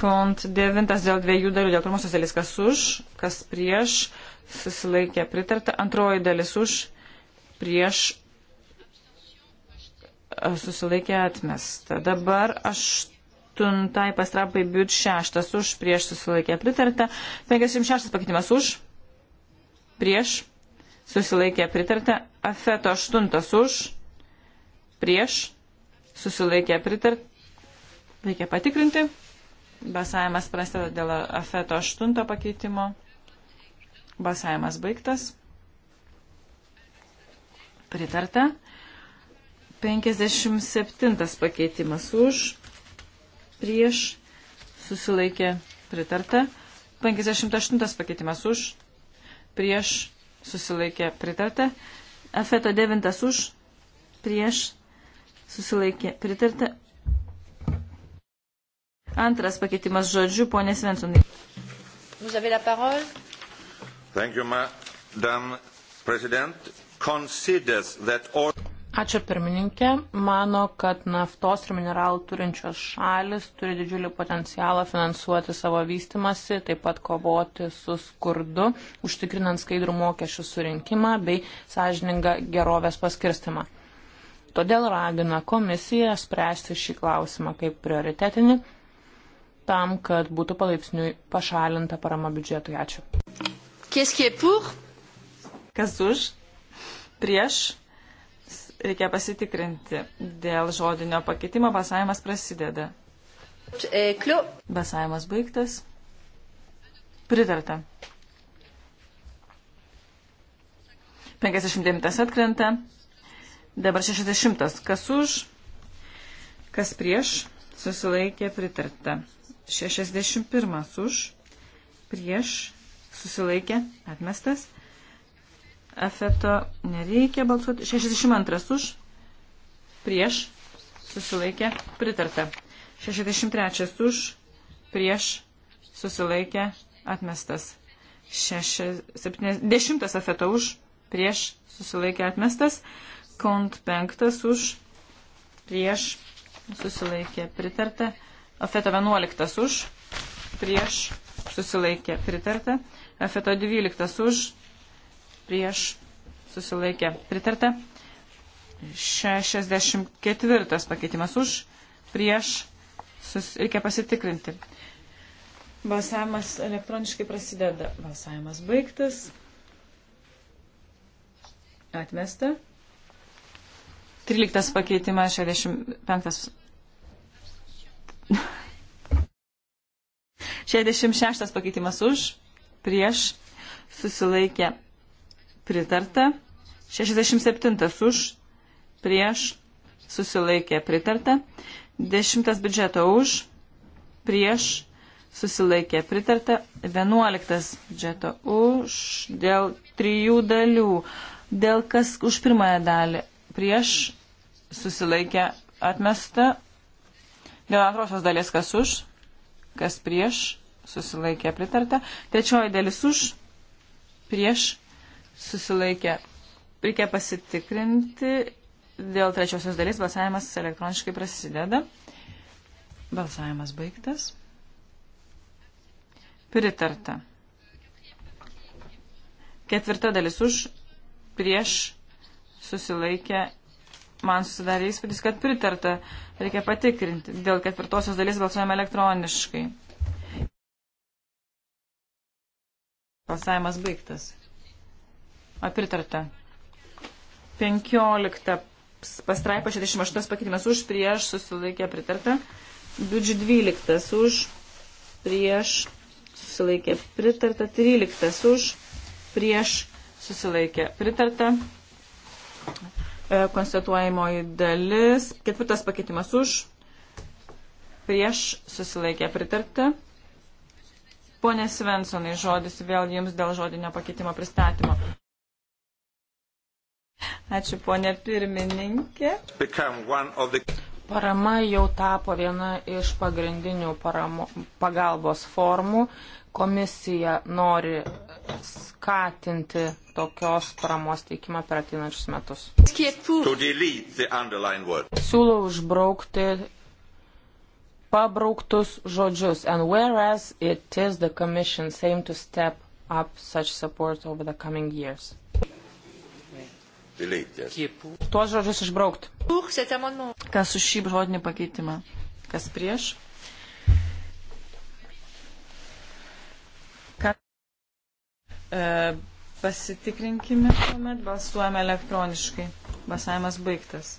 Kont 9 dėl dviejų dalių, dėl pirmosios dalis kas už, kas prieš susilaikė pritarta. Antroji dalis už, prieš susilaikė atmesta. Dabar aš aštuntai pastrapai biut šeštas už, prieš susilaikė pritarta, 56 pakeitimas už, prieš susilaikė pritarta, afeto aštuntas už, prieš susilaikė pritarta, reikia patikrinti, basavimas prasideda dėl afeto aštunto pakeitimo, basavimas baigtas, pritarta. 57 pakeitimas už, prieš susilaikė pritarta. 58 pakeitimas už, prieš susilaikė pritarta. Afeto 9 už, prieš susilaikė pritarta. Antras pakeitimas žodžių, ponė Svensonai. Vous avez la parole. Thank you, madame president. Considers that all... Ačiū pirmininkė. Mano, kad naftos ir mineralų turinčios šalis turi didžiulį potencialą finansuoti savo vystimasi, taip pat kovoti su skurdu, užtikrinant skaidrų mokesčių surinkimą bei sąžiningą gerovės paskirstimą. Todėl ragina komisiją spręsti šį klausimą kaip prioritetinį, tam, kad būtų palaipsniui pašalinta parama biudžetui. Ačiū. Kas už? Prieš? reikia pasitikrinti. Dėl žodinio pakeitimo balsavimas prasideda. E, balsavimas baigtas. Pritarta. 59 atkrenta. Dabar 60. Kas už, kas prieš, susilaikė pritarta. 61 už, prieš, susilaikė atmestas. Afeto nereikia balsuoti. 62 už, prieš, susilaikė, pritarta. 63 už, prieš, susilaikė, atmestas. 10 afeto už, prieš, susilaikė, atmestas. Kont 5 už, prieš, susilaikė, pritarta. Afeto 11 už, prieš, susilaikė, pritarta. Afeto 12 už, prieš susilaikė pritarta. 64 pakeitimas už, prieš sus, reikia pasitikrinti. Balsavimas elektroniškai prasideda. Balsavimas baigtas. Atmesta. 13 pakeitimas 65. 66 pakeitimas už, prieš, susilaikė pritarta. 67 už, prieš, susilaikė, pritarta. 10 biudžeto už, prieš, susilaikė, pritarta. 11 biudžeto už, dėl trijų dalių. Dėl kas už pirmąją dalį, prieš, susilaikė, atmesta. Dėl antrosios dalies kas už, kas prieš, susilaikė, pritarta. Trečioji dalis už, prieš, susilaikė. Reikia pasitikrinti. Dėl trečiosios dalies balsavimas elektroniškai prasideda. Balsavimas baigtas. Pritarta. Ketvirta dalis už, prieš susilaikė. Man susidarė įspūdis, kad pritarta. Reikia patikrinti. Dėl ketvirtosios dalies balsuojame elektroniškai. Balsavimas baigtas. Apritarta. 15 pastraipa 68 pakeitimas už, prieš, susilaikė pritarta. Biudžių 12 už, prieš, susilaikė pritarta. 13 už, prieš, susilaikė pritarta. E, konstatuojamoji dalis. Ketvirtas pakeitimas už, prieš, susilaikė pritarta. Pone Svensonai, žodis vėl jums dėl žodinio pakeitimo pristatymo. Ačiū, ponė pirmininkė. Parama jau tapo viena iš pagrindinių paramo, pagalbos formų. Komisija nori skatinti tokios paramos teikimą per ateinančius metus. Siūlau užbraukti pabrauktus žodžius. And whereas it is the Commission's aim to step up such support over the coming years. Tuos žodžius išbraukti. Kas už šį žodinį pakeitimą? Kas prieš? Ką... E, pasitikrinkime tuomet, balsuojame elektroniškai. Balsavimas baigtas.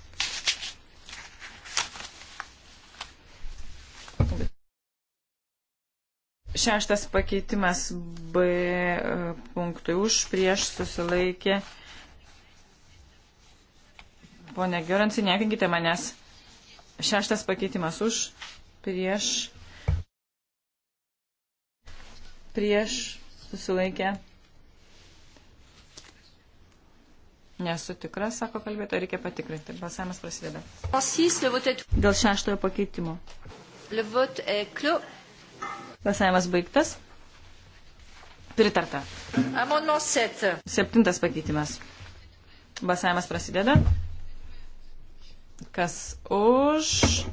Šeštas pakeitimas B e, punktui už prieš susilaikė Pone Geransi, nekinkite manęs. Šeštas pakeitimas už, prieš, prieš, susilaikė. Nesu tikra, sako kalbėtoja, reikia patikrinti. Balsavimas prasideda. Dėl šeštojo pakeitimo. Balsavimas baigtas. Pritarta. Septintas pakeitimas. Balsavimas prasideda. Kas už?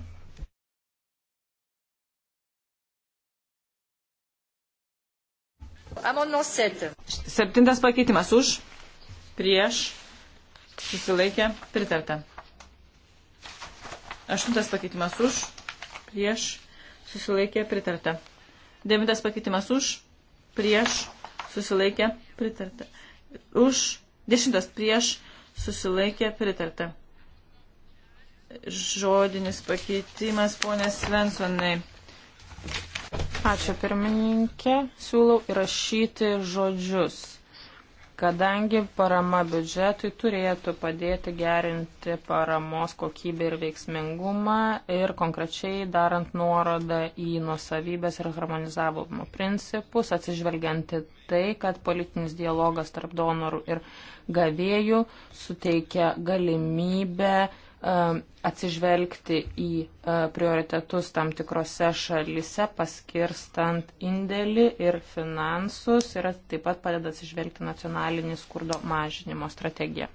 Amendement 7. Septintas pakeitimas už, prieš, susilaikė, pritarta. Aštuntas pakeitimas už, prieš, susilaikė, pritarta. Devintas pakeitimas už, prieš, susilaikė, pritarta. Už, dešimtas prieš, susilaikė, pritarta žodinis pakeitimas, ponė Svensonai. Ačiū pirmininkė, siūlau įrašyti žodžius, kadangi parama biudžetui turėtų padėti gerinti paramos kokybę ir veiksmingumą ir konkrečiai darant nuorodą į nuosavybės ir harmonizavimo principus, atsižvelgianti tai, kad politinis dialogas tarp donorų ir gavėjų suteikia galimybę atsižvelgti į prioritetus tam tikrose šalyse, paskirstant indėlį ir finansus ir taip pat padeda atsižvelgti nacionalinį skurdo mažinimo strategiją.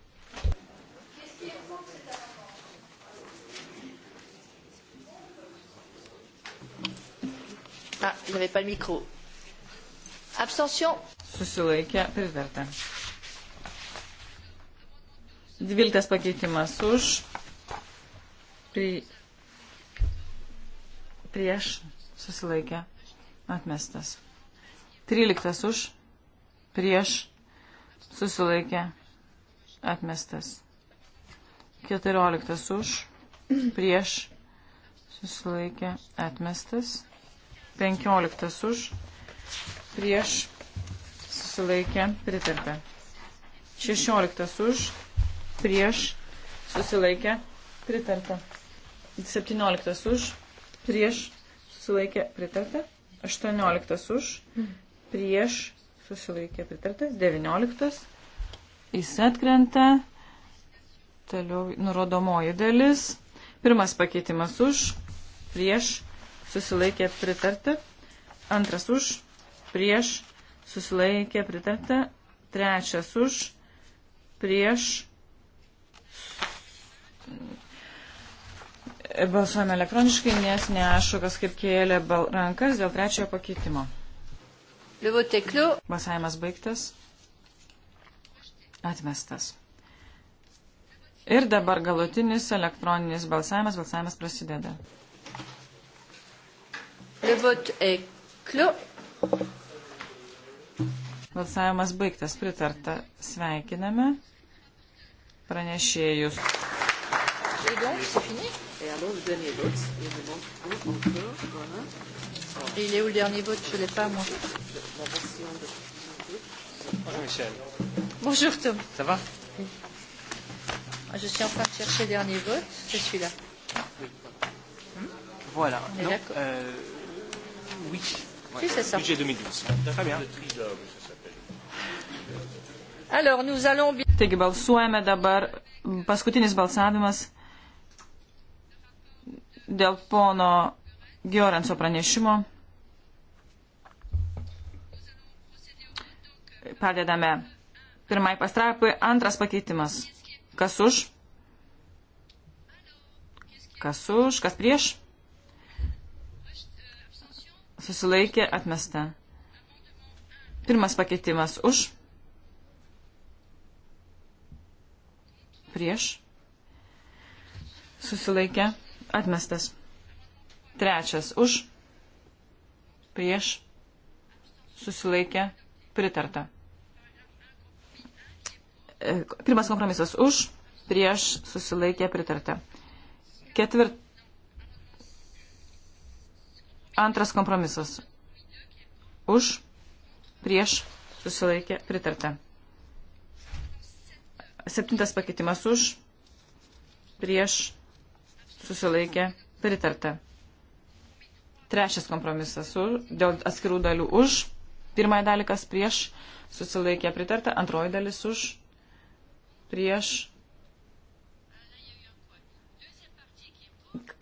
Ah, j'avais pas le micro. Abstention. Susilaikė privertė. Dviltas pakeitimas už Pri, prieš susilaikė atmestas. 13 už prieš susilaikė atmestas. 14 už prieš susilaikė atmestas. 15 už prieš susilaikė pritarta. 16 už prieš susilaikė pritarta. 17 už, prieš susilaikė pritarta. 18 už, prieš susilaikė pritarta. 19 jis atkrenta. Toliau nurodomoji dalis. Pirmas pakeitimas už, prieš susilaikė pritarta. Antras už, prieš susilaikė pritarta. Trečias už, prieš Balsuojame elektroniškai, nes neaišku, kas kaip kėlė bal... rankas dėl trečiojo pakeitimo. Balsavimas baigtas. Atmestas. Ir dabar galutinis elektroninis balsavimas. Balsavimas prasideda. Balsavimas baigtas. Pritarta. Sveikiname pranešėjus. Et donc, c'est fini alors le dernier vote. Il me manque un encore. Voilà. Alors, Et il est où le dernier vote Je ne l'ai pas, moi. La version de... Bonjour Michel. Bonjour Tom. Ça va oui. Je suis en train de chercher le dernier vote. C'est celui-là. Oui. Hum voilà. On est d'accord. Euh, oui. Ouais. Oui, c'est ça. Budget 2012. Très bien. Alors, nous allons... Taigi balsuojame dabar. Paskutinis balsavimas dėl pono Giorenso pranešimo. Pradedame pirmai pastraipai, antras pakeitimas. Kas už? Kas už, kas prieš? Susilaikė atmesta. Pirmas pakeitimas už. Prieš. Susilaikė Atmestas. Trečias už. Prieš. Susilaikė. Pritarta. E, pirmas kompromisas už. Prieš. Susilaikė. Pritarta. Ketvirt. Antras kompromisas. Už. Prieš. Susilaikė. Pritarta. Septintas pakeitimas už. Prieš susilaikė, pritarta. Trečias kompromisas dėl atskirų dalių už, pirmąją dalį kas prieš, susilaikė, pritarta, antroji dalis už, prieš.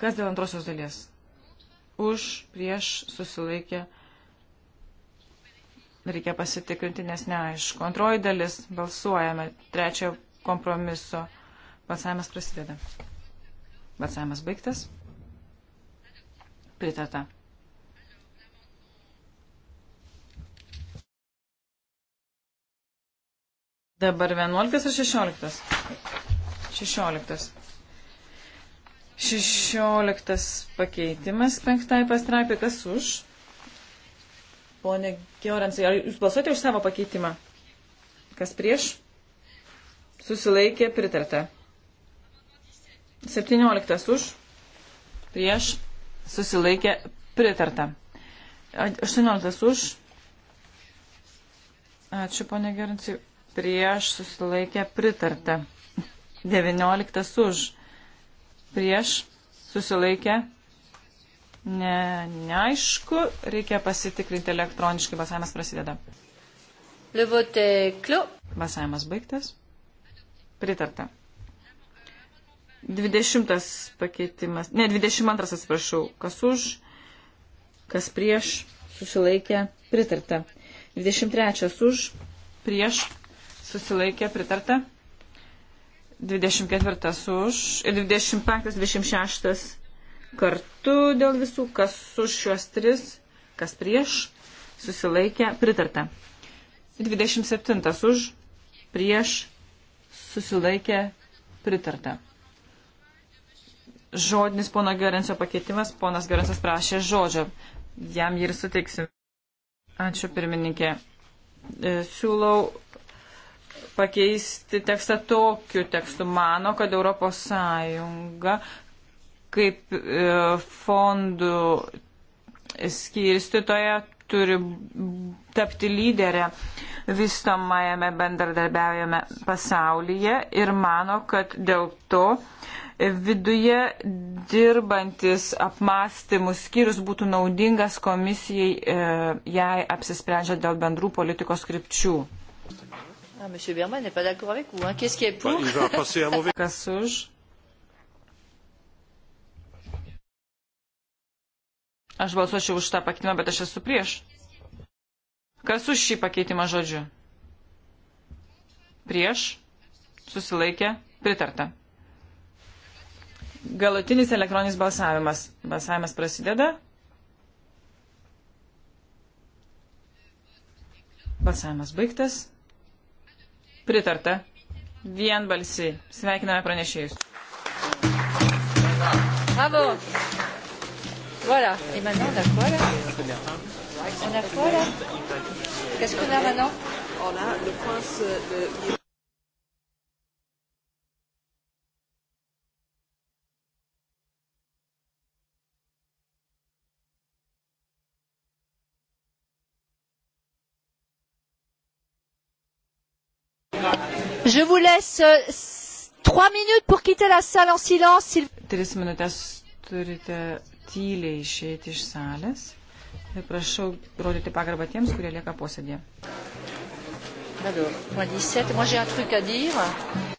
Kas dėl antrosios dalies? Už, prieš, susilaikė. Reikia pasitikrinti, nes neaišku. Antroji dalis balsuojame trečiojo kompromiso. Balsavimas prasideda. Balsavimas baigtas. Pritarta. Dabar 11 ar 16? 16. 16 pakeitimas penktai pastraipai. Kas už? Pone Georensai, ar jūs balsuojate už savo pakeitimą? Kas prieš? Susilaikė pritarta. 17 už, prieš, susilaikė, pritarta. 18 už, ačiū ponė Gerinci, prieš, susilaikė, pritarta. 19 už, prieš, susilaikė, ne, neaišku, reikia pasitikrinti elektroniškai, basavimas prasideda. Balsavimas baigtas. Pritarta. 20 pakeitimas, ne 22 atsiprašau, kas už, kas prieš, susilaikė, pritarta. 23 už, prieš, susilaikė, pritarta. 24 už, 25, 26 kartu dėl visų, kas už šiuos tris, kas prieš, susilaikė, pritarta. 27 už, prieš, susilaikė, pritarta žodinis pono Gerencio pakeitimas. Ponas Gerencas prašė žodžio. Jam jį ir suteiksim. Ačiū pirmininkė. E, siūlau pakeisti tekstą tokiu tekstu. Mano, kad Europos Sąjunga kaip e, fondų skirstytoje turi tapti lyderę vystamajame bendradarbiaujame pasaulyje ir mano, kad dėl to viduje dirbantis apmąstymų skyrius būtų naudingas komisijai, e, jei apsisprendžia dėl bendrų politikos krypčių. Ah, (laughs) Kas už? Aš balsuočiau už tą pakeitimą, bet aš esu prieš. Kas už šį pakeitimą žodžiu? Prieš? Susilaikė? Pritarta. Galutinis elektroninis balsavimas. Balsavimas prasideda. Balsavimas baigtas. Pritarta. Vienbalsi. Sveikiname pranešėjus. Bravo. Voilà. Et maintenant, on a quoi là On a quoi là Qu'est-ce qu'on a maintenant On a le prince de... Euh, Je vous laisse euh, trois minutes pour quitter la salle en silence. Tris minutės turite tyliai išėti iš salės. Ir prašau rodyti pagarbą tiems, kurie lieka posėdėje. D'accord. Point 17. Moi, j'ai un truc à dire. Mm.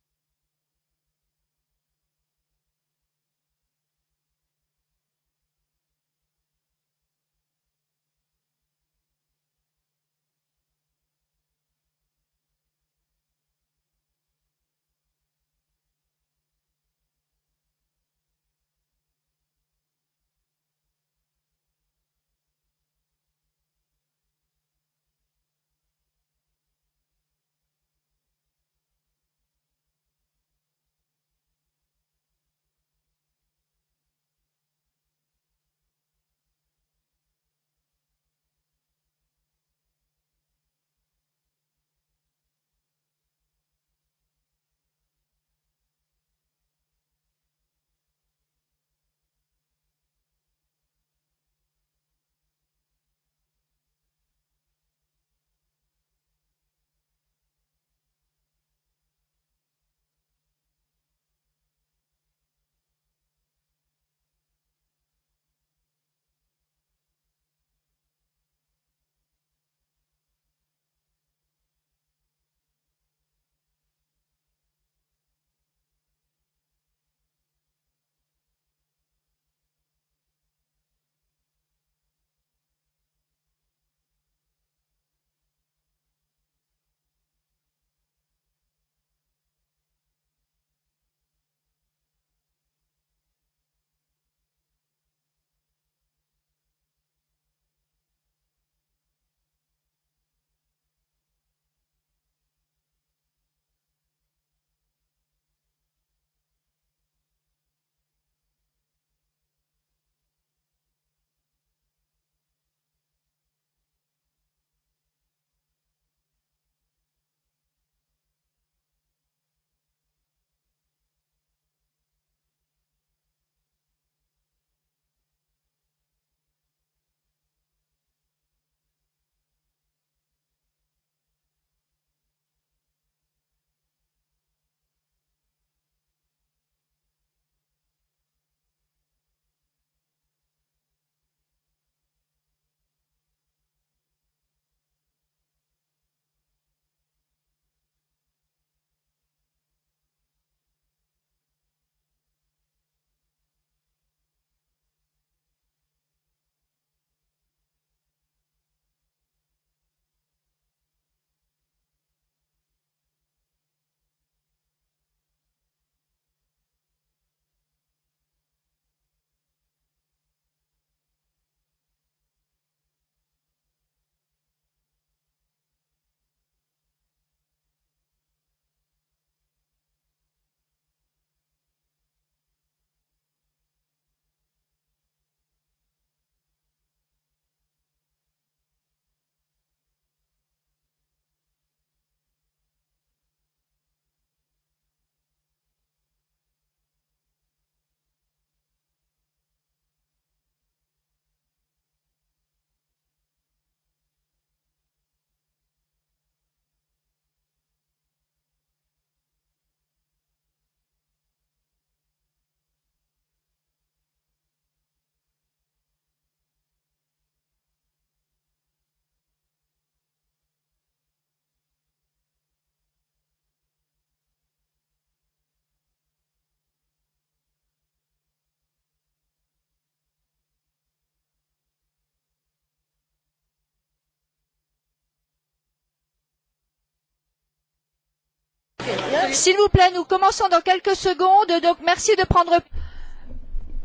S'il vous plaît, nous commençons dans quelques secondes, donc merci de prendre.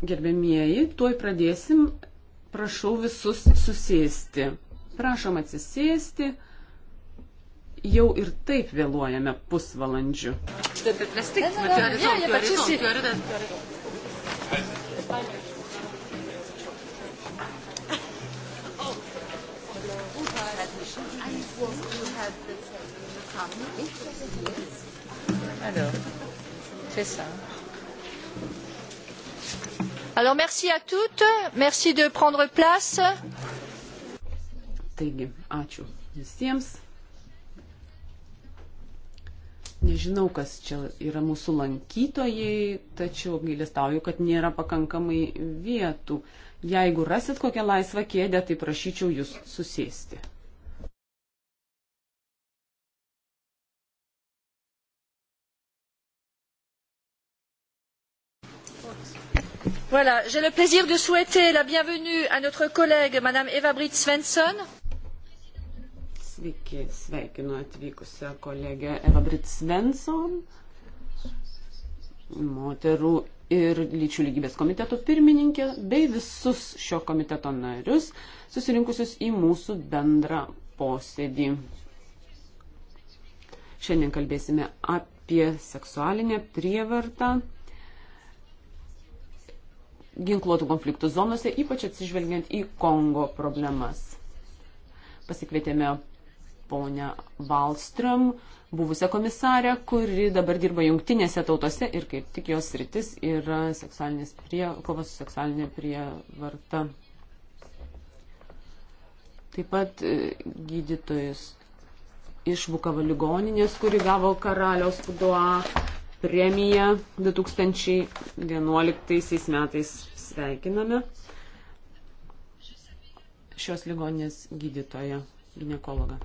Gerbėmieji, tuoj pradėsim. Prašau visus susėsti. Prašom atsisėsti. Jau ir taip vėluojame pusvalandžiu. I was to have the, the family. Alors, c'est ça. Alors, merci à toutes, merci de prendre place. Taigi, ačiū visiems. Nežinau, kas čia yra mūsų lankytojai, tačiau apgailestauju, kad nėra pakankamai vietų. Jeigu rasit kokią laisvą kėdę, tai prašyčiau jūs susėsti. Voilà, j'ai le plaisir de souhaiter la bienvenue à notre collègue Madame Eva Britt Svensson. Sveiki, sveikinu atvykusią kolegę Eva Britt Svensson, moterų ir lyčių lygybės komiteto pirmininkė, bei visus šio komiteto narius susirinkusius į mūsų bendrą posėdį. Šiandien kalbėsime apie seksualinę prievartą ginkluotų konfliktų zonose, ypač atsižvelgiant į Kongo problemas. Pasikvietėme ponę Valström, buvusią komisarę, kuri dabar dirba jungtinėse tautose ir kaip tik jos rytis yra prie, kova su seksualinė prievarta. Taip pat e, gydytojus iš Bukavo ligoninės, kuri gavo karaliaus Pudua premiją 2011 metais sveikiname šios ligoninės gydytoją, gynekologą.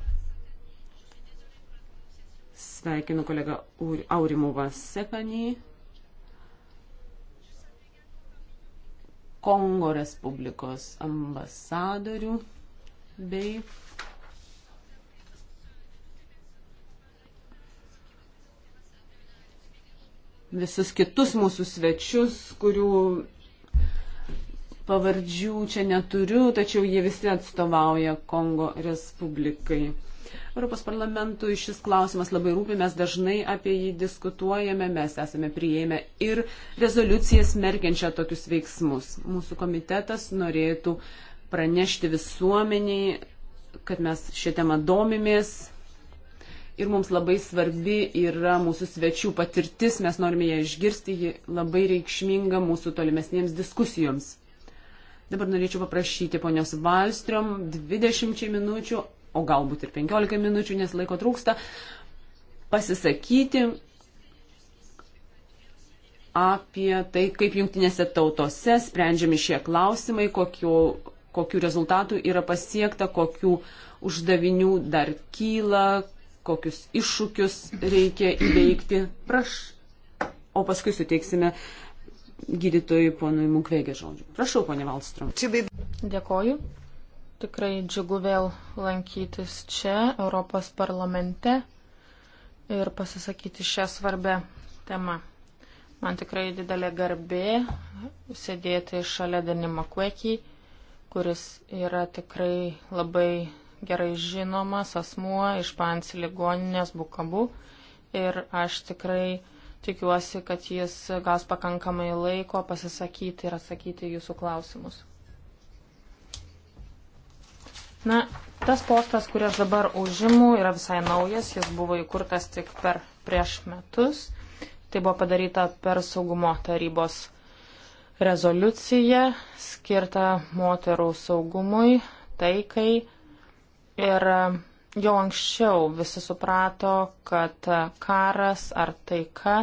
Sveikinu kolegą Aurimovą Sepanį, Kongo Respublikos ambasadorių bei visus kitus mūsų svečius, kurių pavardžių čia neturiu, tačiau jie visi atstovauja Kongo Respublikai. Europos parlamentui šis klausimas labai rūpi, mes dažnai apie jį diskutuojame, mes esame prieėmę ir rezoliuciją smerkiančią tokius veiksmus. Mūsų komitetas norėtų pranešti visuomeniai, kad mes šią temą domimės, ir mums labai svarbi yra mūsų svečių patirtis, mes norime ją išgirsti, ji labai reikšminga mūsų tolimesnėms diskusijoms. Dabar norėčiau paprašyti ponios Valstrom 20 minučių, o galbūt ir 15 minučių, nes laiko trūksta, pasisakyti apie tai, kaip jungtinėse tautose sprendžiami šie klausimai, kokiu, kokiu rezultatu yra pasiekta, kokiu uždavinių dar kyla, kokius iššūkius reikia įveikti. Praš. O paskui suteiksime gydytojui ponui Munkvegė žodžių. Prašau, ponė Valstrom. Dėkoju. Tikrai džiugu vėl lankytis čia, Europos parlamente ir pasisakyti šią svarbę temą. Man tikrai didelė garbė sėdėti šalia Danimo Kvekį, kuris yra tikrai labai gerai žinomas asmuo iš Pans ligoninės Bukabu ir aš tikrai tikiuosi, kad jis gaus pakankamai laiko pasisakyti ir atsakyti jūsų klausimus. Na, tas postas, kurį aš dabar užimu, yra visai naujas, jis buvo įkurtas tik per prieš metus. Tai buvo padaryta per saugumo tarybos rezoliuciją skirtą moterų saugumui, taikai Ir e, jau anksčiau visi suprato, kad e, karas ar taika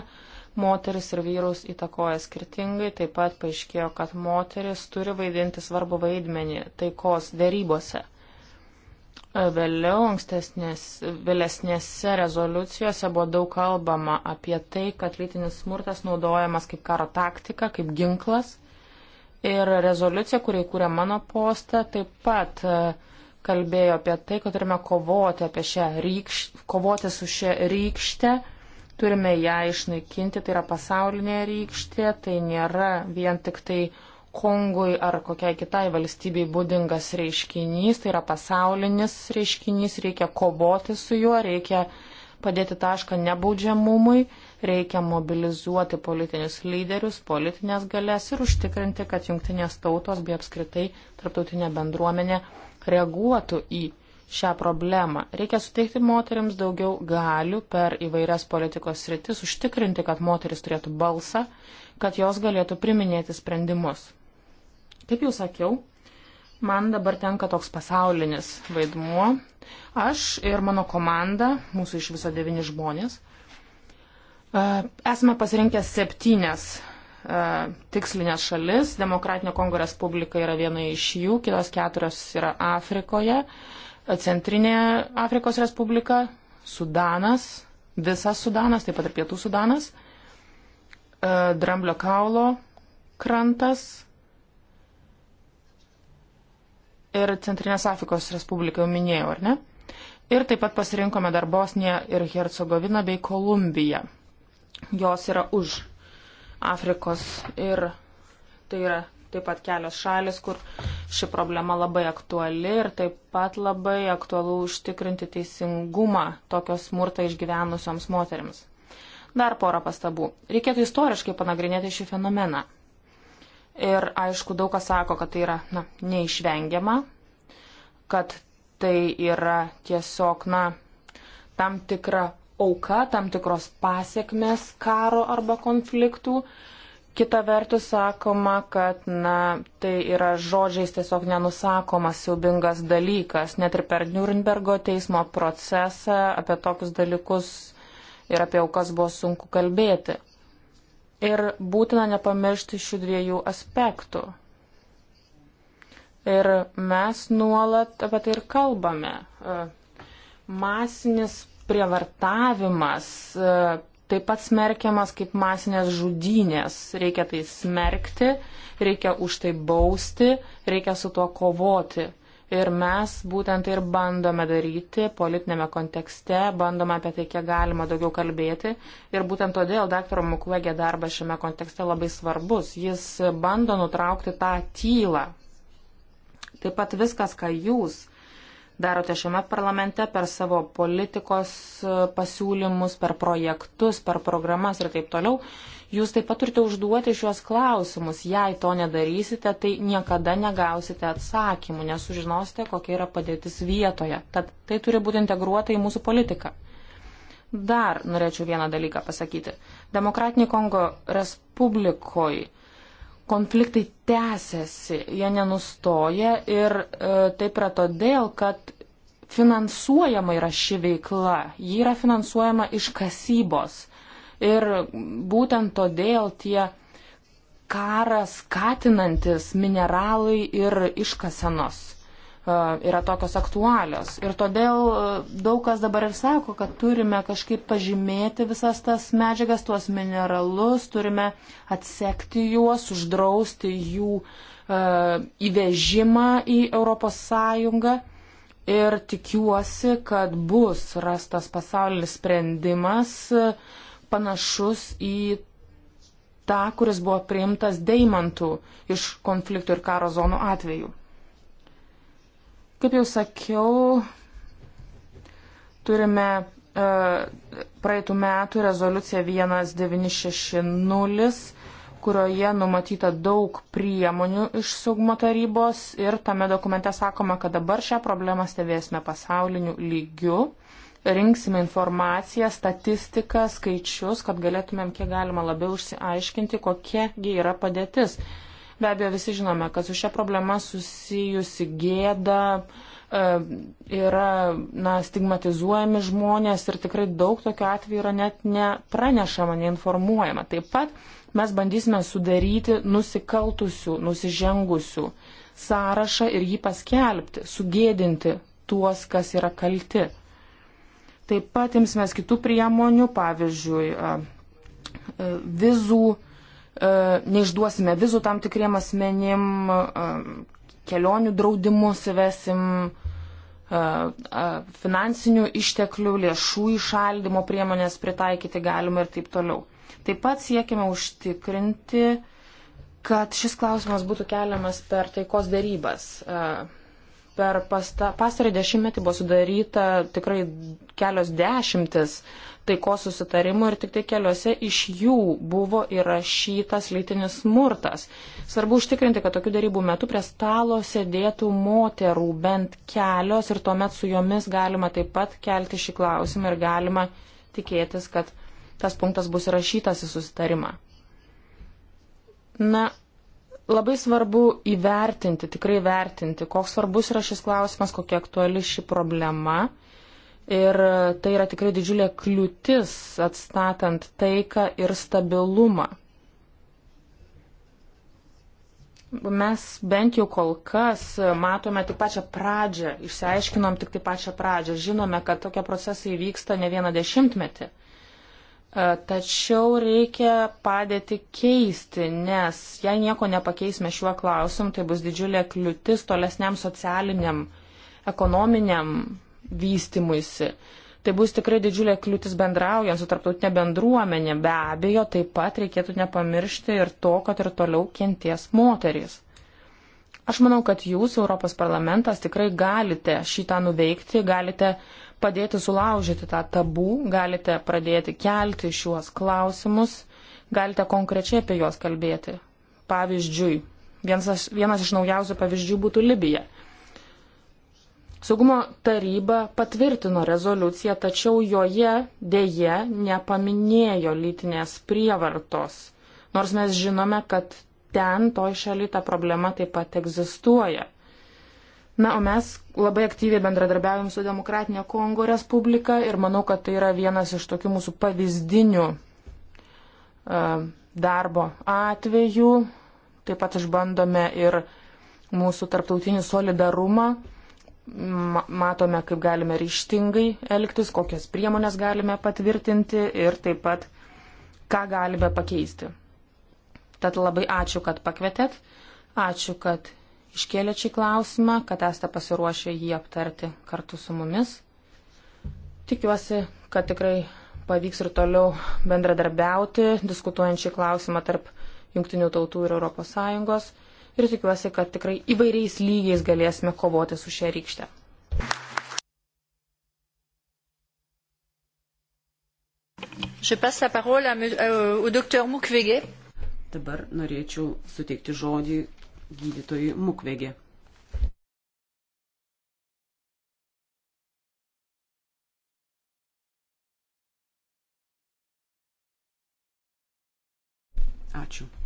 moteris ir vyrus įtakoja skirtingai, taip pat paaiškėjo, kad moteris turi vaidinti svarbu vaidmenį taikos dėrybose. E, vėliau, vėlesnėse rezoliucijose buvo daug kalbama apie tai, kad lytinis smurtas naudojamas kaip karo taktika, kaip ginklas. Ir rezoliucija, kuriai kūrė mano postą, taip pat uh, kalbėjo apie tai, kad turime kovoti, apie šią rykš, kovoti su šia rykšte, turime ją išnaikinti, tai yra pasaulinė rykštė, tai nėra vien tik tai Kongui ar kokiai kitai valstybei būdingas reiškinys, tai yra pasaulinis reiškinys, reikia kovoti su juo, reikia padėti tašką nebaudžiamumui, reikia mobilizuoti politinius lyderius, politinės galės ir užtikrinti, kad jungtinės tautos bei apskritai tarptautinė bendruomenė reaguotų į šią problemą. Reikia suteikti moteriams daugiau galių per įvairias politikos sritis, užtikrinti, kad moteris turėtų balsą, kad jos galėtų priminėti sprendimus. Kaip jau sakiau, man dabar tenka toks pasaulinis vaidmuo. Aš ir mano komanda, mūsų iš viso devyni žmonės, e, esame pasirinkę septynes E, tikslinės šalis. Demokratinio Kongo Respublika yra viena iš jų, kitos keturios yra Afrikoje. E, centrinė Afrikos Respublika, Sudanas, visas Sudanas, taip pat ir Pietų Sudanas, e, Dramblio kaulo krantas ir Centrinės Afrikos Respubliką jau minėjau, ar ne? Ir taip pat pasirinkome dar Bosniją ir Hercegoviną bei Kolumbiją. Jos yra už Afrikos ir tai yra taip pat kelios šalis, kur ši problema labai aktuali ir taip pat labai aktualu užtikrinti teisingumą tokios smurtą išgyvenusioms moteriams. Dar porą pastabų. Reikėtų istoriškai panagrinėti šį fenomeną. Ir aišku, daug kas sako, kad tai yra na, neišvengiama, kad tai yra tiesiog na, tam tikra auka, tam tikros pasiekmes karo arba konfliktų. Kita vertus sakoma, kad na, tai yra žodžiais tiesiog nenusakomas siubingas dalykas. Net ir per Nürnbergo teismo procesą apie tokius dalykus ir apie aukas buvo sunku kalbėti. Ir būtina nepamiršti šių dviejų aspektų. Ir mes nuolat apie tai ir kalbame. Masinis prievartavimas e, taip pat smerkiamas kaip masinės žudynės. Reikia tai smerkti, reikia už tai bausti, reikia su tuo kovoti. Ir mes būtent ir bandome daryti politinėme kontekste, bandome apie tai kiek galima daugiau kalbėti. Ir būtent todėl daktaro Mukwege darbas šiame kontekste labai svarbus. Jis bando nutraukti tą tylą. Taip pat viskas, ką jūs darote šiame parlamente per savo politikos e, pasiūlymus, per projektus, per programas ir taip toliau, jūs taip pat turite užduoti šiuos klausimus. Jei to nedarysite, tai niekada negausite atsakymų, nesužinosite, kokia yra padėtis vietoje. Tad tai turi būti integruota į mūsų politiką. Dar norėčiau vieną dalyką pasakyti. Demokratinė Kongo Respublikoje konfliktai tęsiasi, jie nenustoja ir e, taip yra todėl, kad finansuojama yra ši veikla, ji yra finansuojama iš kasybos. Ir būtent todėl tie karą skatinantis mineralai ir iškasenos yra tokios aktualios. Ir todėl daug kas dabar ir sako, kad turime kažkaip pažymėti visas tas medžiagas, tuos mineralus, turime atsekti juos, uždrausti jų uh, įvežimą į ES. Ir tikiuosi, kad bus rastas pasaulinis sprendimas panašus į tą, kuris buvo priimtas deimantų iš konfliktų ir karo zonų atveju. Kaip jau sakiau, turime e, praeitų metų rezoliuciją 1960, kurioje numatyta daug priemonių iš saugumo tarybos ir tame dokumente sakoma, kad dabar šią problemą stebėsime pasauliniu lygiu, rinksime informaciją, statistiką, skaičius, kad galėtumėm kiek galima labiau išsiaiškinti, kokiegi yra padėtis. Be abejo, visi žinome, kad su šia problema susijusi gėda e, yra na, stigmatizuojami žmonės ir tikrai daug tokių atvejų yra net nepranešama, neinformuojama. Taip pat mes bandysime sudaryti nusikaltusių, nusižengusių sąrašą ir jį paskelbti, sugėdinti tuos, kas yra kalti. Taip pat imsime kitų priemonių, pavyzdžiui, e, e, vizų E, neišduosime vizų tam tikriem asmenim, e, kelionių draudimus įvesim, e, finansinių išteklių, lėšų išaldimo priemonės pritaikyti galima ir taip toliau. Taip pat siekime užtikrinti, kad šis klausimas būtų keliamas per taikos darybas. Per pastarąjį dešimtmetį buvo sudaryta tikrai kelios dešimtis uh, taikos susitarimų ir tik tai keliuose iš jų buvo įrašytas lytinis smurtas. Svarbu užtikrinti, kad tokių darybų metu prie stalo sėdėtų moterų bent kelios ir tuomet su jomis galima taip pat kelti šį klausimą ir galima tikėtis, kad tas punktas bus įrašytas į susitarimą. Na, labai svarbu įvertinti, tikrai vertinti, koks svarbus yra šis klausimas, kokia aktuali ši problema Ir tai yra tikrai didžiulė kliūtis atstatant taiką ir stabilumą. Mes bent jau kol kas matome tik pačią pradžią, išsiaiškinom tik tai pačią pradžią, žinome, kad tokie procesai vyksta ne vieną dešimtmetį. E, tačiau reikia padėti keisti, nes jei nieko nepakeisime šiuo klausimu, tai bus didžiulė kliūtis tolesniam socialiniam, ekonominiam vystimuisi. Tai bus tikrai didžiulė kliūtis bendraujant su tarptautinė bendruomenė. Be abejo, taip pat reikėtų nepamiršti ir to, kad ir toliau kenties moterys. Aš manau, kad jūs, Europos parlamentas, tikrai galite šitą nuveikti, galite padėti sulaužyti tą tabų, galite pradėti kelti šiuos klausimus, galite konkrečiai apie juos kalbėti. Pavyzdžiui, vienas, vienas iš naujausių pavyzdžių būtų Libija. Saugumo taryba patvirtino rezoliuciją, tačiau joje dėje nepaminėjo lytinės prievartos, nors mes žinome, kad ten toj šaly ta problema taip pat egzistuoja. Na, o mes labai aktyviai bendradarbiavim su Demokratinė Kongo Respublika ir manau, kad tai yra vienas iš tokių mūsų pavyzdinių uh, darbo atvejų. Taip pat išbandome ir mūsų tarptautinį solidarumą. Uh, matome, kaip galime ryštingai elgtis, kokias priemonės galime patvirtinti ir taip pat, ką galime pakeisti. Tad labai ačiū, kad pakvietėt, ačiū, kad iškėlėt šį klausimą, kad esate pasiruošę jį aptarti kartu su mumis. Tikiuosi, kad tikrai pavyks ir toliau bendradarbiauti, diskutuojant šį klausimą tarp Junktinių tautų ir ES ir tikiuosi, kad tikrai įvairiais lygiais galėsime kovoti su šia rykšte. Euh, Dabar norėčiau suteikti žodį gydytojui Mukvegė. Ačiū.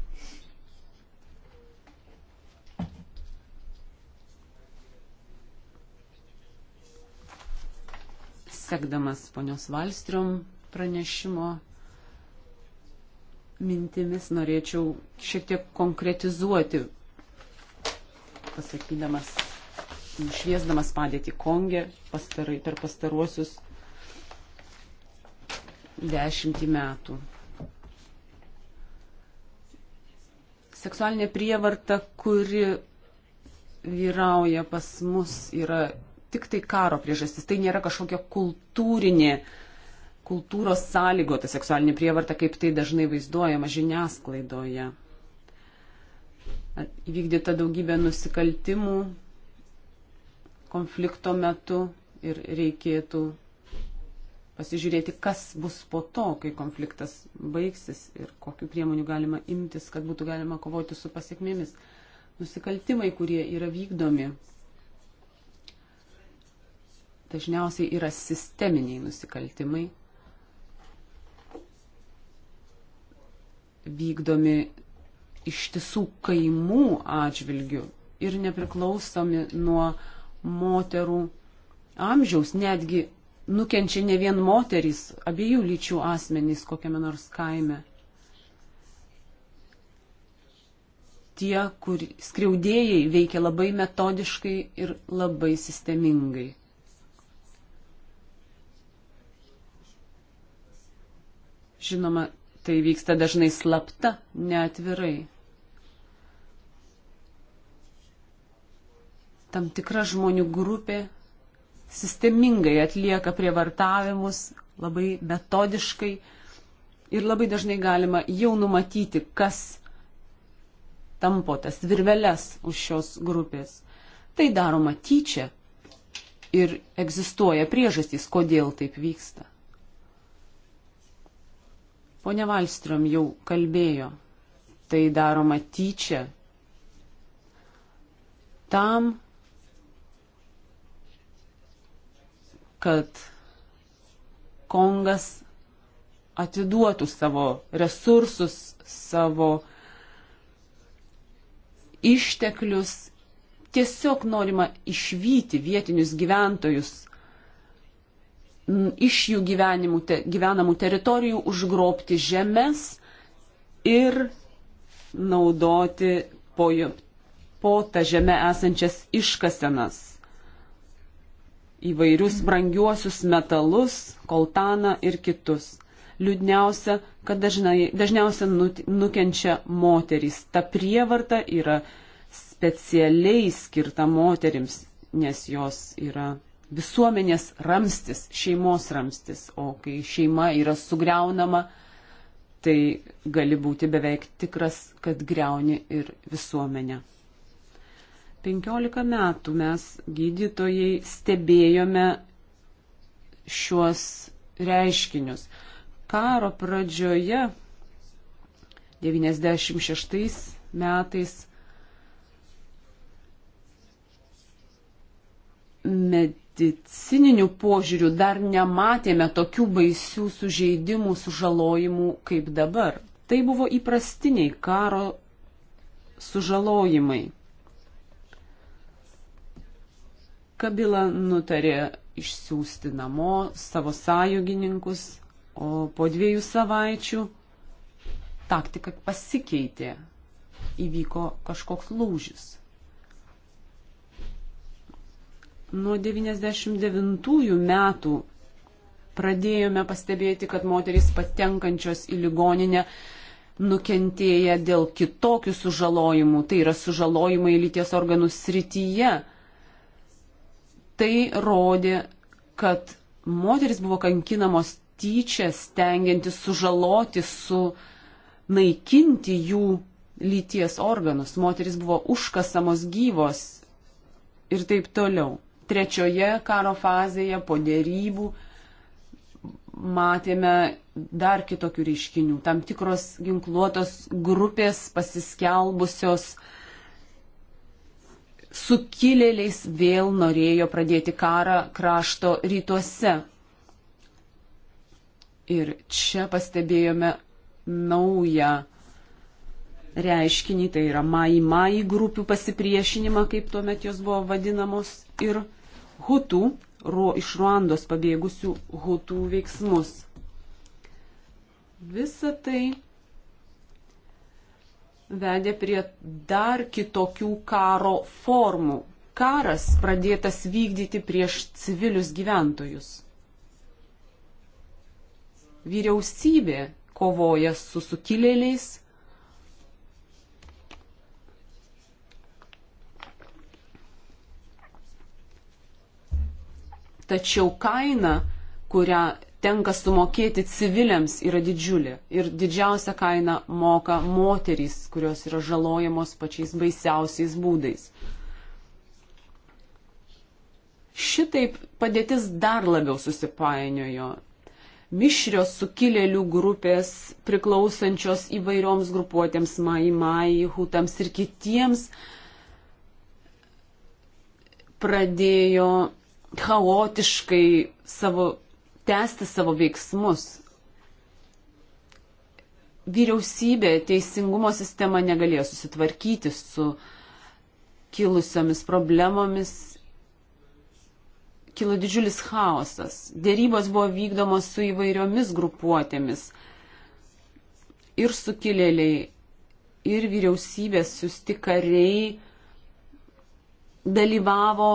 sekdamas ponios Valstrom pranešimo mintimis, norėčiau šiek tiek konkretizuoti, pasakydamas, nušviesdamas padėtį Kongė pastarai, per pastaruosius dešimtį metų. Seksualinė prievarta, kuri vyrauja pas mus, yra tik tai karo priežastis, tai nėra kažkokia kultūrinė, kultūros sąlygota seksualinė prievarta, kaip tai dažnai vaizduojama žiniasklaidoje. Įvykdyta daugybė nusikaltimų konflikto metu ir reikėtų pasižiūrėti, kas bus po to, kai konfliktas baigsis ir kokiu priemonių galima imtis, kad būtų galima kovoti su pasiekmėmis. Nusikaltimai, kurie yra vykdomi dažniausiai yra sisteminiai nusikaltimai vykdomi ištisų kaimų atžvilgių ir nepriklausomi nuo moterų amžiaus, netgi nukenčia ne vien moterys, abiejų lyčių asmenys kokiame nors kaime. Tie, kur skriaudėjai veikia labai metodiškai ir labai sistemingai. Žinoma, tai vyksta dažnai slapta, neatvirai. Tam tikra žmonių grupė sistemingai atlieka prievartavimus, labai metodiškai ir labai dažnai galima jau numatyti, kas tampo tas virveles už šios grupės. Tai daroma tyčia ir egzistuoja priežastys, kodėl taip vyksta. Pone Valstrom jau kalbėjo, tai daroma tyčia tam, kad Kongas atiduotų savo resursus, savo išteklius. Tiesiog norima išvykti vietinius gyventojus iš jų gyvenimų, te, gyvenamų teritorijų užgrobti žemės ir naudoti po, po tą žemę esančias iškasenas įvairius brangiuosius metalus, koltaną ir kitus. Liūdniausia, kad dažnai, dažniausia nukenčia moterys. Ta prievarta yra specialiai skirta moterims, nes jos yra visuomenės ramstis, šeimos ramstis, o kai šeima yra sugriaunama, tai gali būti beveik tikras, kad greuni ir visuomenę. 15 metų mes gydytojai stebėjome šiuos reiškinius. Karo pradžioje 96 metais med medicininiu požiūriu dar nematėme tokių baisių sužeidimų, sužalojimų kaip dabar. Tai buvo įprastiniai karo sužalojimai. Kabila nutarė išsiųsti namo savo sąjungininkus, o po dviejų savaičių taktika pasikeitė, įvyko kažkoks lūžis. Nuo 99 metų pradėjome pastebėti, kad moterys patenkančios į ligoninę nukentėję dėl kitokių sužalojimų, tai yra sužalojimai lyties organų srityje. Tai rodė, kad moteris buvo kankinamos tyčia, stengiantis sužaloti, sunaikinti jų lyties organus. Moteris buvo užkasamos gyvos ir taip toliau trečioje karo fazėje po dėrybų matėme dar kitokių reiškinių. Tam tikros ginkluotos grupės pasiskelbusios sukilėliais vėl norėjo pradėti karą krašto rytuose. Ir čia pastebėjome naują reiškinį, tai yra mai mai grupių pasipriešinimą, kaip tuomet jos buvo vadinamos ir hutų, ro, iš Ruandos pabėgusių hutų veiksmus. Visa tai vedė prie dar kitokių karo formų. Karas pradėtas vykdyti prieš civilius gyventojus. Vyriausybė kovoja su sukilėliais, Tačiau kaina, kurią tenka sumokėti civiliams, yra didžiulė. Ir didžiausią kainą moka moterys, kurios yra žalojamos pačiais baisiausiais būdais. Šitaip padėtis dar labiau susipainiojo. Mišrios sukilėlių grupės, priklausančios įvairioms grupuotėms, mai mai, hutams ir kitiems, pradėjo chaotiškai savo, tęsti savo veiksmus. Vyriausybė, teisingumo sistema negalėjo susitvarkyti su kilusiomis problemomis, kilo didžiulis chaosas. Dėrybos buvo vykdomos su įvairiomis grupuotėmis. Ir sukilėliai, ir vyriausybės susti kariai dalyvavo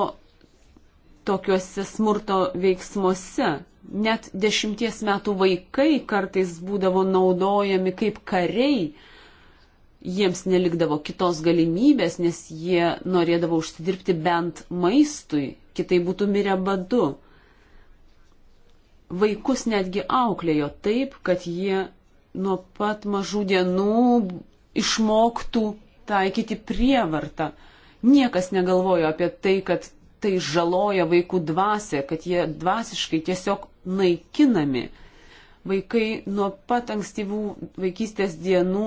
tokiuose smurto veiksmuose. Net dešimties metų vaikai kartais būdavo naudojami kaip kariai, jiems nelikdavo kitos galimybės, nes jie norėdavo užsidirbti bent maistui, kitai būtų mirę badu. Vaikus netgi auklėjo taip, kad jie nuo pat mažų dienų išmoktų taikyti prievartą. Niekas negalvojo apie tai, kad tai žaloja vaikų dvasę, kad jie dvasiškai tiesiog naikinami. Vaikai nuo pat ankstyvų vaikystės dienų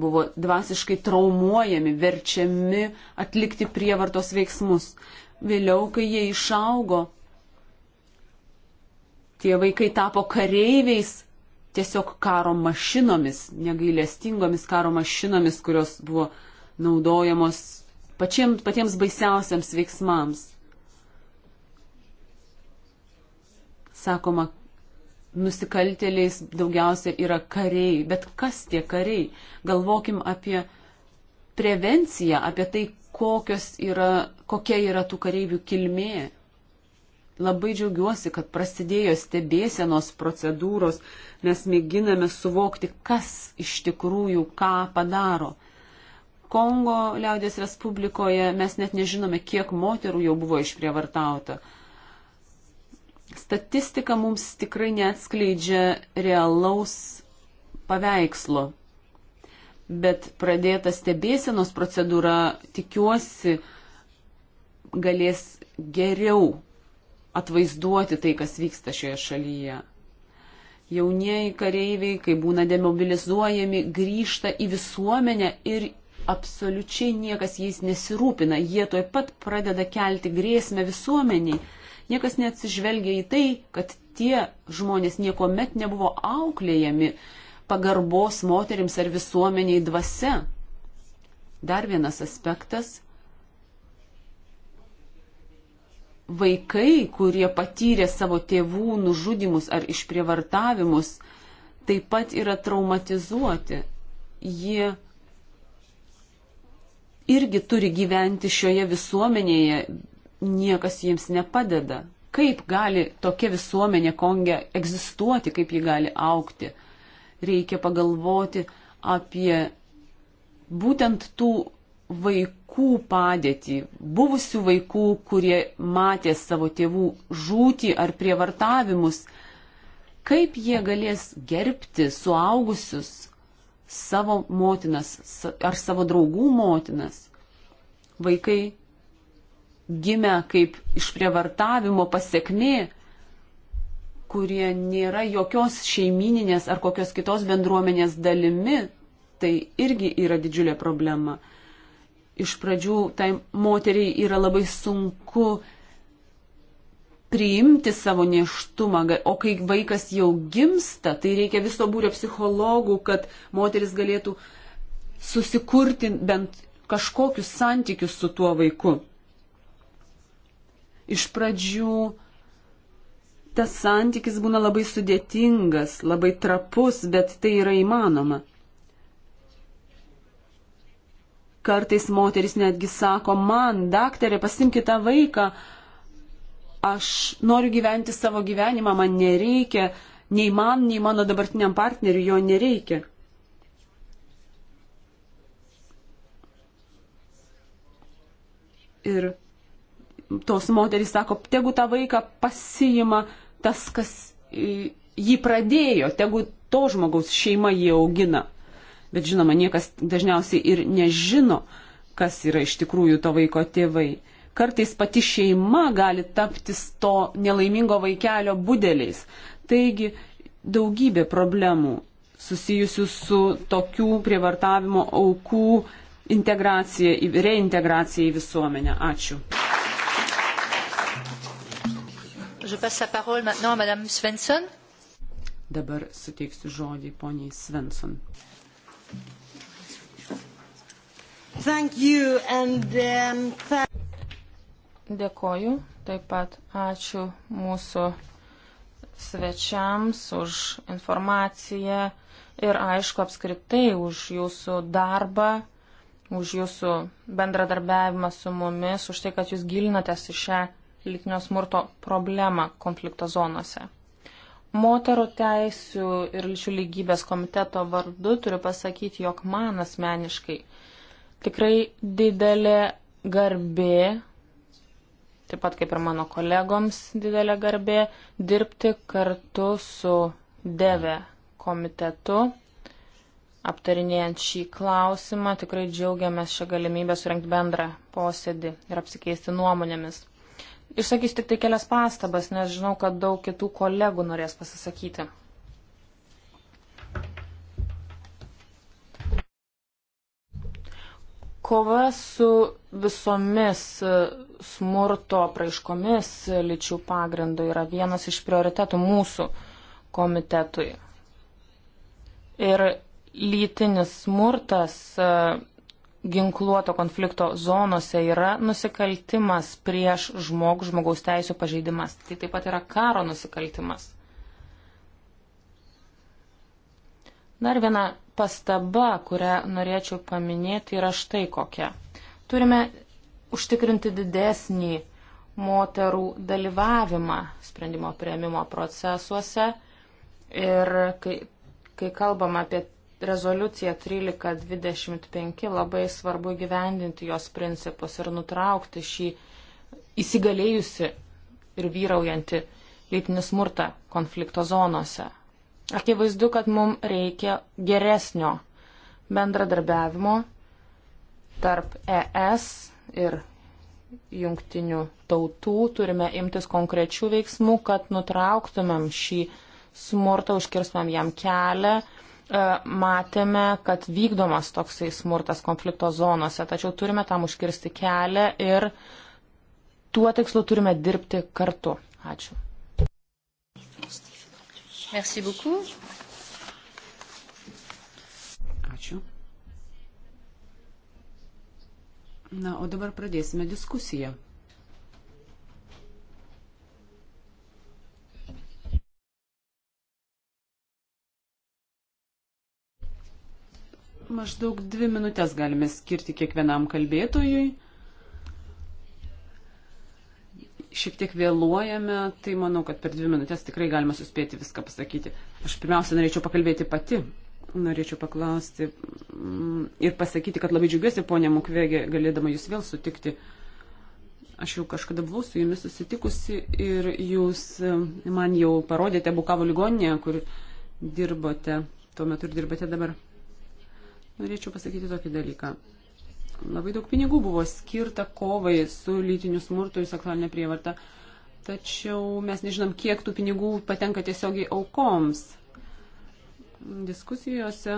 buvo dvasiškai traumuojami, verčiami atlikti prievartos veiksmus. Vėliau, kai jie išaugo, tie vaikai tapo kareiviais, tiesiog karo mašinomis, negailestingomis karo mašinomis, kurios buvo naudojamos pačiem, patiems baisiausiams veiksmams. Sakoma, nusikaltėliais daugiausia yra kariai, bet kas tie kariai? Galvokim apie prevenciją, apie tai, yra, kokia yra tų kareivių kilmė. Labai džiaugiuosi, kad prasidėjo stebėsenos procedūros, mes mėginame suvokti, kas iš tikrųjų ką padaro. Kongo liaudės Respublikoje mes net nežinome, kiek moterų jau buvo išprievartauta. Statistika mums tikrai neatskleidžia realaus paveikslo, bet pradėta stebėsenos procedūra, tikiuosi, galės geriau atvaizduoti tai, kas vyksta šioje šalyje jaunieji kareiviai, kai būna demobilizuojami, grįžta į visuomenę ir absoliučiai niekas jais nesirūpina. Jie tuoj pat pradeda kelti grėsmę visuomeniai. Niekas neatsižvelgia į tai, kad tie žmonės nieko met nebuvo auklėjami pagarbos moterims ar visuomeniai dvasia. Dar vienas aspektas. Vaikai, kurie patyrė savo tėvų nužudimus ar išprievartavimus, taip pat yra traumatizuoti. Jie irgi turi gyventi šioje visuomenėje, niekas jiems nepadeda. Kaip gali tokia visuomenė Konge egzistuoti, kaip ji gali aukti? Reikia pagalvoti apie būtent tų vaikų padėtį, buvusių vaikų, kurie matė savo tėvų žūtį ar prievartavimus, kaip jie galės gerbti suaugusius, savo motinas ar savo draugų motinas. Vaikai gimę kaip išprievartavimo pasiekmi, kurie nėra jokios šeimininės ar kokios kitos bendruomenės dalimi, tai irgi yra didžiulė problema. Iš pradžių tai moteriai yra labai sunku priimti savo neštumą, o kai vaikas jau gimsta, tai reikia viso būrio psichologų, kad moteris galėtų susikurti bent kažkokius santykius su tuo vaiku. Iš pradžių tas santykis būna labai sudėtingas, labai trapus, bet tai yra įmanoma. Kartais moteris netgi sako, man, daktarė, pasimkite tą vaiką, Aš noriu gyventi savo gyvenimą, man nereikia, nei man, nei mano dabartiniam partneriui jo nereikia. Ir tos moterys sako, tegu tą vaiką pasiima tas, kas jį pradėjo, tegu to žmogaus šeima jį augina. Bet žinoma, niekas dažniausiai ir nežino, kas yra iš tikrųjų to vaiko tėvai kartais pati šeima gali tapti to nelaimingo vaikelio budeliais. Taigi daugybė problemų susijusių su tokių prievartavimo aukų integracija, reintegracija į visuomenę. Ačiū. Dabar suteiksiu žodį poniai Svensson. And, um, Dėkoju. Taip pat ačiū mūsų svečiams už informaciją ir aišku apskritai už jūsų darbą, už jūsų bendradarbiavimą su mumis, už tai, kad jūs gilinatės į šią lytinio smurto problemą konflikto zonose. Moterų teisų ir lyčių lygybės komiteto vardu turiu pasakyti, jog man asmeniškai tikrai didelė garbė taip pat kaip ir mano kolegoms didelė garbė dirbti kartu su DEVE komitetu aptarinėjant šį klausimą. Tikrai džiaugiamės šią galimybę surenkti bendrą posėdį ir apsikeisti nuomonėmis. Išsakysiu tik tai kelias pastabas, nes žinau, kad daug kitų kolegų norės pasisakyti. Kova su visomis e, smurto praiškomis lyčių pagrindų yra vienas iš prioritetų mūsų komitetui. Ir lytinis smurtas e, ginkluoto konflikto zonose yra nusikaltimas prieš žmog, žmogaus teisų pažeidimas. Tai taip pat yra karo nusikaltimas. Dar viena pastaba, kurią norėčiau paminėti, yra štai kokia. Turime užtikrinti didesnį moterų dalyvavimą sprendimo prieimimo procesuose ir kai, kai kalbam apie rezoliuciją 1325, labai svarbu gyvendinti jos principus ir nutraukti šį įsigalėjusi ir vyraujantį lytinį smurtą konflikto zonose. Akivaizdu, kad mums reikia geresnio bendradarbiavimo tarp ES ir jungtinių tautų. Turime imtis konkrečių veiksmų, kad nutrauktumėm šį smurtą, užkirstumėm jam kelią. E, matėme, kad vykdomas toksai smurtas konflikto zonose, tačiau turime tam užkirsti kelią ir tuo tikslu turime dirbti kartu. Ačiū. Merci beaucoup. Ačiū. Na, o dabar pradėsime diskusiją. Maždaug dvi minutės galime skirti kiekvienam kalbėtojui šiek tiek vėluojame, tai manau, kad per dvi minutės tikrai galima suspėti viską pasakyti. Aš pirmiausia norėčiau pakalbėti pati, norėčiau paklausti mm, ir pasakyti, kad labai džiugiuosi, ponė Mukvegė, galėdama jūs vėl sutikti. Aš jau kažkada buvau su jumis susitikusi ir jūs mm, man jau parodėte Bukavo ligoninėje, kur dirbote, tuo metu ir dirbate dabar. Norėčiau pasakyti tokį dalyką. Labai daug pinigų buvo skirta kovai su lytiniu smurtu ir seksualinė prievarta. Tačiau mes nežinom, kiek tų pinigų patenka tiesiogiai aukoms. Diskusijose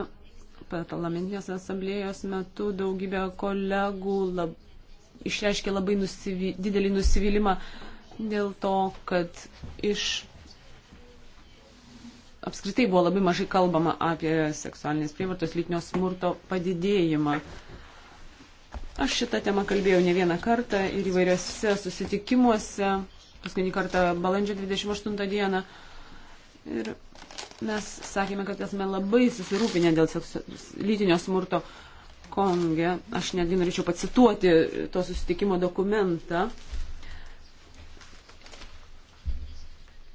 parlamentinės asamblėjos metu daugybė kolegų lab, išreiškė labai nusivy, didelį nusivylimą dėl to, kad iš apskritai buvo labai mažai kalbama apie seksualinės prievartos lytinio smurto padidėjimą. Aš šitą temą kalbėjau ne vieną kartą ir įvairiose susitikimuose, paskutinį kartą balandžio 28 dieną. Ir mes sakėme, kad esame labai susirūpinę dėl seksu, lytinio smurto Konge. Aš netgi norėčiau pacituoti to susitikimo dokumentą.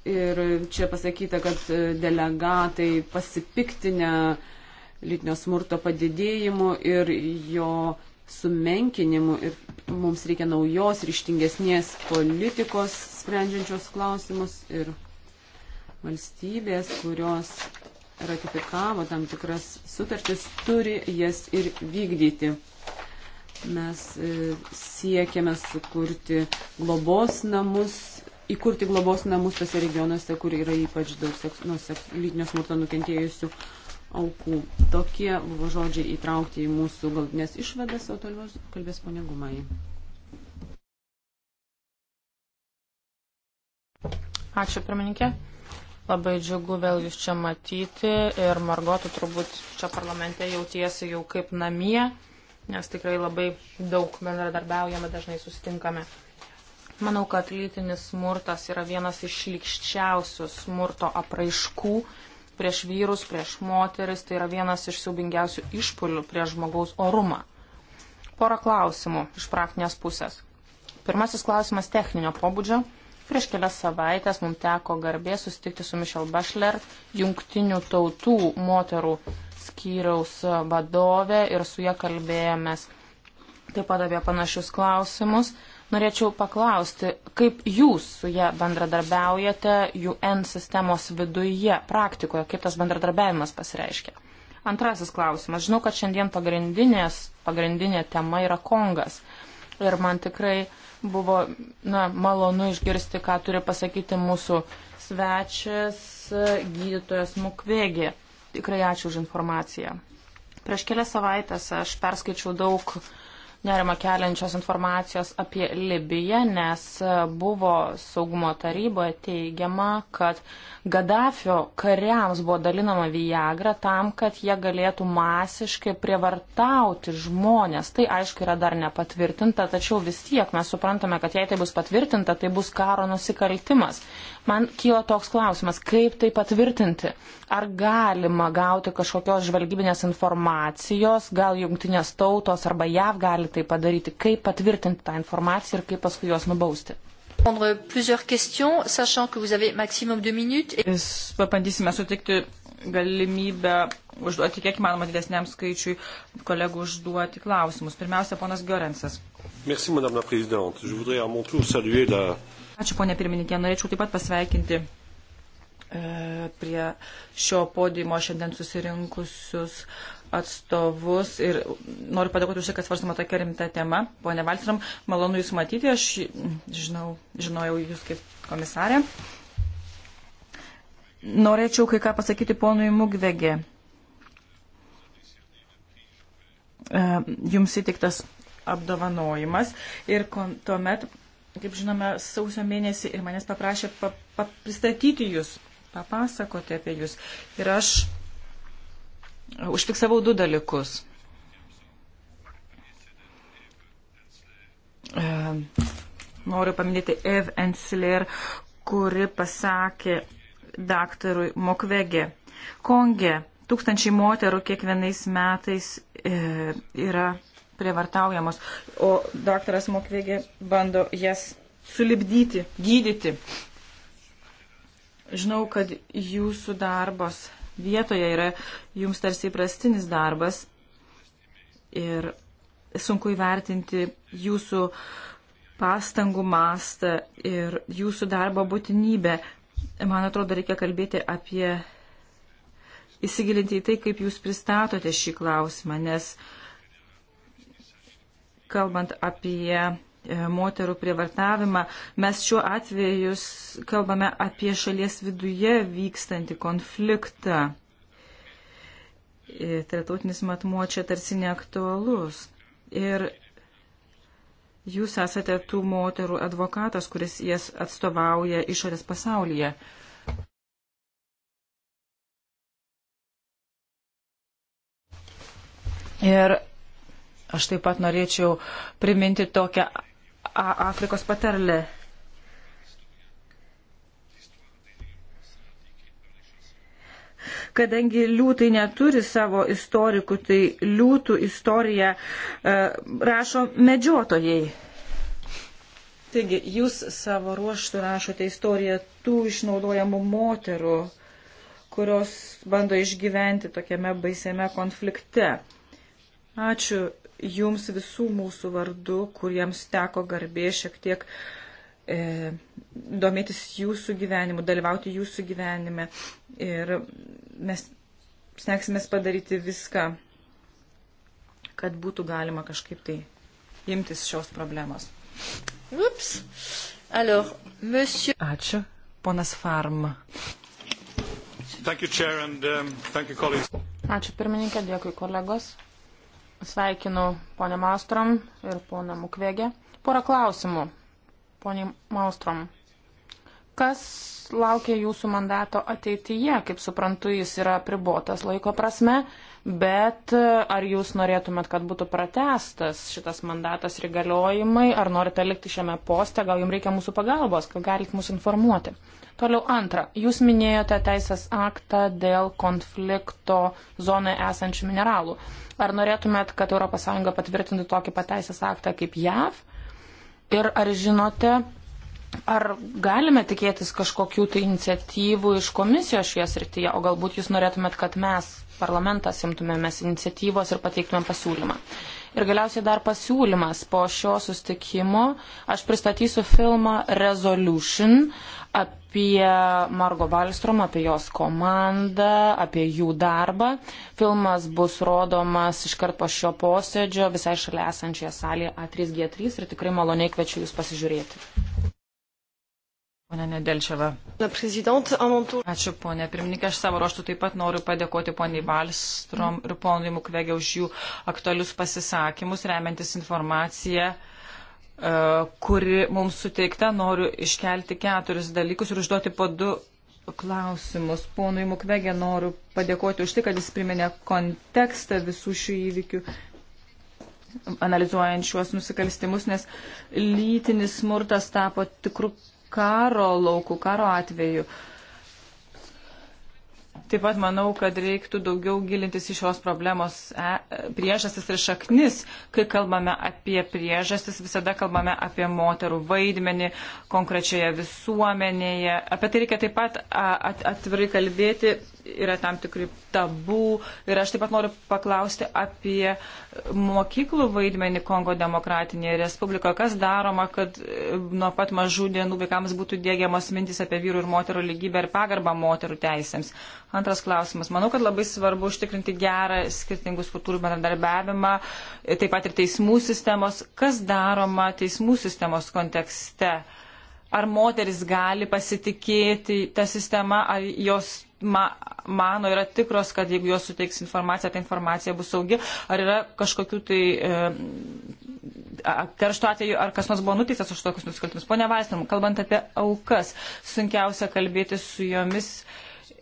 Ir čia pasakyta, kad delegatai pasipiktinę lytinio smurto padidėjimu ir jo sumenkinimu ir mums reikia naujos ryštingesnės politikos sprendžiančios klausimus ir valstybės, kurios ratifikavo tam tikras sutartis, turi jas ir vykdyti. Mes e, siekiame sukurti globos namus, įkurti globos namus tose regionuose, kur yra ypač daug seks, nuo seks, lytinio smurto nukentėjusių aukų. Tokie buvo žodžiai įtraukti į mūsų galtinės išvadas, o toliau kalbės ponia Gumai. Ačiū, pirmininkė. Labai džiugu vėl jūs čia matyti ir Margotų turbūt čia parlamente jautiesi jau kaip namie, nes tikrai labai daug bendradarbiaujame, dažnai sustinkame. Manau, kad lytinis smurtas yra vienas iš likščiausių smurto apraiškų prieš vyrus, prieš moteris, tai yra vienas iš siubingiausių išpolių prieš žmogaus orumą. Porą klausimų iš praktinės pusės. Pirmasis klausimas techninio pobūdžio. Prieš kelias savaitės mums teko garbė susitikti su Michelle Bachler, jungtinių tautų moterų skyriaus vadovė ir su ją kalbėjomės taip pat apie panašius klausimus. Norėčiau paklausti, kaip jūs su jie bendradarbiaujate UN sistemos viduje, praktikoje, kaip tas bendradarbiavimas pasireiškia? Antrasis klausimas. Žinau, kad šiandien pagrindinė tema yra Kongas. Ir man tikrai buvo na, malonu išgirsti, ką turi pasakyti mūsų svečias gydytojas Mukvėgi. Tikrai ačiū už informaciją. Prieš kelias savaitės aš perskaičiau daug uh, nerima keliančios informacijos apie Libiją, nes e, buvo saugumo taryboje teigiama, kad Gaddafio kariams buvo dalinama Viagra tam, kad jie galėtų masiškai prievartauti žmonės. Tai aišku yra dar nepatvirtinta, tačiau vis tiek mes suprantame, kad jei tai bus patvirtinta, tai bus karo nusikaltimas. Man kyla toks klausimas, kaip tai patvirtinti? Ar galima gauti kažkokios žvalgybinės informacijos, gal jungtinės tautos arba JAV gali tai padaryti, kaip patvirtinti tą informaciją ir kaip paskui juos nubausti? Pabandysime sutikti galimybę užduoti kiek įmanoma didesniam skaičiui kolegų užduoti klausimus. Pirmiausia, ponas Görensas. Merci, madame la présidente. Je voudrais à mon tour saluer la, Ačiū, ponė pirmininkė. Norėčiau taip pat pasveikinti e, prie šio podimo šiandien susirinkusius atstovus ir noriu padėkoti už tai, kad svarstama tokia rimta tema. Pone Valstram, malonu Jūs matyti, aš žinau, žinojau Jūs kaip komisarė. Norėčiau kai ką pasakyti ponui Mugvegė. E, jums įtiktas apdovanojimas ir tuomet kaip žinome, sausio mėnesį ir manęs paprašė pa, pa, pristatyti jūs, papasakoti apie jūs. Ir aš e, užfiksavau du dalykus. E, noriu paminėti Ev Ensler, kuri pasakė daktarui Mokvegė. Konge tūkstančiai moterų kiekvienais metais e, yra prievartaujamos, o daktaras Mokvėgė bando jas sulibdyti, gydyti. Žinau, kad jūsų darbas vietoje yra jums tarsi įprastinis darbas ir sunku įvertinti jūsų pastangų mastą ir jūsų darbo būtinybę. Man atrodo, reikia kalbėti apie įsigilinti į tai, kaip jūs pristatote šį klausimą, nes uh, kalbant apie e, moterų prievartavimą, mes šiuo atveju kalbame apie šalies viduje vykstantį konfliktą. E, Tartautinis matmuo čia tarsi neaktualus. Ir jūs esate tų moterų advokatas, kuris jas atstovauja išorės pasaulyje. Ir Aš taip pat norėčiau priminti tokią Afrikos patarlę. Kadangi liūtai neturi savo istorikų, tai liūtų istoriją e, rašo medžiotojai. Taigi, jūs savo ruoštų rašote istoriją tų išnaudojamų moterų, kurios bando išgyventi tokiame baisiame konflikte. Ačiū jums visų mūsų vardu, kuriems teko garbė šiek tiek e, domėtis jūsų gyvenimu, dalyvauti jūsų gyvenime. Ir mes stengsime padaryti viską, kad būtų galima kažkaip tai imtis šios problemos. Ups. Alors, monsieur... Ačiū, ponas Farm. Thank you, chair, and, um, thank you, colleagues. Ačiū pirmininkė, dėkui kolegos. Sveikinu ponę Maustrom ir poną Mukvegę. Porą klausimų, ponė Maustrom. Kas laukia jūsų mandato ateityje? Kaip suprantu, jis yra pribotas laiko prasme, bet e, ar jūs norėtumėt, kad būtų pratestas šitas mandatas ir galiojimai, ar norite likti šiame poste, gal jums reikia mūsų pagalbos, gal galite mus informuoti? Toliau antra, jūs minėjote teisės aktą dėl konflikto zonoje esančių mineralų. Ar norėtumėt, kad ES patvirtintų tokį pateisės aktą kaip JAV? Ir ar žinote, Ar galime tikėtis kažkokių tai iniciatyvų iš komisijos šioje srityje, o galbūt jūs norėtumėt, kad mes, parlamentas, imtumėmės iniciatyvos ir pateiktumėm pasiūlymą. Ir galiausiai dar pasiūlymas po šio sustikimo. Aš pristatysiu filmą Resolution apie Margo Balstrom, apie jos komandą, apie jų darbą. Filmas bus rodomas iškart po šio posėdžio visai šalia esančioje salėje A3G3 ir tikrai maloniai kviečiu Jūs pasižiūrėti. Pone Nedelčiava. Ačiū, ponė pirmininkė. Aš savo ruoštų taip pat noriu padėkoti poniai Valstrom ir ponui Mukvegė už jų aktualius pasisakymus, remiantis informaciją. Uh, E, kuri mums suteikta, noriu iškelti keturis dalykus ir užduoti po du klausimus. Ponui Mukvegė noriu padėkoti už tai, kad jis priminė kontekstą visų šių įvykių analizuojant šiuos nusikalstimus, nes lytinis smurtas tapo tikrų karo laukų, karo atveju. Uh, Taip pat manau, kad reiktų daugiau gilintis į šios problemos e, priežastis ir šaknis. Kai kalbame apie priežastis, visada kalbame apie moterų vaidmenį konkrečioje visuomenėje. Apie tai reikia taip pat atvirai kalbėti yra tam tikri tabų. Ir aš taip pat noriu paklausti apie mokyklų vaidmenį Kongo demokratinėje Respublikoje. Kas daroma, kad e, nuo pat mažų dienų vaikams būtų dėgiamos mintis apie vyrų ir moterų lygybę ir pagarbą moterų teisėms? Antras klausimas. Manau, kad labai svarbu užtikrinti gerą skirtingų struktūrų bendradarbiavimą, e, taip pat ir teismų sistemos. Kas daroma teismų sistemos kontekste? ar moteris gali pasitikėti tą sistemą, ar jos ma, mano yra tikros, kad jeigu jos suteiks informaciją, ta informacija bus saugi. Ar yra kažkokių tai e, karštų atveju, ar kas nors buvo nuteistas už tokius nusikaltimus? Pone Vaistam, kalbant apie aukas, sunkiausia kalbėti su jomis.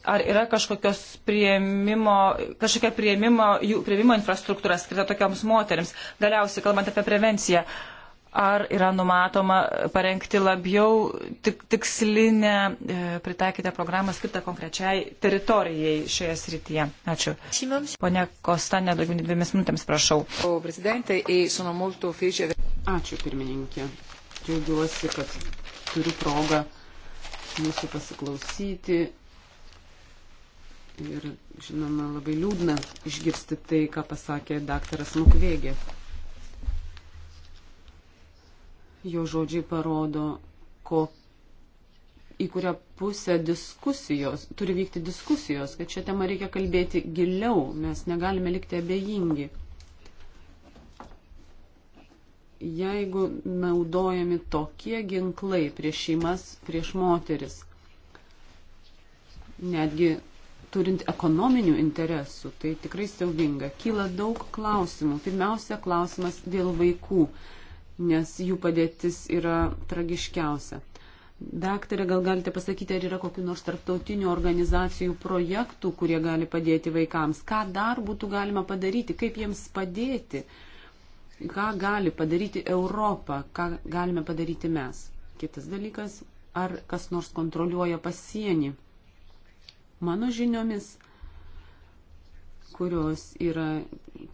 Ar yra kažkokios prieimimo, kažkokia prieimimo, jų prieimimo infrastruktūra skirta tokioms moteriams? Galiausiai, kalbant apie prevenciją, uh, ar yra numatoma parengti labiau tik, tikslinę, e, pritaikytą programą skirtą konkrečiai teritorijai šioje srityje. Ačiū. Pone Kosta, nedaugiau nei dviemis minutėms prašau. Ačiū, pirmininkė. Džiaugiuosi, kad turiu progą mūsų pasiklausyti. Ir, žinoma, labai liūdna išgirsti tai, ką pasakė daktaras Mukvėgė. Jo žodžiai parodo, ko, į kurią pusę diskusijos, turi vykti diskusijos, kad šią temą reikia kalbėti giliau, mes negalime likti abejingi. Jeigu naudojami tokie ginklai prieš šeimas, prieš moteris, netgi turint ekonominių interesų, tai tikrai siaubinga. Kyla daug klausimų. Pirmiausia, klausimas dėl vaikų nes jų padėtis yra tragiškiausia. Daktarė, gal galite pasakyti, ar yra kokiu nors tarptautinių organizacijų projektų, kurie gali padėti vaikams? Ką dar būtų galima padaryti? Kaip jiems padėti? Ką gali padaryti Europą? Ką galime padaryti mes? Kitas dalykas, ar kas nors kontroliuoja pasienį? Mano žiniomis, kurios yra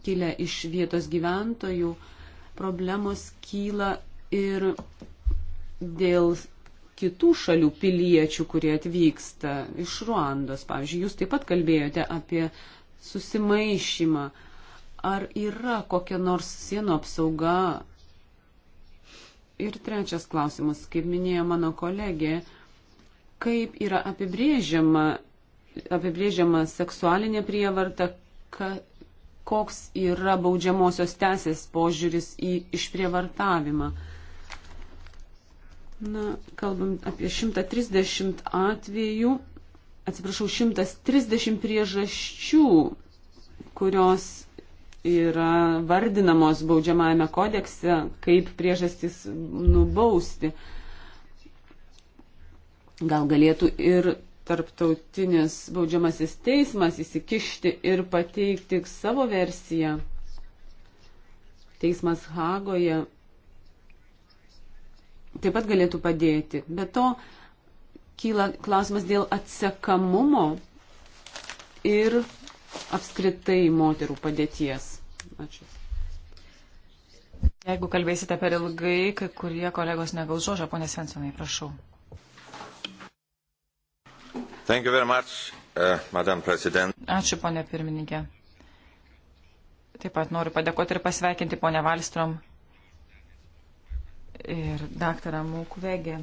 kilę iš vietos gyventojų, uh, problemos kyla ir dėl kitų šalių piliečių, kurie atvyksta iš Ruandos. Pavyzdžiui, jūs taip pat kalbėjote apie susimaišymą. Ar yra kokia nors sienų apsauga? Ir trečias klausimas, kaip minėjo mano kolegė, kaip yra apibrėžiama, apibrėžiama seksualinė prievarta, ka, koks yra baudžiamosios teisės požiūris į išprievartavimą. Na, kalbam apie 130 atvejų, atsiprašau, 130 priežasčių, kurios yra vardinamos baudžiamajame kodekse kaip priežastys nubausti. Gal galėtų ir tarptautinis baudžiamasis teismas įsikišti ir pateikti savo versiją. Teismas Hagoje taip pat galėtų padėti. Be to, kyla klausimas dėl atsekamumo ir apskritai moterų padėties. Ačiū. Jeigu kalbėsite per ilgai, kai kurie kolegos negaus žodžio, ponė Svensinai, prašau. Much, uh, Ačiū, ponė pirmininkė. Taip pat noriu padėkoti ir pasveikinti ponę Valstrom ir daktarą Mūkvegę.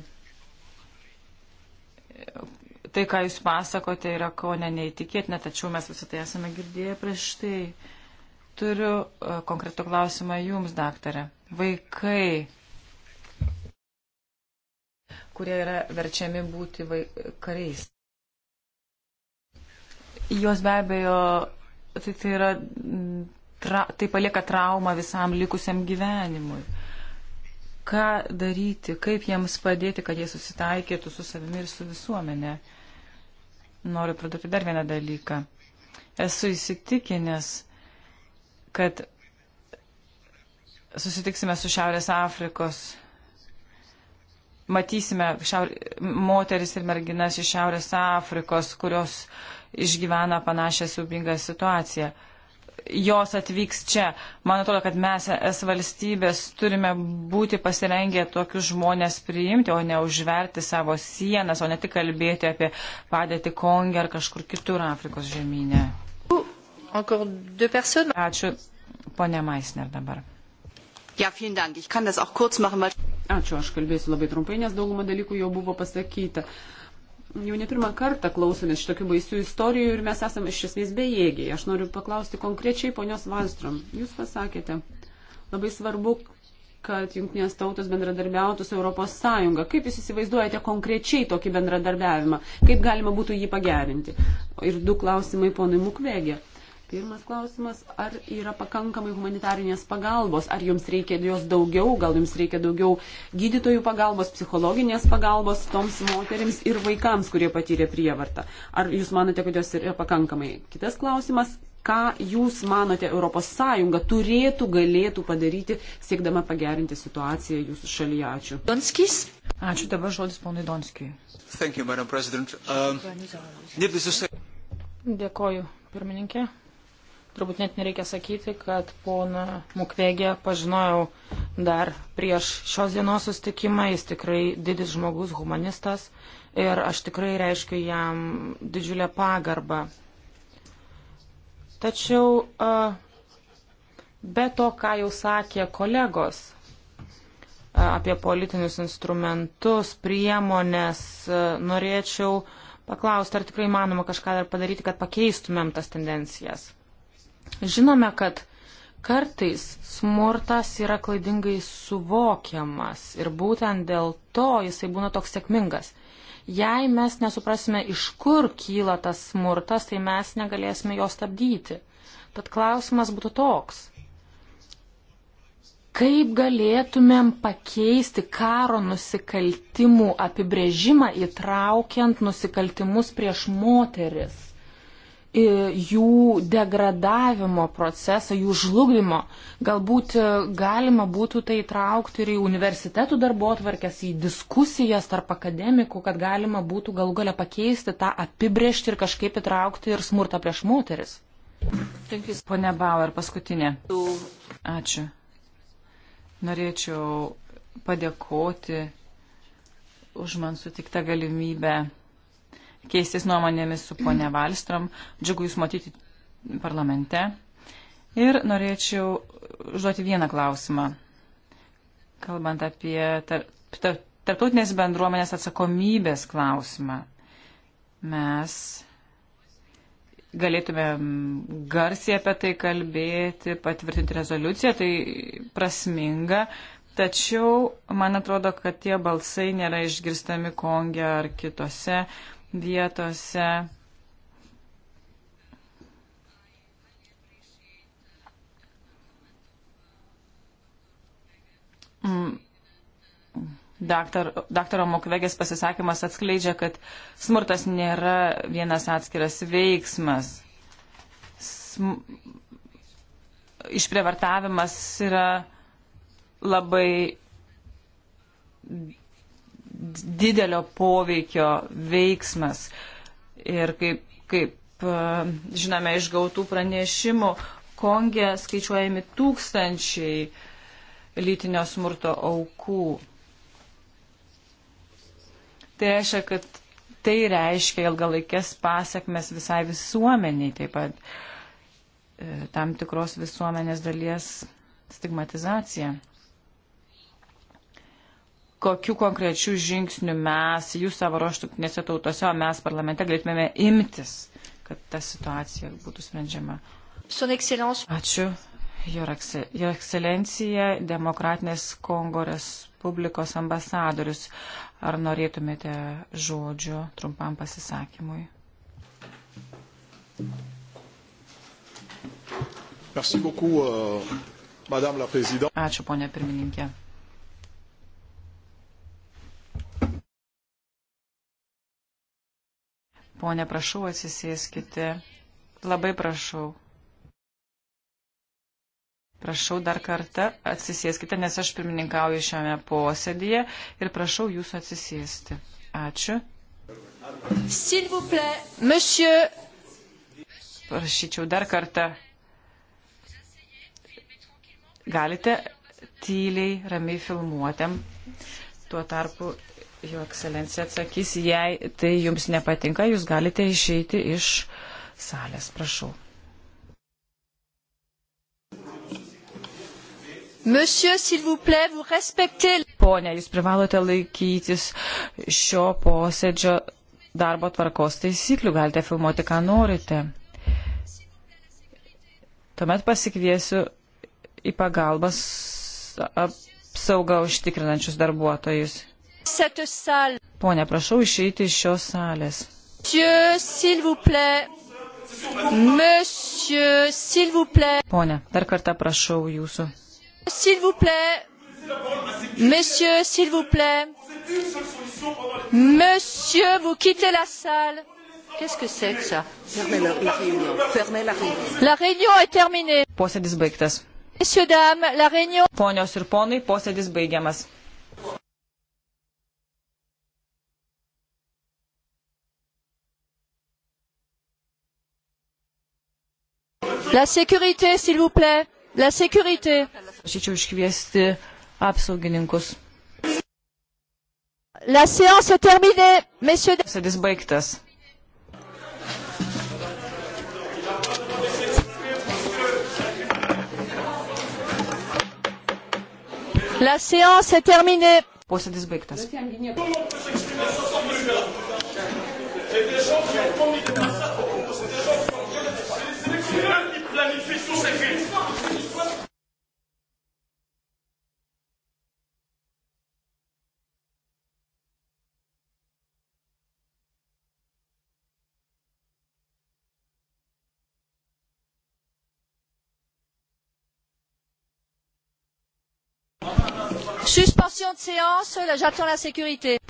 Tai, ką jūs pasakote, yra ko ne neįtikėtina, tačiau mes visi tai esame girdėję prieš tai. Turiu uh, konkretų klausimą jums, daktarė. Vaikai kurie yra verčiami būti vaik... kariais. Jos be abejo, tai, tai, yra, tra, tai palieka traumą visam likusiam gyvenimui. Ką daryti, kaip jiems padėti, kad jie susitaikytų su savimi ir su visuomenė? Noriu pridurti dar vieną dalyką. Esu įsitikinęs, kad susitiksime su Šiaurės Afrikos matysime šiaur... moteris ir merginas iš Šiaurės Afrikos, kurios išgyvena panašią siubingą situaciją. Jos atvyks čia. Man atrodo, kad mes es valstybės turime būti pasirengę tokius žmonės priimti, o ne užverti savo sienas, o ne tik kalbėti apie padėtį Kongę ar kažkur kitur Afrikos žemynę. Ačiū, ponė Maisner dabar. Ačiū, aš kalbėsiu labai trumpai, nes dauguma dalykų jau buvo pasakyta. Uh, Jau ne pirmą kartą klausomės šitokių baisių istorijų ir mes esame iš esmės bejėgiai. Aš noriu paklausti konkrečiai ponios Valstrom. Jūs pasakėte, labai svarbu, kad jungtinės tautos bendradarbiautų su Europos Sąjunga. Kaip jūs įsivaizduojate konkrečiai tokį bendradarbiavimą? Kaip galima būtų jį pagerinti? Ir du klausimai ponui Mukvegė. Pirmas klausimas, ar yra pakankamai humanitarinės pagalbos, ar jums reikia jos daugiau, gal jums reikia daugiau gydytojų pagalbos, psichologinės pagalbos toms moteriams ir vaikams, kurie patyrė prievartą. Ar jūs manote, kad jos yra pakankamai? Kitas klausimas, ką jūs manote ES turėtų, galėtų padaryti, siekdama pagerinti situaciją jūsų šalyje? Ačiū. Donskis. Ačiū dabar žodis ponui Donskijui. Thank you, Madam President. Um, Dėkoju, pirmininkė. Turbūt net nereikia sakyti, kad poną Mukvegę pažinojau dar prieš šios dienos sustikimą. Jis tikrai didis žmogus, humanistas ir aš tikrai reiškiu jam didžiulę pagarbą. Tačiau be to, ką jau sakė kolegos apie politinius instrumentus, priemonės, norėčiau paklausti, ar tikrai manoma kažką dar padaryti, kad pakeistumėm tas tendencijas. Žinome, kad kartais smurtas yra klaidingai suvokiamas ir būtent dėl to jisai būna toks sėkmingas. Jei mes nesuprasime, iš kur kyla tas smurtas, tai mes negalėsime jo stabdyti. Tad klausimas būtų toks. Kaip galėtumėm pakeisti karo nusikaltimų apibrėžimą įtraukiant nusikaltimus prieš moteris? jų degradavimo procesą, jų žlugimo. Galbūt e, galima būtų tai traukti ir į universitetų darbo atvarkės, į diskusijas tarp akademikų, kad galima būtų galų gale pakeisti tą apibriežtį ir kažkaip įtraukti ir smurtą prieš moteris. Pone Bauer, paskutinė. Ačiū. Norėčiau padėkoti už man sutiktą galimybę keistis nuomonėmis su ponia Valstrom. Džiugu Jūs matyti parlamente. Ir norėčiau užduoti vieną klausimą. Kalbant apie tar, tar, tarptautinės bendruomenės atsakomybės klausimą, mes galėtume garsiai apie tai kalbėti, patvirtinti rezoliuciją, tai prasminga, tačiau man atrodo, kad tie balsai nėra išgirstami Konge ar kitose vietose. Mm. Daktar, daktaro Mukvegės pasisakymas atskleidžia, kad smurtas nėra vienas atskiras veiksmas. Sm išprievartavimas yra labai didelio poveikio veiksmas. Ir kaip, kaip e, žinome iš gautų pranešimų, Konge skaičiuojami tūkstančiai lytinio smurto aukų. Tai reiškia, kad tai reiškia ilgalaikės pasiekmes visai visuomeniai, taip pat e, tam tikros visuomenės dalies stigmatizacija kokiu konkrečiu žingsniu mes, jūs savo ruoštų knėse tautose, o mes parlamente galėtumėme imtis, kad ta situacija būtų sprendžiama. Ačiū. Jo ekscelencija, Demokratinės Kongo Respublikos ambasadorius. Ar norėtumėte žodžio trumpam pasisakymui? Beaucoup, uh, Ačiū, ponė pirmininkė. Pone, prašau, atsisėskite. Labai prašau. Prašau dar kartą atsisėskite, nes aš pirmininkauju šiame posėdėje ir prašau jūsų atsisėsti. Ačiū. Plaît, monsieur... Prašyčiau dar kartą. Galite tyliai, ramiai filmuotėm. Tuo tarpu Jo ekscelencija atsakys, jei tai jums nepatinka, jūs galite išeiti iš salės. Prašau. Monsieur, s'il vous plaît, vous respectez. Pone, jūs privalote laikytis šio posėdžio darbo tvarkos taisyklių, galite filmuoti, ką norite. Tuomet pasikviesiu į pagalbas apsaugą užtikrinančius darbuotojus. Pone, prašau išeiti iš šios salės. Pone, dar kartą prašau jūsų. Monsieur, s'il vous plaît. Monsieur, vous quittez la salle. Qu'est-ce que c'est que ça Fermez la, la réunion. Fermez la réunion. La réunion est terminée. Posėdis baigtas. Messieurs, dames, la réunion. Ponios ir ponai, posėdis baigiamas. La sécurité, s'il vous plaît. La sécurité. Prašyčiau iškviesti apsaugininkus. La séance est terminée, messieurs. Sėdis baigtas. La séance est terminée. Posėdis baigtas. Posėdis baigtas. C'est là que planifier sur ses fils.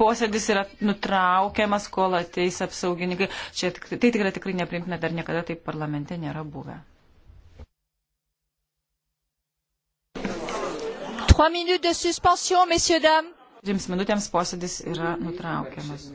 Posėdis yra nutraukiamas, kol ateis apsaugininkai. Čia, tai tikrai, tikrai neprimtina, dar niekada taip parlamente nėra buvę. 3 minutės suspensijos, messieurs, dames. Trims minutėms posėdis yra nutraukiamas.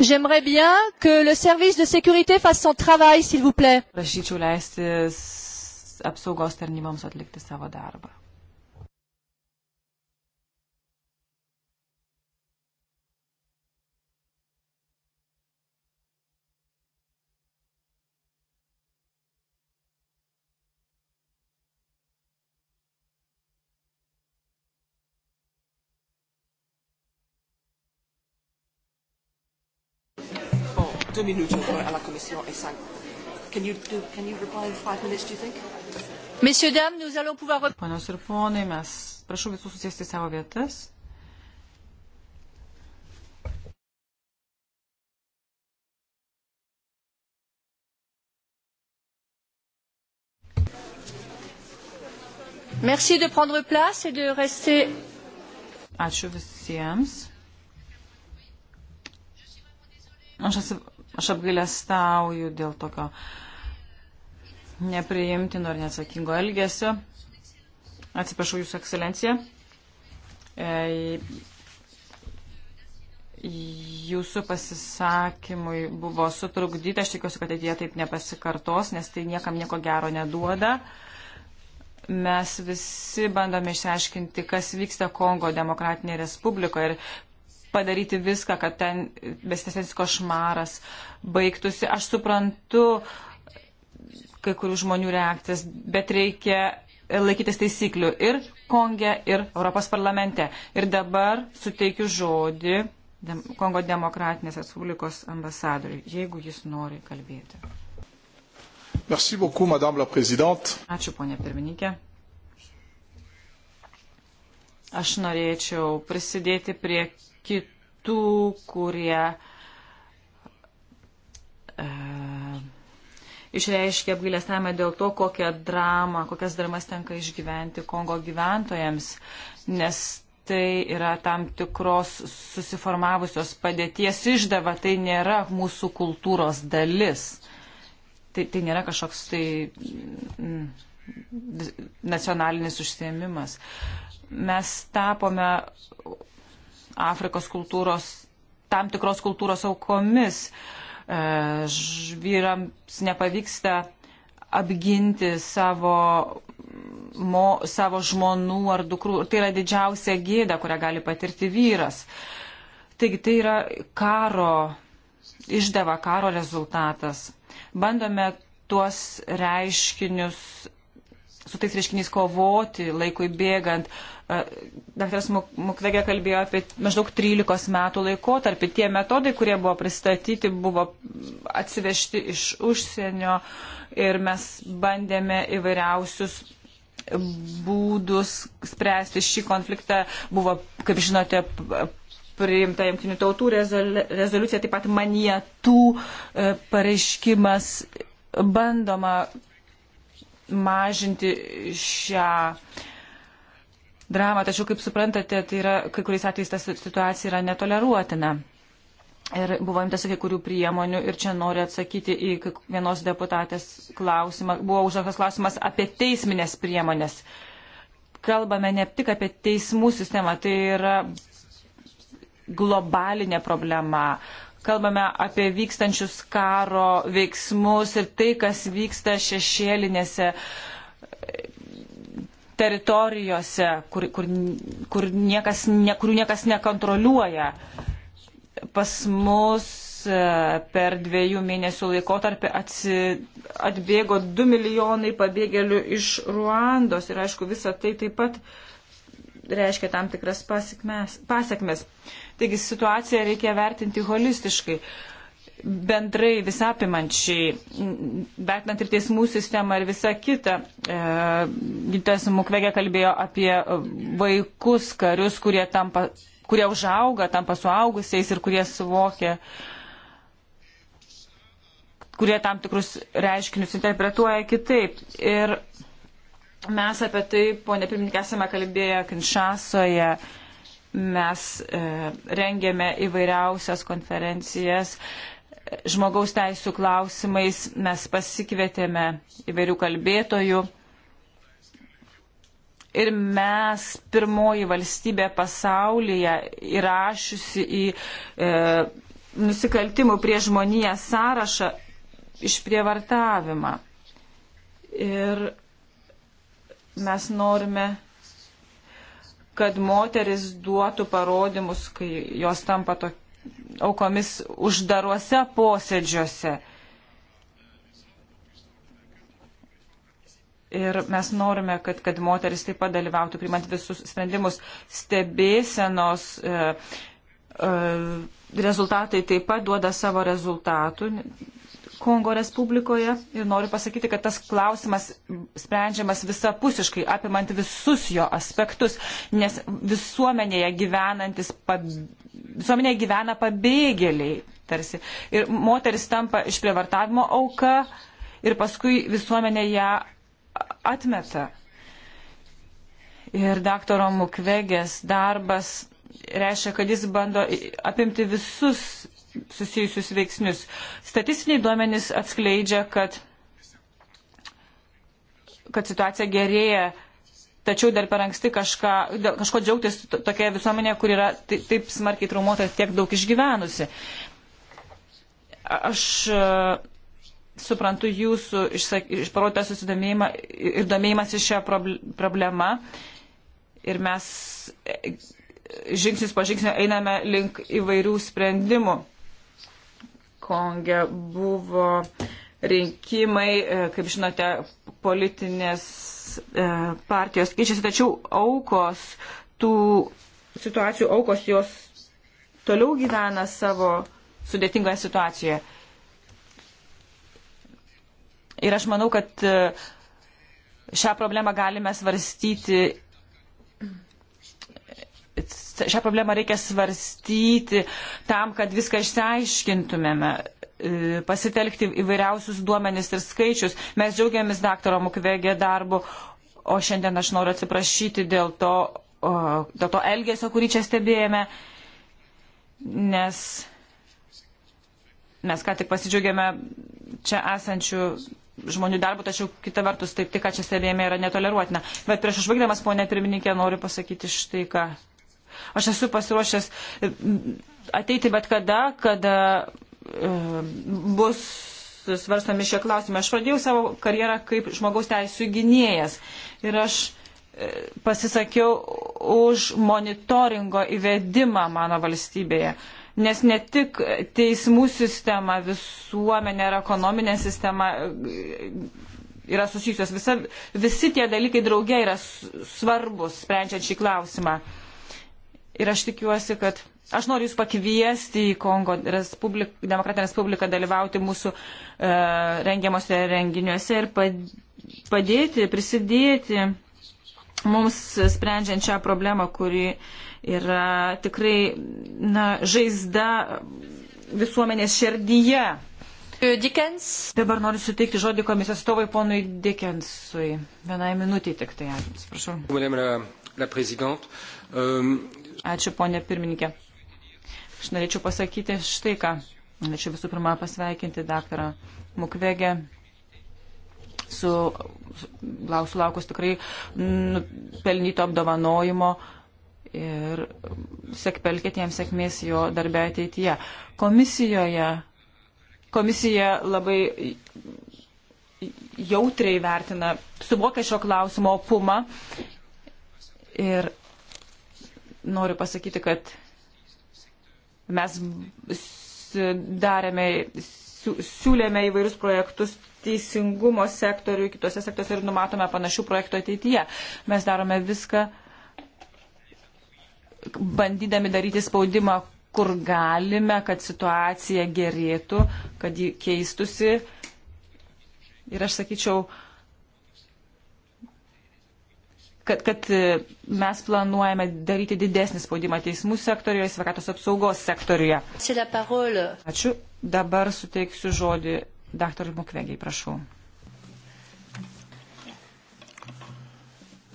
J'aimerais bien que le service de sécurité fasse son travail, s'il vous plaît. Prašyčiau leisti apsaugos tarnyboms atlikti savo darbą. deux minutes uh, à la Commission et cinq. Can you, do, can you reply in five minutes, do you think? Messieurs, dames, nous allons pouvoir... Ponios ir ponai, mes prašau visus susėsti savo vietas. Merci de prendre place et de rester. Ačiū visiems. Aš esu Aš apgailestauju dėl tokio nepriimtino ar neatsakingo elgesio. Atsiprašau Jūsų ekscelenciją. E, Jūsų pasisakymui buvo sutrukdyta, aš tikiuosi, kad ateityje taip nepasikartos, nes tai niekam nieko gero neduoda mes visi bandome išsiaiškinti, kas vyksta Kongo demokratinėje respublikoje ir padaryti viską, kad ten besitęsiantis košmaras baigtųsi. Aš suprantu kai kurių žmonių reakcijas, bet reikia laikytis taisyklių ir Konge, ir Europos parlamente. Ir dabar suteikiu žodį Kongo demokratinės Respublikos ambasadoriui, jeigu jis nori kalbėti. Merci beaucoup, Madame la Présidente. Ačiū, ponė pirmininkė. Aš norėčiau prisidėti prie kitų, kurie e, išreiškė apgailestavimą dėl to, kokią dramą, kokias dramas tenka išgyventi Kongo gyventojams, nes tai yra tam tikros susiformavusios padėties išdava, tai nėra mūsų kultūros dalis. Tai, tai nėra kažkoks tai mm, nacionalinis užsiemimas. Mes tapome Afrikos kultūros, tam tikros kultūros aukomis. E, vyrams nepavyksta apginti savo, mo, savo žmonų ar dukrų. Tai yra didžiausia gėda, kurią gali patirti vyras. Taigi tai yra karo išdava, karo rezultatas. Bandome tuos reiškinius su tais reiškiniais kovoti laikui bėgant. E, daktaras Mukvegė kalbėjo apie maždaug 13 metų laikotarpį. Tie metodai, kurie buvo pristatyti, buvo atsivežti iš užsienio ir mes bandėme įvairiausius būdus spręsti šį konfliktą. Buvo, kaip žinote, priimta jungtinių tautų rezoliucija, taip pat manietų e, pareiškimas bandoma mažinti šią dramą. Tačiau, kaip suprantate, tai yra, kai kuriais atvejais ta situacija yra netoleruotina. Ir buvo imtasi kai kurių priemonių ir čia noriu atsakyti į vienos deputatės klausimą. Buvo užduotas klausimas apie teisminės priemonės. Kalbame ne tik apie teismų sistemą, tai yra globalinė problema, kalbame apie vykstančius karo veiksmus ir tai, kas vyksta šešėlinėse e, teritorijose, kur, kur, kur niekas, ne, kurių niekas nekontroliuoja. Pas mus e, per dviejų mėnesių laikotarpį atsi, atbėgo 2 milijonai pabėgėlių iš Ruandos ir aišku, visa tai taip pat reiškia tam tikras pasiekmes. Taigi situaciją reikia vertinti holistiškai bendrai visapimančiai, vertinant ir teismų sistemą ir visą kitą. E, gydytojas Mukvegė kalbėjo apie vaikus, karius, kurie, tampa, kurie užauga, tampa suaugusiais ir kurie suvokia, kurie tam tikrus reiškinius interpretuoja kitaip. Ir mes apie tai, ponė pirmininkė, esame kalbėję Kinšasoje. Mes e, rengėme įvairiausias konferencijas e, žmogaus teisų klausimais, mes pasikvietėme įvairių kalbėtojų. Ir mes pirmoji valstybė pasaulyje įrašiusi į e, nusikaltimų prie žmoniją sąrašą išprievartavimą. Ir mes norime kad moteris duotų parodymus, kai jos tampa to, aukomis uždaruose posėdžiuose. Ir mes norime, kad, kad moteris taip pat dalyvautų, primant visus sprendimus, stebėsenos. E, e, rezultatai taip pat duoda savo rezultatų, Kongo Respublikoje ir noriu pasakyti, kad tas klausimas sprendžiamas visapusiškai, apimant visus jo aspektus, nes visuomenėje gyvenantis, pab... visuomenėje gyvena pabėgėliai tarsi. Ir moteris tampa išprievartavimo auka ir paskui visuomenė ją atmeta. Ir daktaro Mukvegės darbas reiškia, kad jis bando apimti visus susijusius veiksnius. Statistiniai duomenys atskleidžia, kad, kad situacija gerėja, tačiau dar per anksti kažką, kažko džiaugtis tokia visuomenė, kur yra taip, taip smarkiai traumuota ir tiek daug išgyvenusi. Aš e, suprantu jūsų išparodytą susidomėjimą ir domėjimas į šią problemą. Ir mes e, žingsnis po žingsnio einame link įvairių sprendimų. Konge buvo rinkimai, e, kaip žinote, politinės e, partijos keičiasi, tačiau aukos, tų situacijų aukos jos toliau gyvena savo sudėtingoje situacijoje. Ir aš manau, kad e, šią problemą galime svarstyti šią problemą reikia svarstyti tam, kad viską išsiaiškintumėme e, pasitelkti įvairiausius duomenis ir skaičius. Mes džiaugiamės daktaro Mukvegė darbu, o šiandien aš noriu atsiprašyti dėl to, o, dėl to elgesio, kurį čia stebėjome, nes mes ką tik pasidžiaugiame čia esančių žmonių darbų, tačiau kita vertus taip tik, ką čia stebėjome, yra netoleruotina. Bet prieš užvaigdamas, ponė pirmininkė, noriu pasakyti štai ką. Aš esu pasiruošęs ateiti bet kada, kada e, bus svarstami šie klausimai. Aš pradėjau savo karjerą kaip žmogaus teisų gynėjas ir aš e, pasisakiau už monitoringo įvedimą mano valstybėje. Nes ne tik teismų sistema, visuomenė ir ekonominė sistema e, yra susijusios, Visa, visi tie dalykai drauge yra svarbus, sprendžiant šį klausimą. Uh, Ir aš tikiuosi, kad aš noriu Jūs pakviesti į Kongo Respublik, Demokratinę Respubliką dalyvauti mūsų e, rengiamuose renginiuose ir padėti, prisidėti mums sprendžiant šią problemą, kuri yra tikrai na, žaizda visuomenės širdyje. Dickens. Dabar noriu suteikti žodį komisijos atstovai ponui Dickensui. Vienai minutį tik tai, ačiū. Prašau. Madame la, la présidente, euh, Ačiū, ponė pirmininkė. Aš norėčiau pasakyti štai ką. Norėčiau visų pirma pasveikinti daktarą Mukvegę su, lausiu laukus tikrai nu, pelnyto apdovanojimo ir sekpelkit jam sėkmės jo darbę ateityje. Komisijoje, komisija labai jautriai vertina, suvokia šio klausimo opumą ir noriu pasakyti, kad mes darėme, siūlėme įvairius projektus teisingumo sektoriui, kitose sektoriuose ir numatome panašių projektų ateityje. Mes darome viską, bandydami daryti spaudimą, kur galime, kad situacija gerėtų, kad ji keistusi. Ir aš sakyčiau, kad, kad e, mes planuojame daryti didesnį spaudimą teismų sektorijoje, sveikatos apsaugos sektorijoje. Ačiū. Dabar suteiksiu žodį daktarui Mukvegiai, prašau.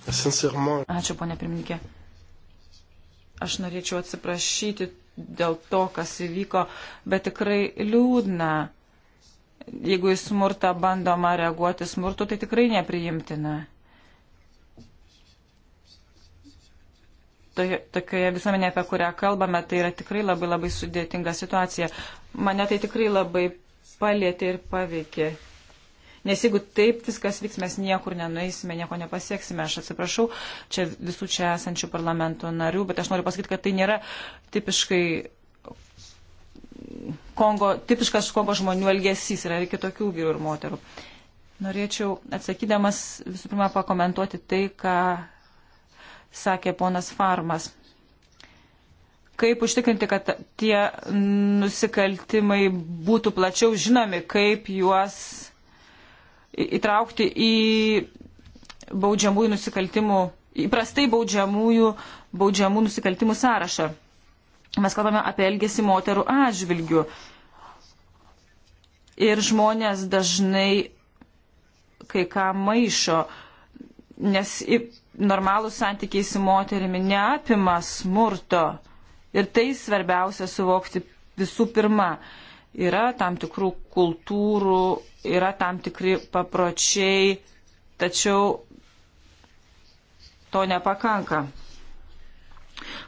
Ačiū, ponė pirmininkė. Aš norėčiau atsiprašyti dėl to, kas įvyko, bet tikrai liūdna. Jeigu į smurtą bandoma reaguoti smurtu, tai tikrai nepriimtina. toje, tokioje visuomenėje, apie kurią kalbame, tai yra tikrai labai labai sudėtinga situacija. Mane tai tikrai labai palėtė ir paveikė. Nes jeigu taip viskas vyks, mes niekur nenueisime, nieko nepasieksime. Aš atsiprašau čia visų čia esančių parlamento narių, bet aš noriu pasakyti, kad tai nėra tipiškai Kongo, tipiškas Kongo žmonių elgesys, yra ir kitokių vyrų ir moterų. Norėčiau atsakydamas visų pirma pakomentuoti tai, ką sakė ponas Farmas. Kaip užtikrinti, kad tie nusikaltimai būtų plačiau žinomi, kaip juos įtraukti į baudžiamųjų nusikaltimų, įprastai baudžiamųjų, baudžiamų nusikaltimų sąrašą. Mes kalbame apie elgesį moterų atžvilgių. Ir žmonės dažnai kai ką maišo. Uh, nes normalų santykiai su moterimi neapima smurto. Ir tai svarbiausia suvokti visų pirma. Yra tam tikrų kultūrų, yra tam tikri papročiai, tačiau to nepakanka.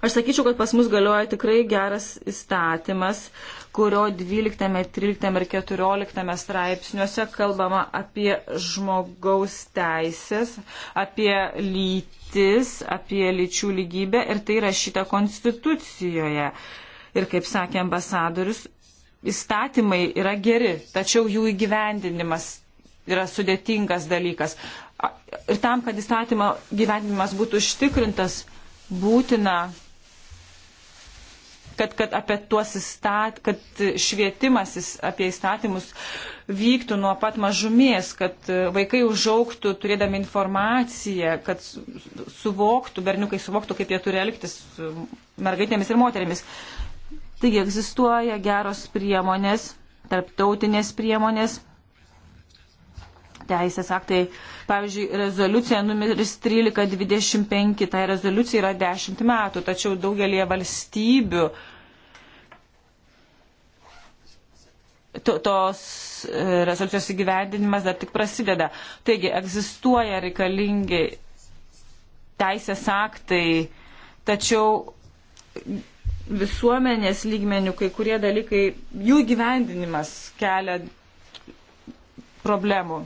Aš sakyčiau, kad pas mus galioja tikrai geras įstatymas, kurio 12, 13 ir 14 straipsniuose kalbama apie žmogaus teisės, apie lytis, apie lyčių lygybę ir tai rašyta konstitucijoje. Ir kaip sakė ambasadorius, įstatymai yra geri, tačiau jų įgyvendinimas yra sudėtingas dalykas. Ir tam, kad įstatymo gyvenimas būtų užtikrintas, būtina kad, kad, apie tuos įstat, kad švietimas apie įstatymus vyktų nuo pat mažumės, kad vaikai užauktų turėdami informaciją, kad suvoktų, berniukai suvoktų, kaip jie turi elgtis su mergaitėmis ir moterimis. Taigi egzistuoja geros priemonės, tarptautinės priemonės teisės aktai. Pavyzdžiui, rezoliucija numeris 1325, tai rezoliucija yra 10 metų, tačiau daugelie valstybių tos e, rezoliucijos įgyvendinimas dar tik prasideda. Taigi, egzistuoja reikalingi teisės aktai, tačiau visuomenės lygmenių kai kurie dalykai, jų gyvendinimas kelia problemų.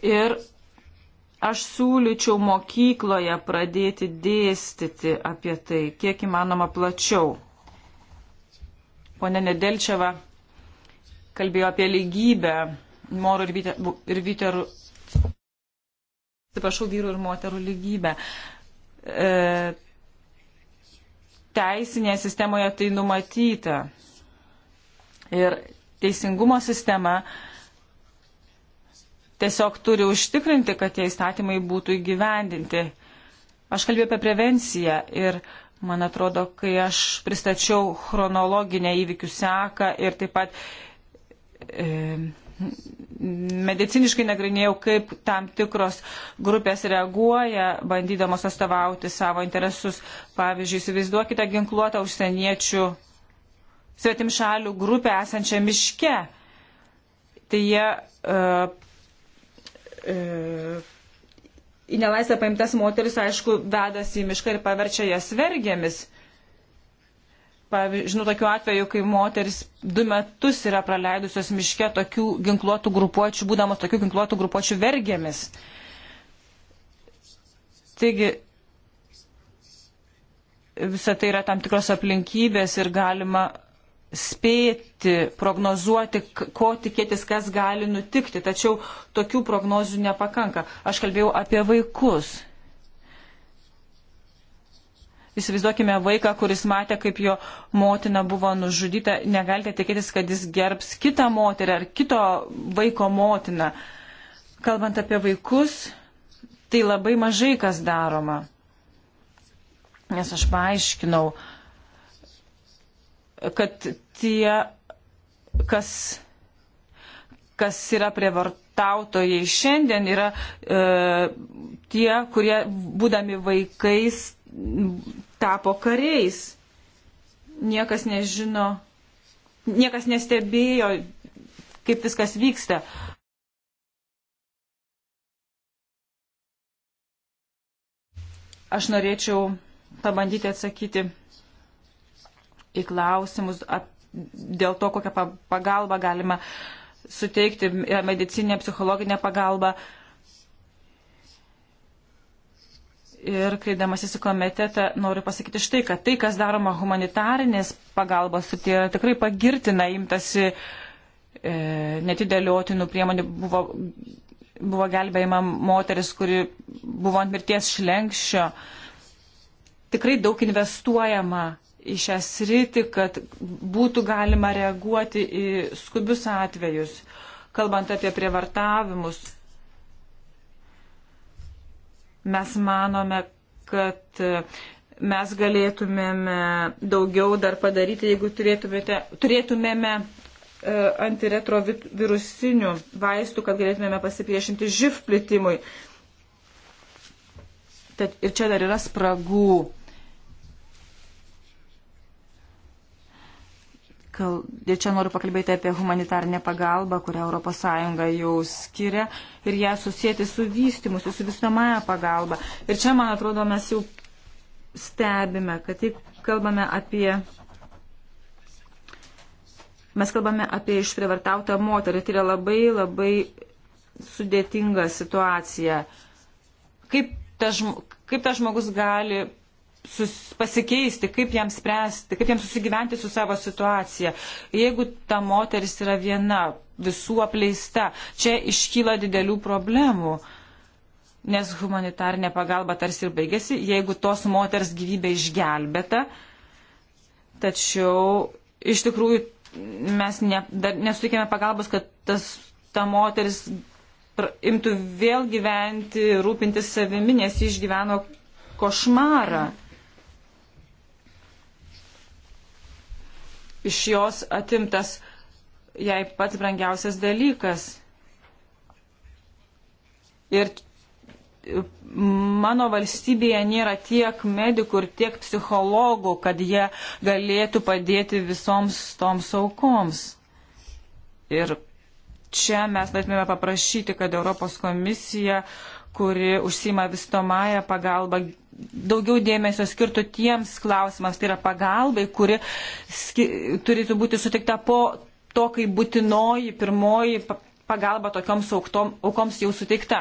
Ir aš siūlyčiau mokykloje pradėti dėstyti apie tai, kiek įmanoma plačiau. Pone Nedelčiava kalbėjo apie lygybę morų ir, vyte, ir vyterų, atsiprašau, vyrų ir moterų lygybę. E, teisinėje sistemoje tai numatyta. Ir teisingumo sistema e, tiesiog turi užtikrinti, kad tie įstatymai būtų įgyvendinti. Aš kalbėjau apie prevenciją ir man atrodo, kai aš pristačiau chronologinę įvykių seką ir taip pat e, mediciniškai nagrinėjau, kaip tam tikros grupės reaguoja, bandydamos atstovauti savo interesus. Pavyzdžiui, įsivaizduokite ginkluotą užsieniečių svetimšalių grupę esančią miške. Tai jie e, E, į nelaisvę paimtas moteris, aišku, vedasi į mišką ir paverčia jas vergėmis. Pavyzdžiui, žinau tokių atvejų, kai moteris du metus yra praleidusios miške tokių ginkluotų grupuočių, būdamos tokių ginkluotų grupuočių vergėmis. Taigi, visa tai yra tam tikros aplinkybės ir galima spėti, prognozuoti, ko tikėtis, kas gali nutikti, tačiau tokių prognozių nepakanka. Aš kalbėjau apie vaikus. Įsivaizduokime vaiką, kuris matė, kaip jo motina buvo nužudyta, negalite tikėtis, kad jis gerbs kitą moterį ar kito vaiko motiną. Kalbant apie vaikus, tai labai mažai kas daroma. Nes aš paaiškinau, uh, kad tie, kas, kas yra prievartautojai šiandien, yra e, tie, kurie būdami vaikais tapo kariais. Niekas nežino, niekas nestebėjo, kaip viskas vyksta. Aš norėčiau pabandyti atsakyti į klausimus ap, dėl to, kokią pagalbą galima suteikti, e, medicinę, psichologinę pagalbą. Ir kreidamasis į komitetą noriu pasakyti štai, kad tai, kas daroma humanitarinės pagalbos, tai yra tikrai pagirtina imtasi e, netidėliotinų priemonių. Buvo, buvo gelbėjama moteris, kuri buvo ant mirties šlenkščio. Tikrai daug investuojama į šią sritį, kad būtų galima reaguoti į skubius atvejus, kalbant apie prievartavimus. Mes manome, kad e, mes galėtumėme daugiau dar padaryti, jeigu turėtumėme e, antiretrovirusinių vaistų, kad galėtumėme pasipriešinti živ plitimui. Tad ir čia dar yra spragų kal... ir čia noriu pakalbėti apie humanitarnę pagalbą, kurią ES jau skiria ir ją susijęti su vystimusi, su visuomąją pagalbą. Ir čia, man atrodo, mes jau stebime, kad tai kalbame apie. Mes kalbame apie išprivartautą moterį. Tai yra labai labai sudėtinga situacija. Kaip tas žmogus gali sus, pasikeisti, kaip jiems spręsti, kaip jiems susigyventi su savo situacija. Jeigu ta moteris yra viena, visų apleista, čia iškyla didelių problemų. Nes humanitarinė pagalba tarsi ir baigėsi, jeigu tos moters gyvybė išgelbėta, tačiau iš tikrųjų mes ne, nesutikėme pagalbos, kad tas, ta moteris imtų vėl gyventi, rūpintis savimi, nes jį išgyveno košmarą. Mm. iš jos atimtas jai pats brangiausias dalykas. Ir mano valstybėje nėra tiek medikų ir tiek psichologų, kad jie galėtų padėti visoms toms aukoms. Ir čia mes norėtume paprašyti, kad Europos komisija uh, kuri užsima vystomąją pagalbą, daugiau dėmesio skirtų tiems klausimams, tai yra pagalbai, kuri skir... turėtų būti sutikta po to, kai būtinoji pirmoji pagalba tokioms auktom, aukoms jau suteikta.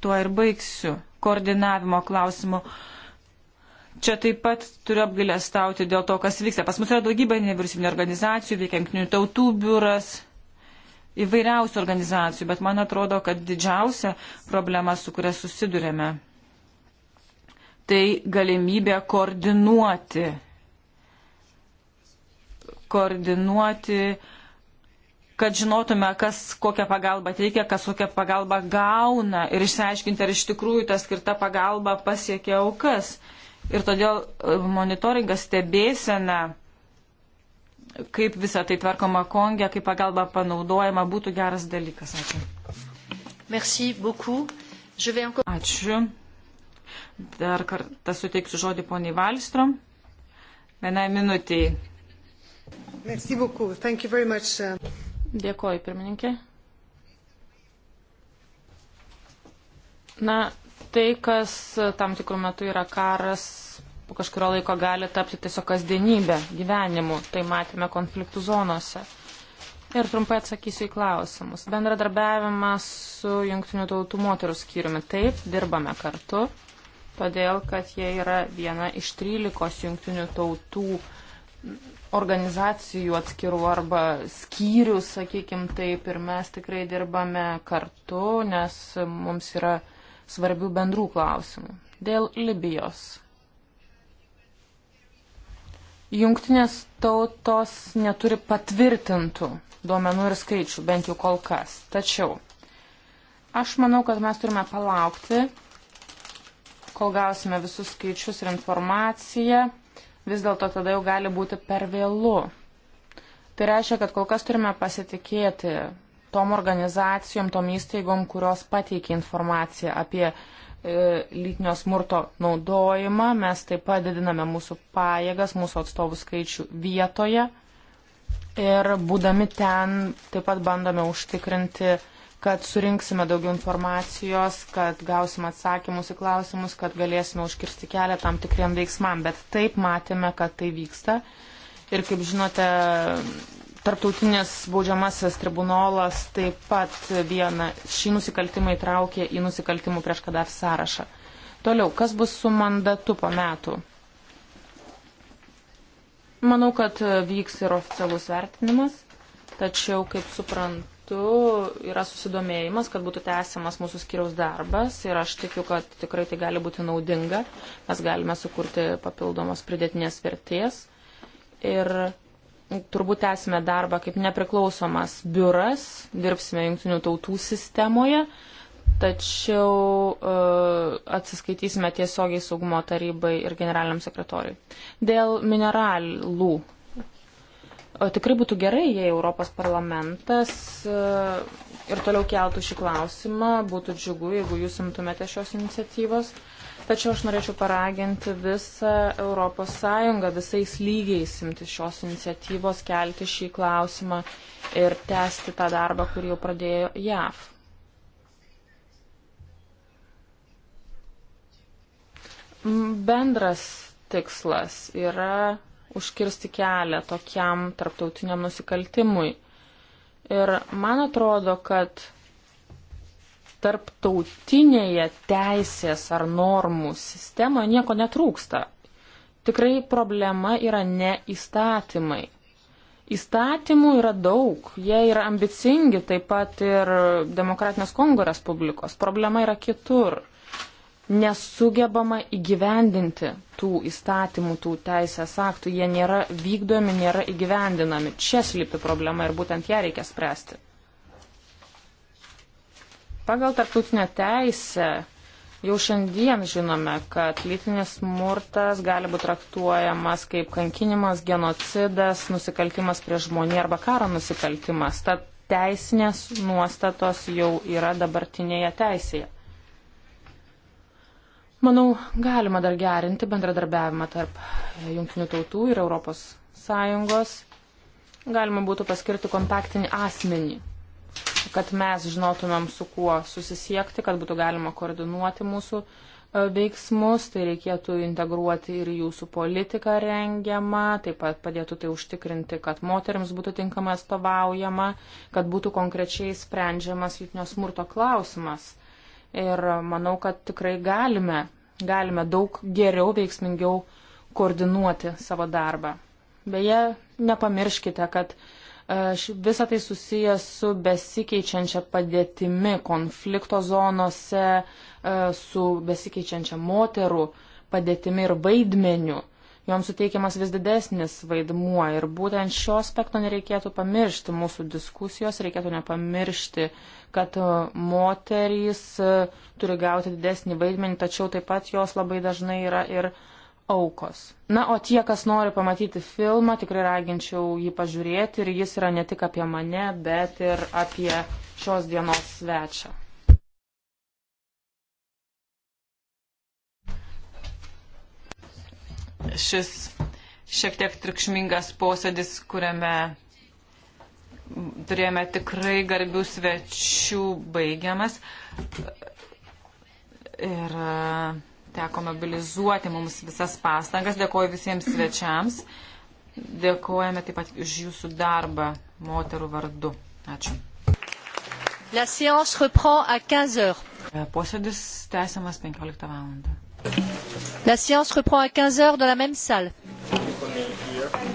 Tuo ir baigsiu. Koordinavimo klausimu. Čia taip pat turiu apgailę stauti dėl to, kas vyksta. Pas mus yra daugybė nevyriausybinio organizacijų, veikia jungtinių tautų biuras, įvairiausių organizacijų, bet man atrodo, kad didžiausia problema, su kuria susidurėme, tai galimybė koordinuoti. Koordinuoti, kad žinotume, kas kokią pagalbą teikia, kas kokią pagalbą gauna ir išsiaiškinti, ar iš tikrųjų ta skirta pagalba pasiekia aukas. Ir todėl e, monitoringas stebėsena kaip visą tai tvarkoma Kongė, kaip pagalba panaudojama, būtų geras dalykas. Ačiū. Merci beaucoup. Je vais encore... Ačiū. Dar kartą suteiksiu žodį poniai Valstrom. Vienai minutiai. Merci beaucoup. Thank you very much. Dėkoju, pirmininkė. Na, tai, kas tam tikrų metų yra karas po kažkurio laiko gali tapti tiesiog kasdienybė, gyvenimu. Tai matėme konfliktų zonose. Ir trumpai atsakysiu į klausimus. Bendradarbiavimas su Junktinių tautų moterų skyriumi. Taip, dirbame kartu, todėl kad jie yra viena iš 13 Junktinių tautų organizacijų atskirų arba skyrių, sakykim taip, ir mes tikrai dirbame kartu, nes mums yra svarbių bendrų klausimų. Dėl Libijos jungtinės tautos neturi patvirtintų duomenų ir skaičių, bent jau kol kas. Tačiau aš manau, kad mes turime palaukti, kol gausime visus skaičius ir informaciją, vis dėlto tada jau gali būti per vėlu. Tai reiškia, kad kol kas turime pasitikėti tom organizacijom, tom įstaigom, kurios pateikia informaciją apie E, lytinio smurto naudojimą, mes taip pat didiname mūsų pajėgas, mūsų atstovų skaičių vietoje ir būdami ten taip pat bandome užtikrinti, kad surinksime daugiau informacijos, kad gausim atsakymus į klausimus, kad galėsime užkirsti kelią tam tikriem veiksmam, bet taip matėme, kad tai vyksta. Ir kaip žinote, Tarptautinis baudžiamasis tribunolas taip pat vieną šį nusikaltimą įtraukė į nusikaltimų prieš Kadaf sąrašą. Toliau, kas bus su mandatu po metų? Manau, kad vyks ir oficialus vertinimas, tačiau, kaip suprantu, yra susidomėjimas, kad būtų tęsiamas mūsų skiriaus darbas ir aš tikiu, kad tikrai tai gali būti naudinga. Mes galime sukurti papildomos pridėtinės vertės ir turbūt esame darbą kaip nepriklausomas biuras, dirbsime jungtinių tautų sistemoje, tačiau uh, atsiskaitysime tiesiogiai saugumo tarybai ir generaliniam sekretoriui. Dėl mineralų. O tikrai būtų gerai, jei Europos parlamentas uh, ir toliau keltų šį klausimą, būtų džiugu, jeigu jūs imtumėte šios iniciatyvos. Uh, Tačiau aš norėčiau paraginti visą ES visais lygiais imti šios iniciatyvos, kelti šį klausimą ir tęsti tą darbą, kurį jau pradėjo JAV. Bendras tikslas yra užkirsti kelią tokiam tarptautiniam nusikaltimui. Ir man atrodo, kad tarptautinėje teisės ar normų sistemoje nieko netrūksta. Tikrai problema yra ne įstatymai. Įstatymų yra daug, jie yra ambicingi, taip pat ir Demokratinės Kongo Respublikos. Problema yra kitur. Nesugebama įgyvendinti tų įstatymų, tų teisės aktų, jie nėra vykdomi, nėra įgyvendinami. Čia slypi problema ir būtent ją reikia spręsti. Pagal tarptautinę teisę jau šiandien žinome, kad lytinis smurtas gali būti traktuojamas kaip kankinimas, genocidas, nusikaltimas prie žmonių arba karo nusikaltimas. Tad teisinės nuostatos jau yra dabartinėje teisėje. Manau, galima dar gerinti bendradarbiavimą tarp Junktinių tautų ir Europos Sąjungos. Galima būtų paskirti kontaktinį asmenį kad mes žinotumėm, su kuo susisiekti, kad būtų galima koordinuoti mūsų e, veiksmus, tai reikėtų integruoti ir jūsų politiką rengiamą, taip pat padėtų tai užtikrinti, kad moteriams būtų tinkamai atstovaujama, kad būtų konkrečiai sprendžiamas lytinio smurto klausimas. Ir manau, kad tikrai galime, galime daug geriau, veiksmingiau koordinuoti savo darbą. Beje, nepamirškite, kad E, Visą tai susijęs su besikeičiančia padėtimi konflikto zonose, e, su besikeičiančia moterų padėtimi ir vaidmeniu. Joms suteikiamas vis didesnis vaidmuo ir būtent šio aspekto nereikėtų pamiršti mūsų diskusijos, reikėtų nepamiršti, kad e, moterys turi gauti didesnį vaidmenį, tačiau taip pat jos labai dažnai yra ir uh, aukos. Na, o tie, kas nori pamatyti filmą, tikrai raginčiau jį pažiūrėti ir jis yra ne tik apie mane, bet ir apie šios dienos svečią. Šis šiek tiek trikšmingas posėdis, kuriame turėjome tikrai garbių svečių baigiamas. Ir uh, teko mobilizuoti mums visas pastangas. Dėkoju visiems svečiams. Dėkojame taip pat už jūsų darbą moterų vardu. Ačiū. La séance reprend à 15 heures. E, posėdis tęsiamas 15 val. La séance reprend à 15 heures dans la même salle.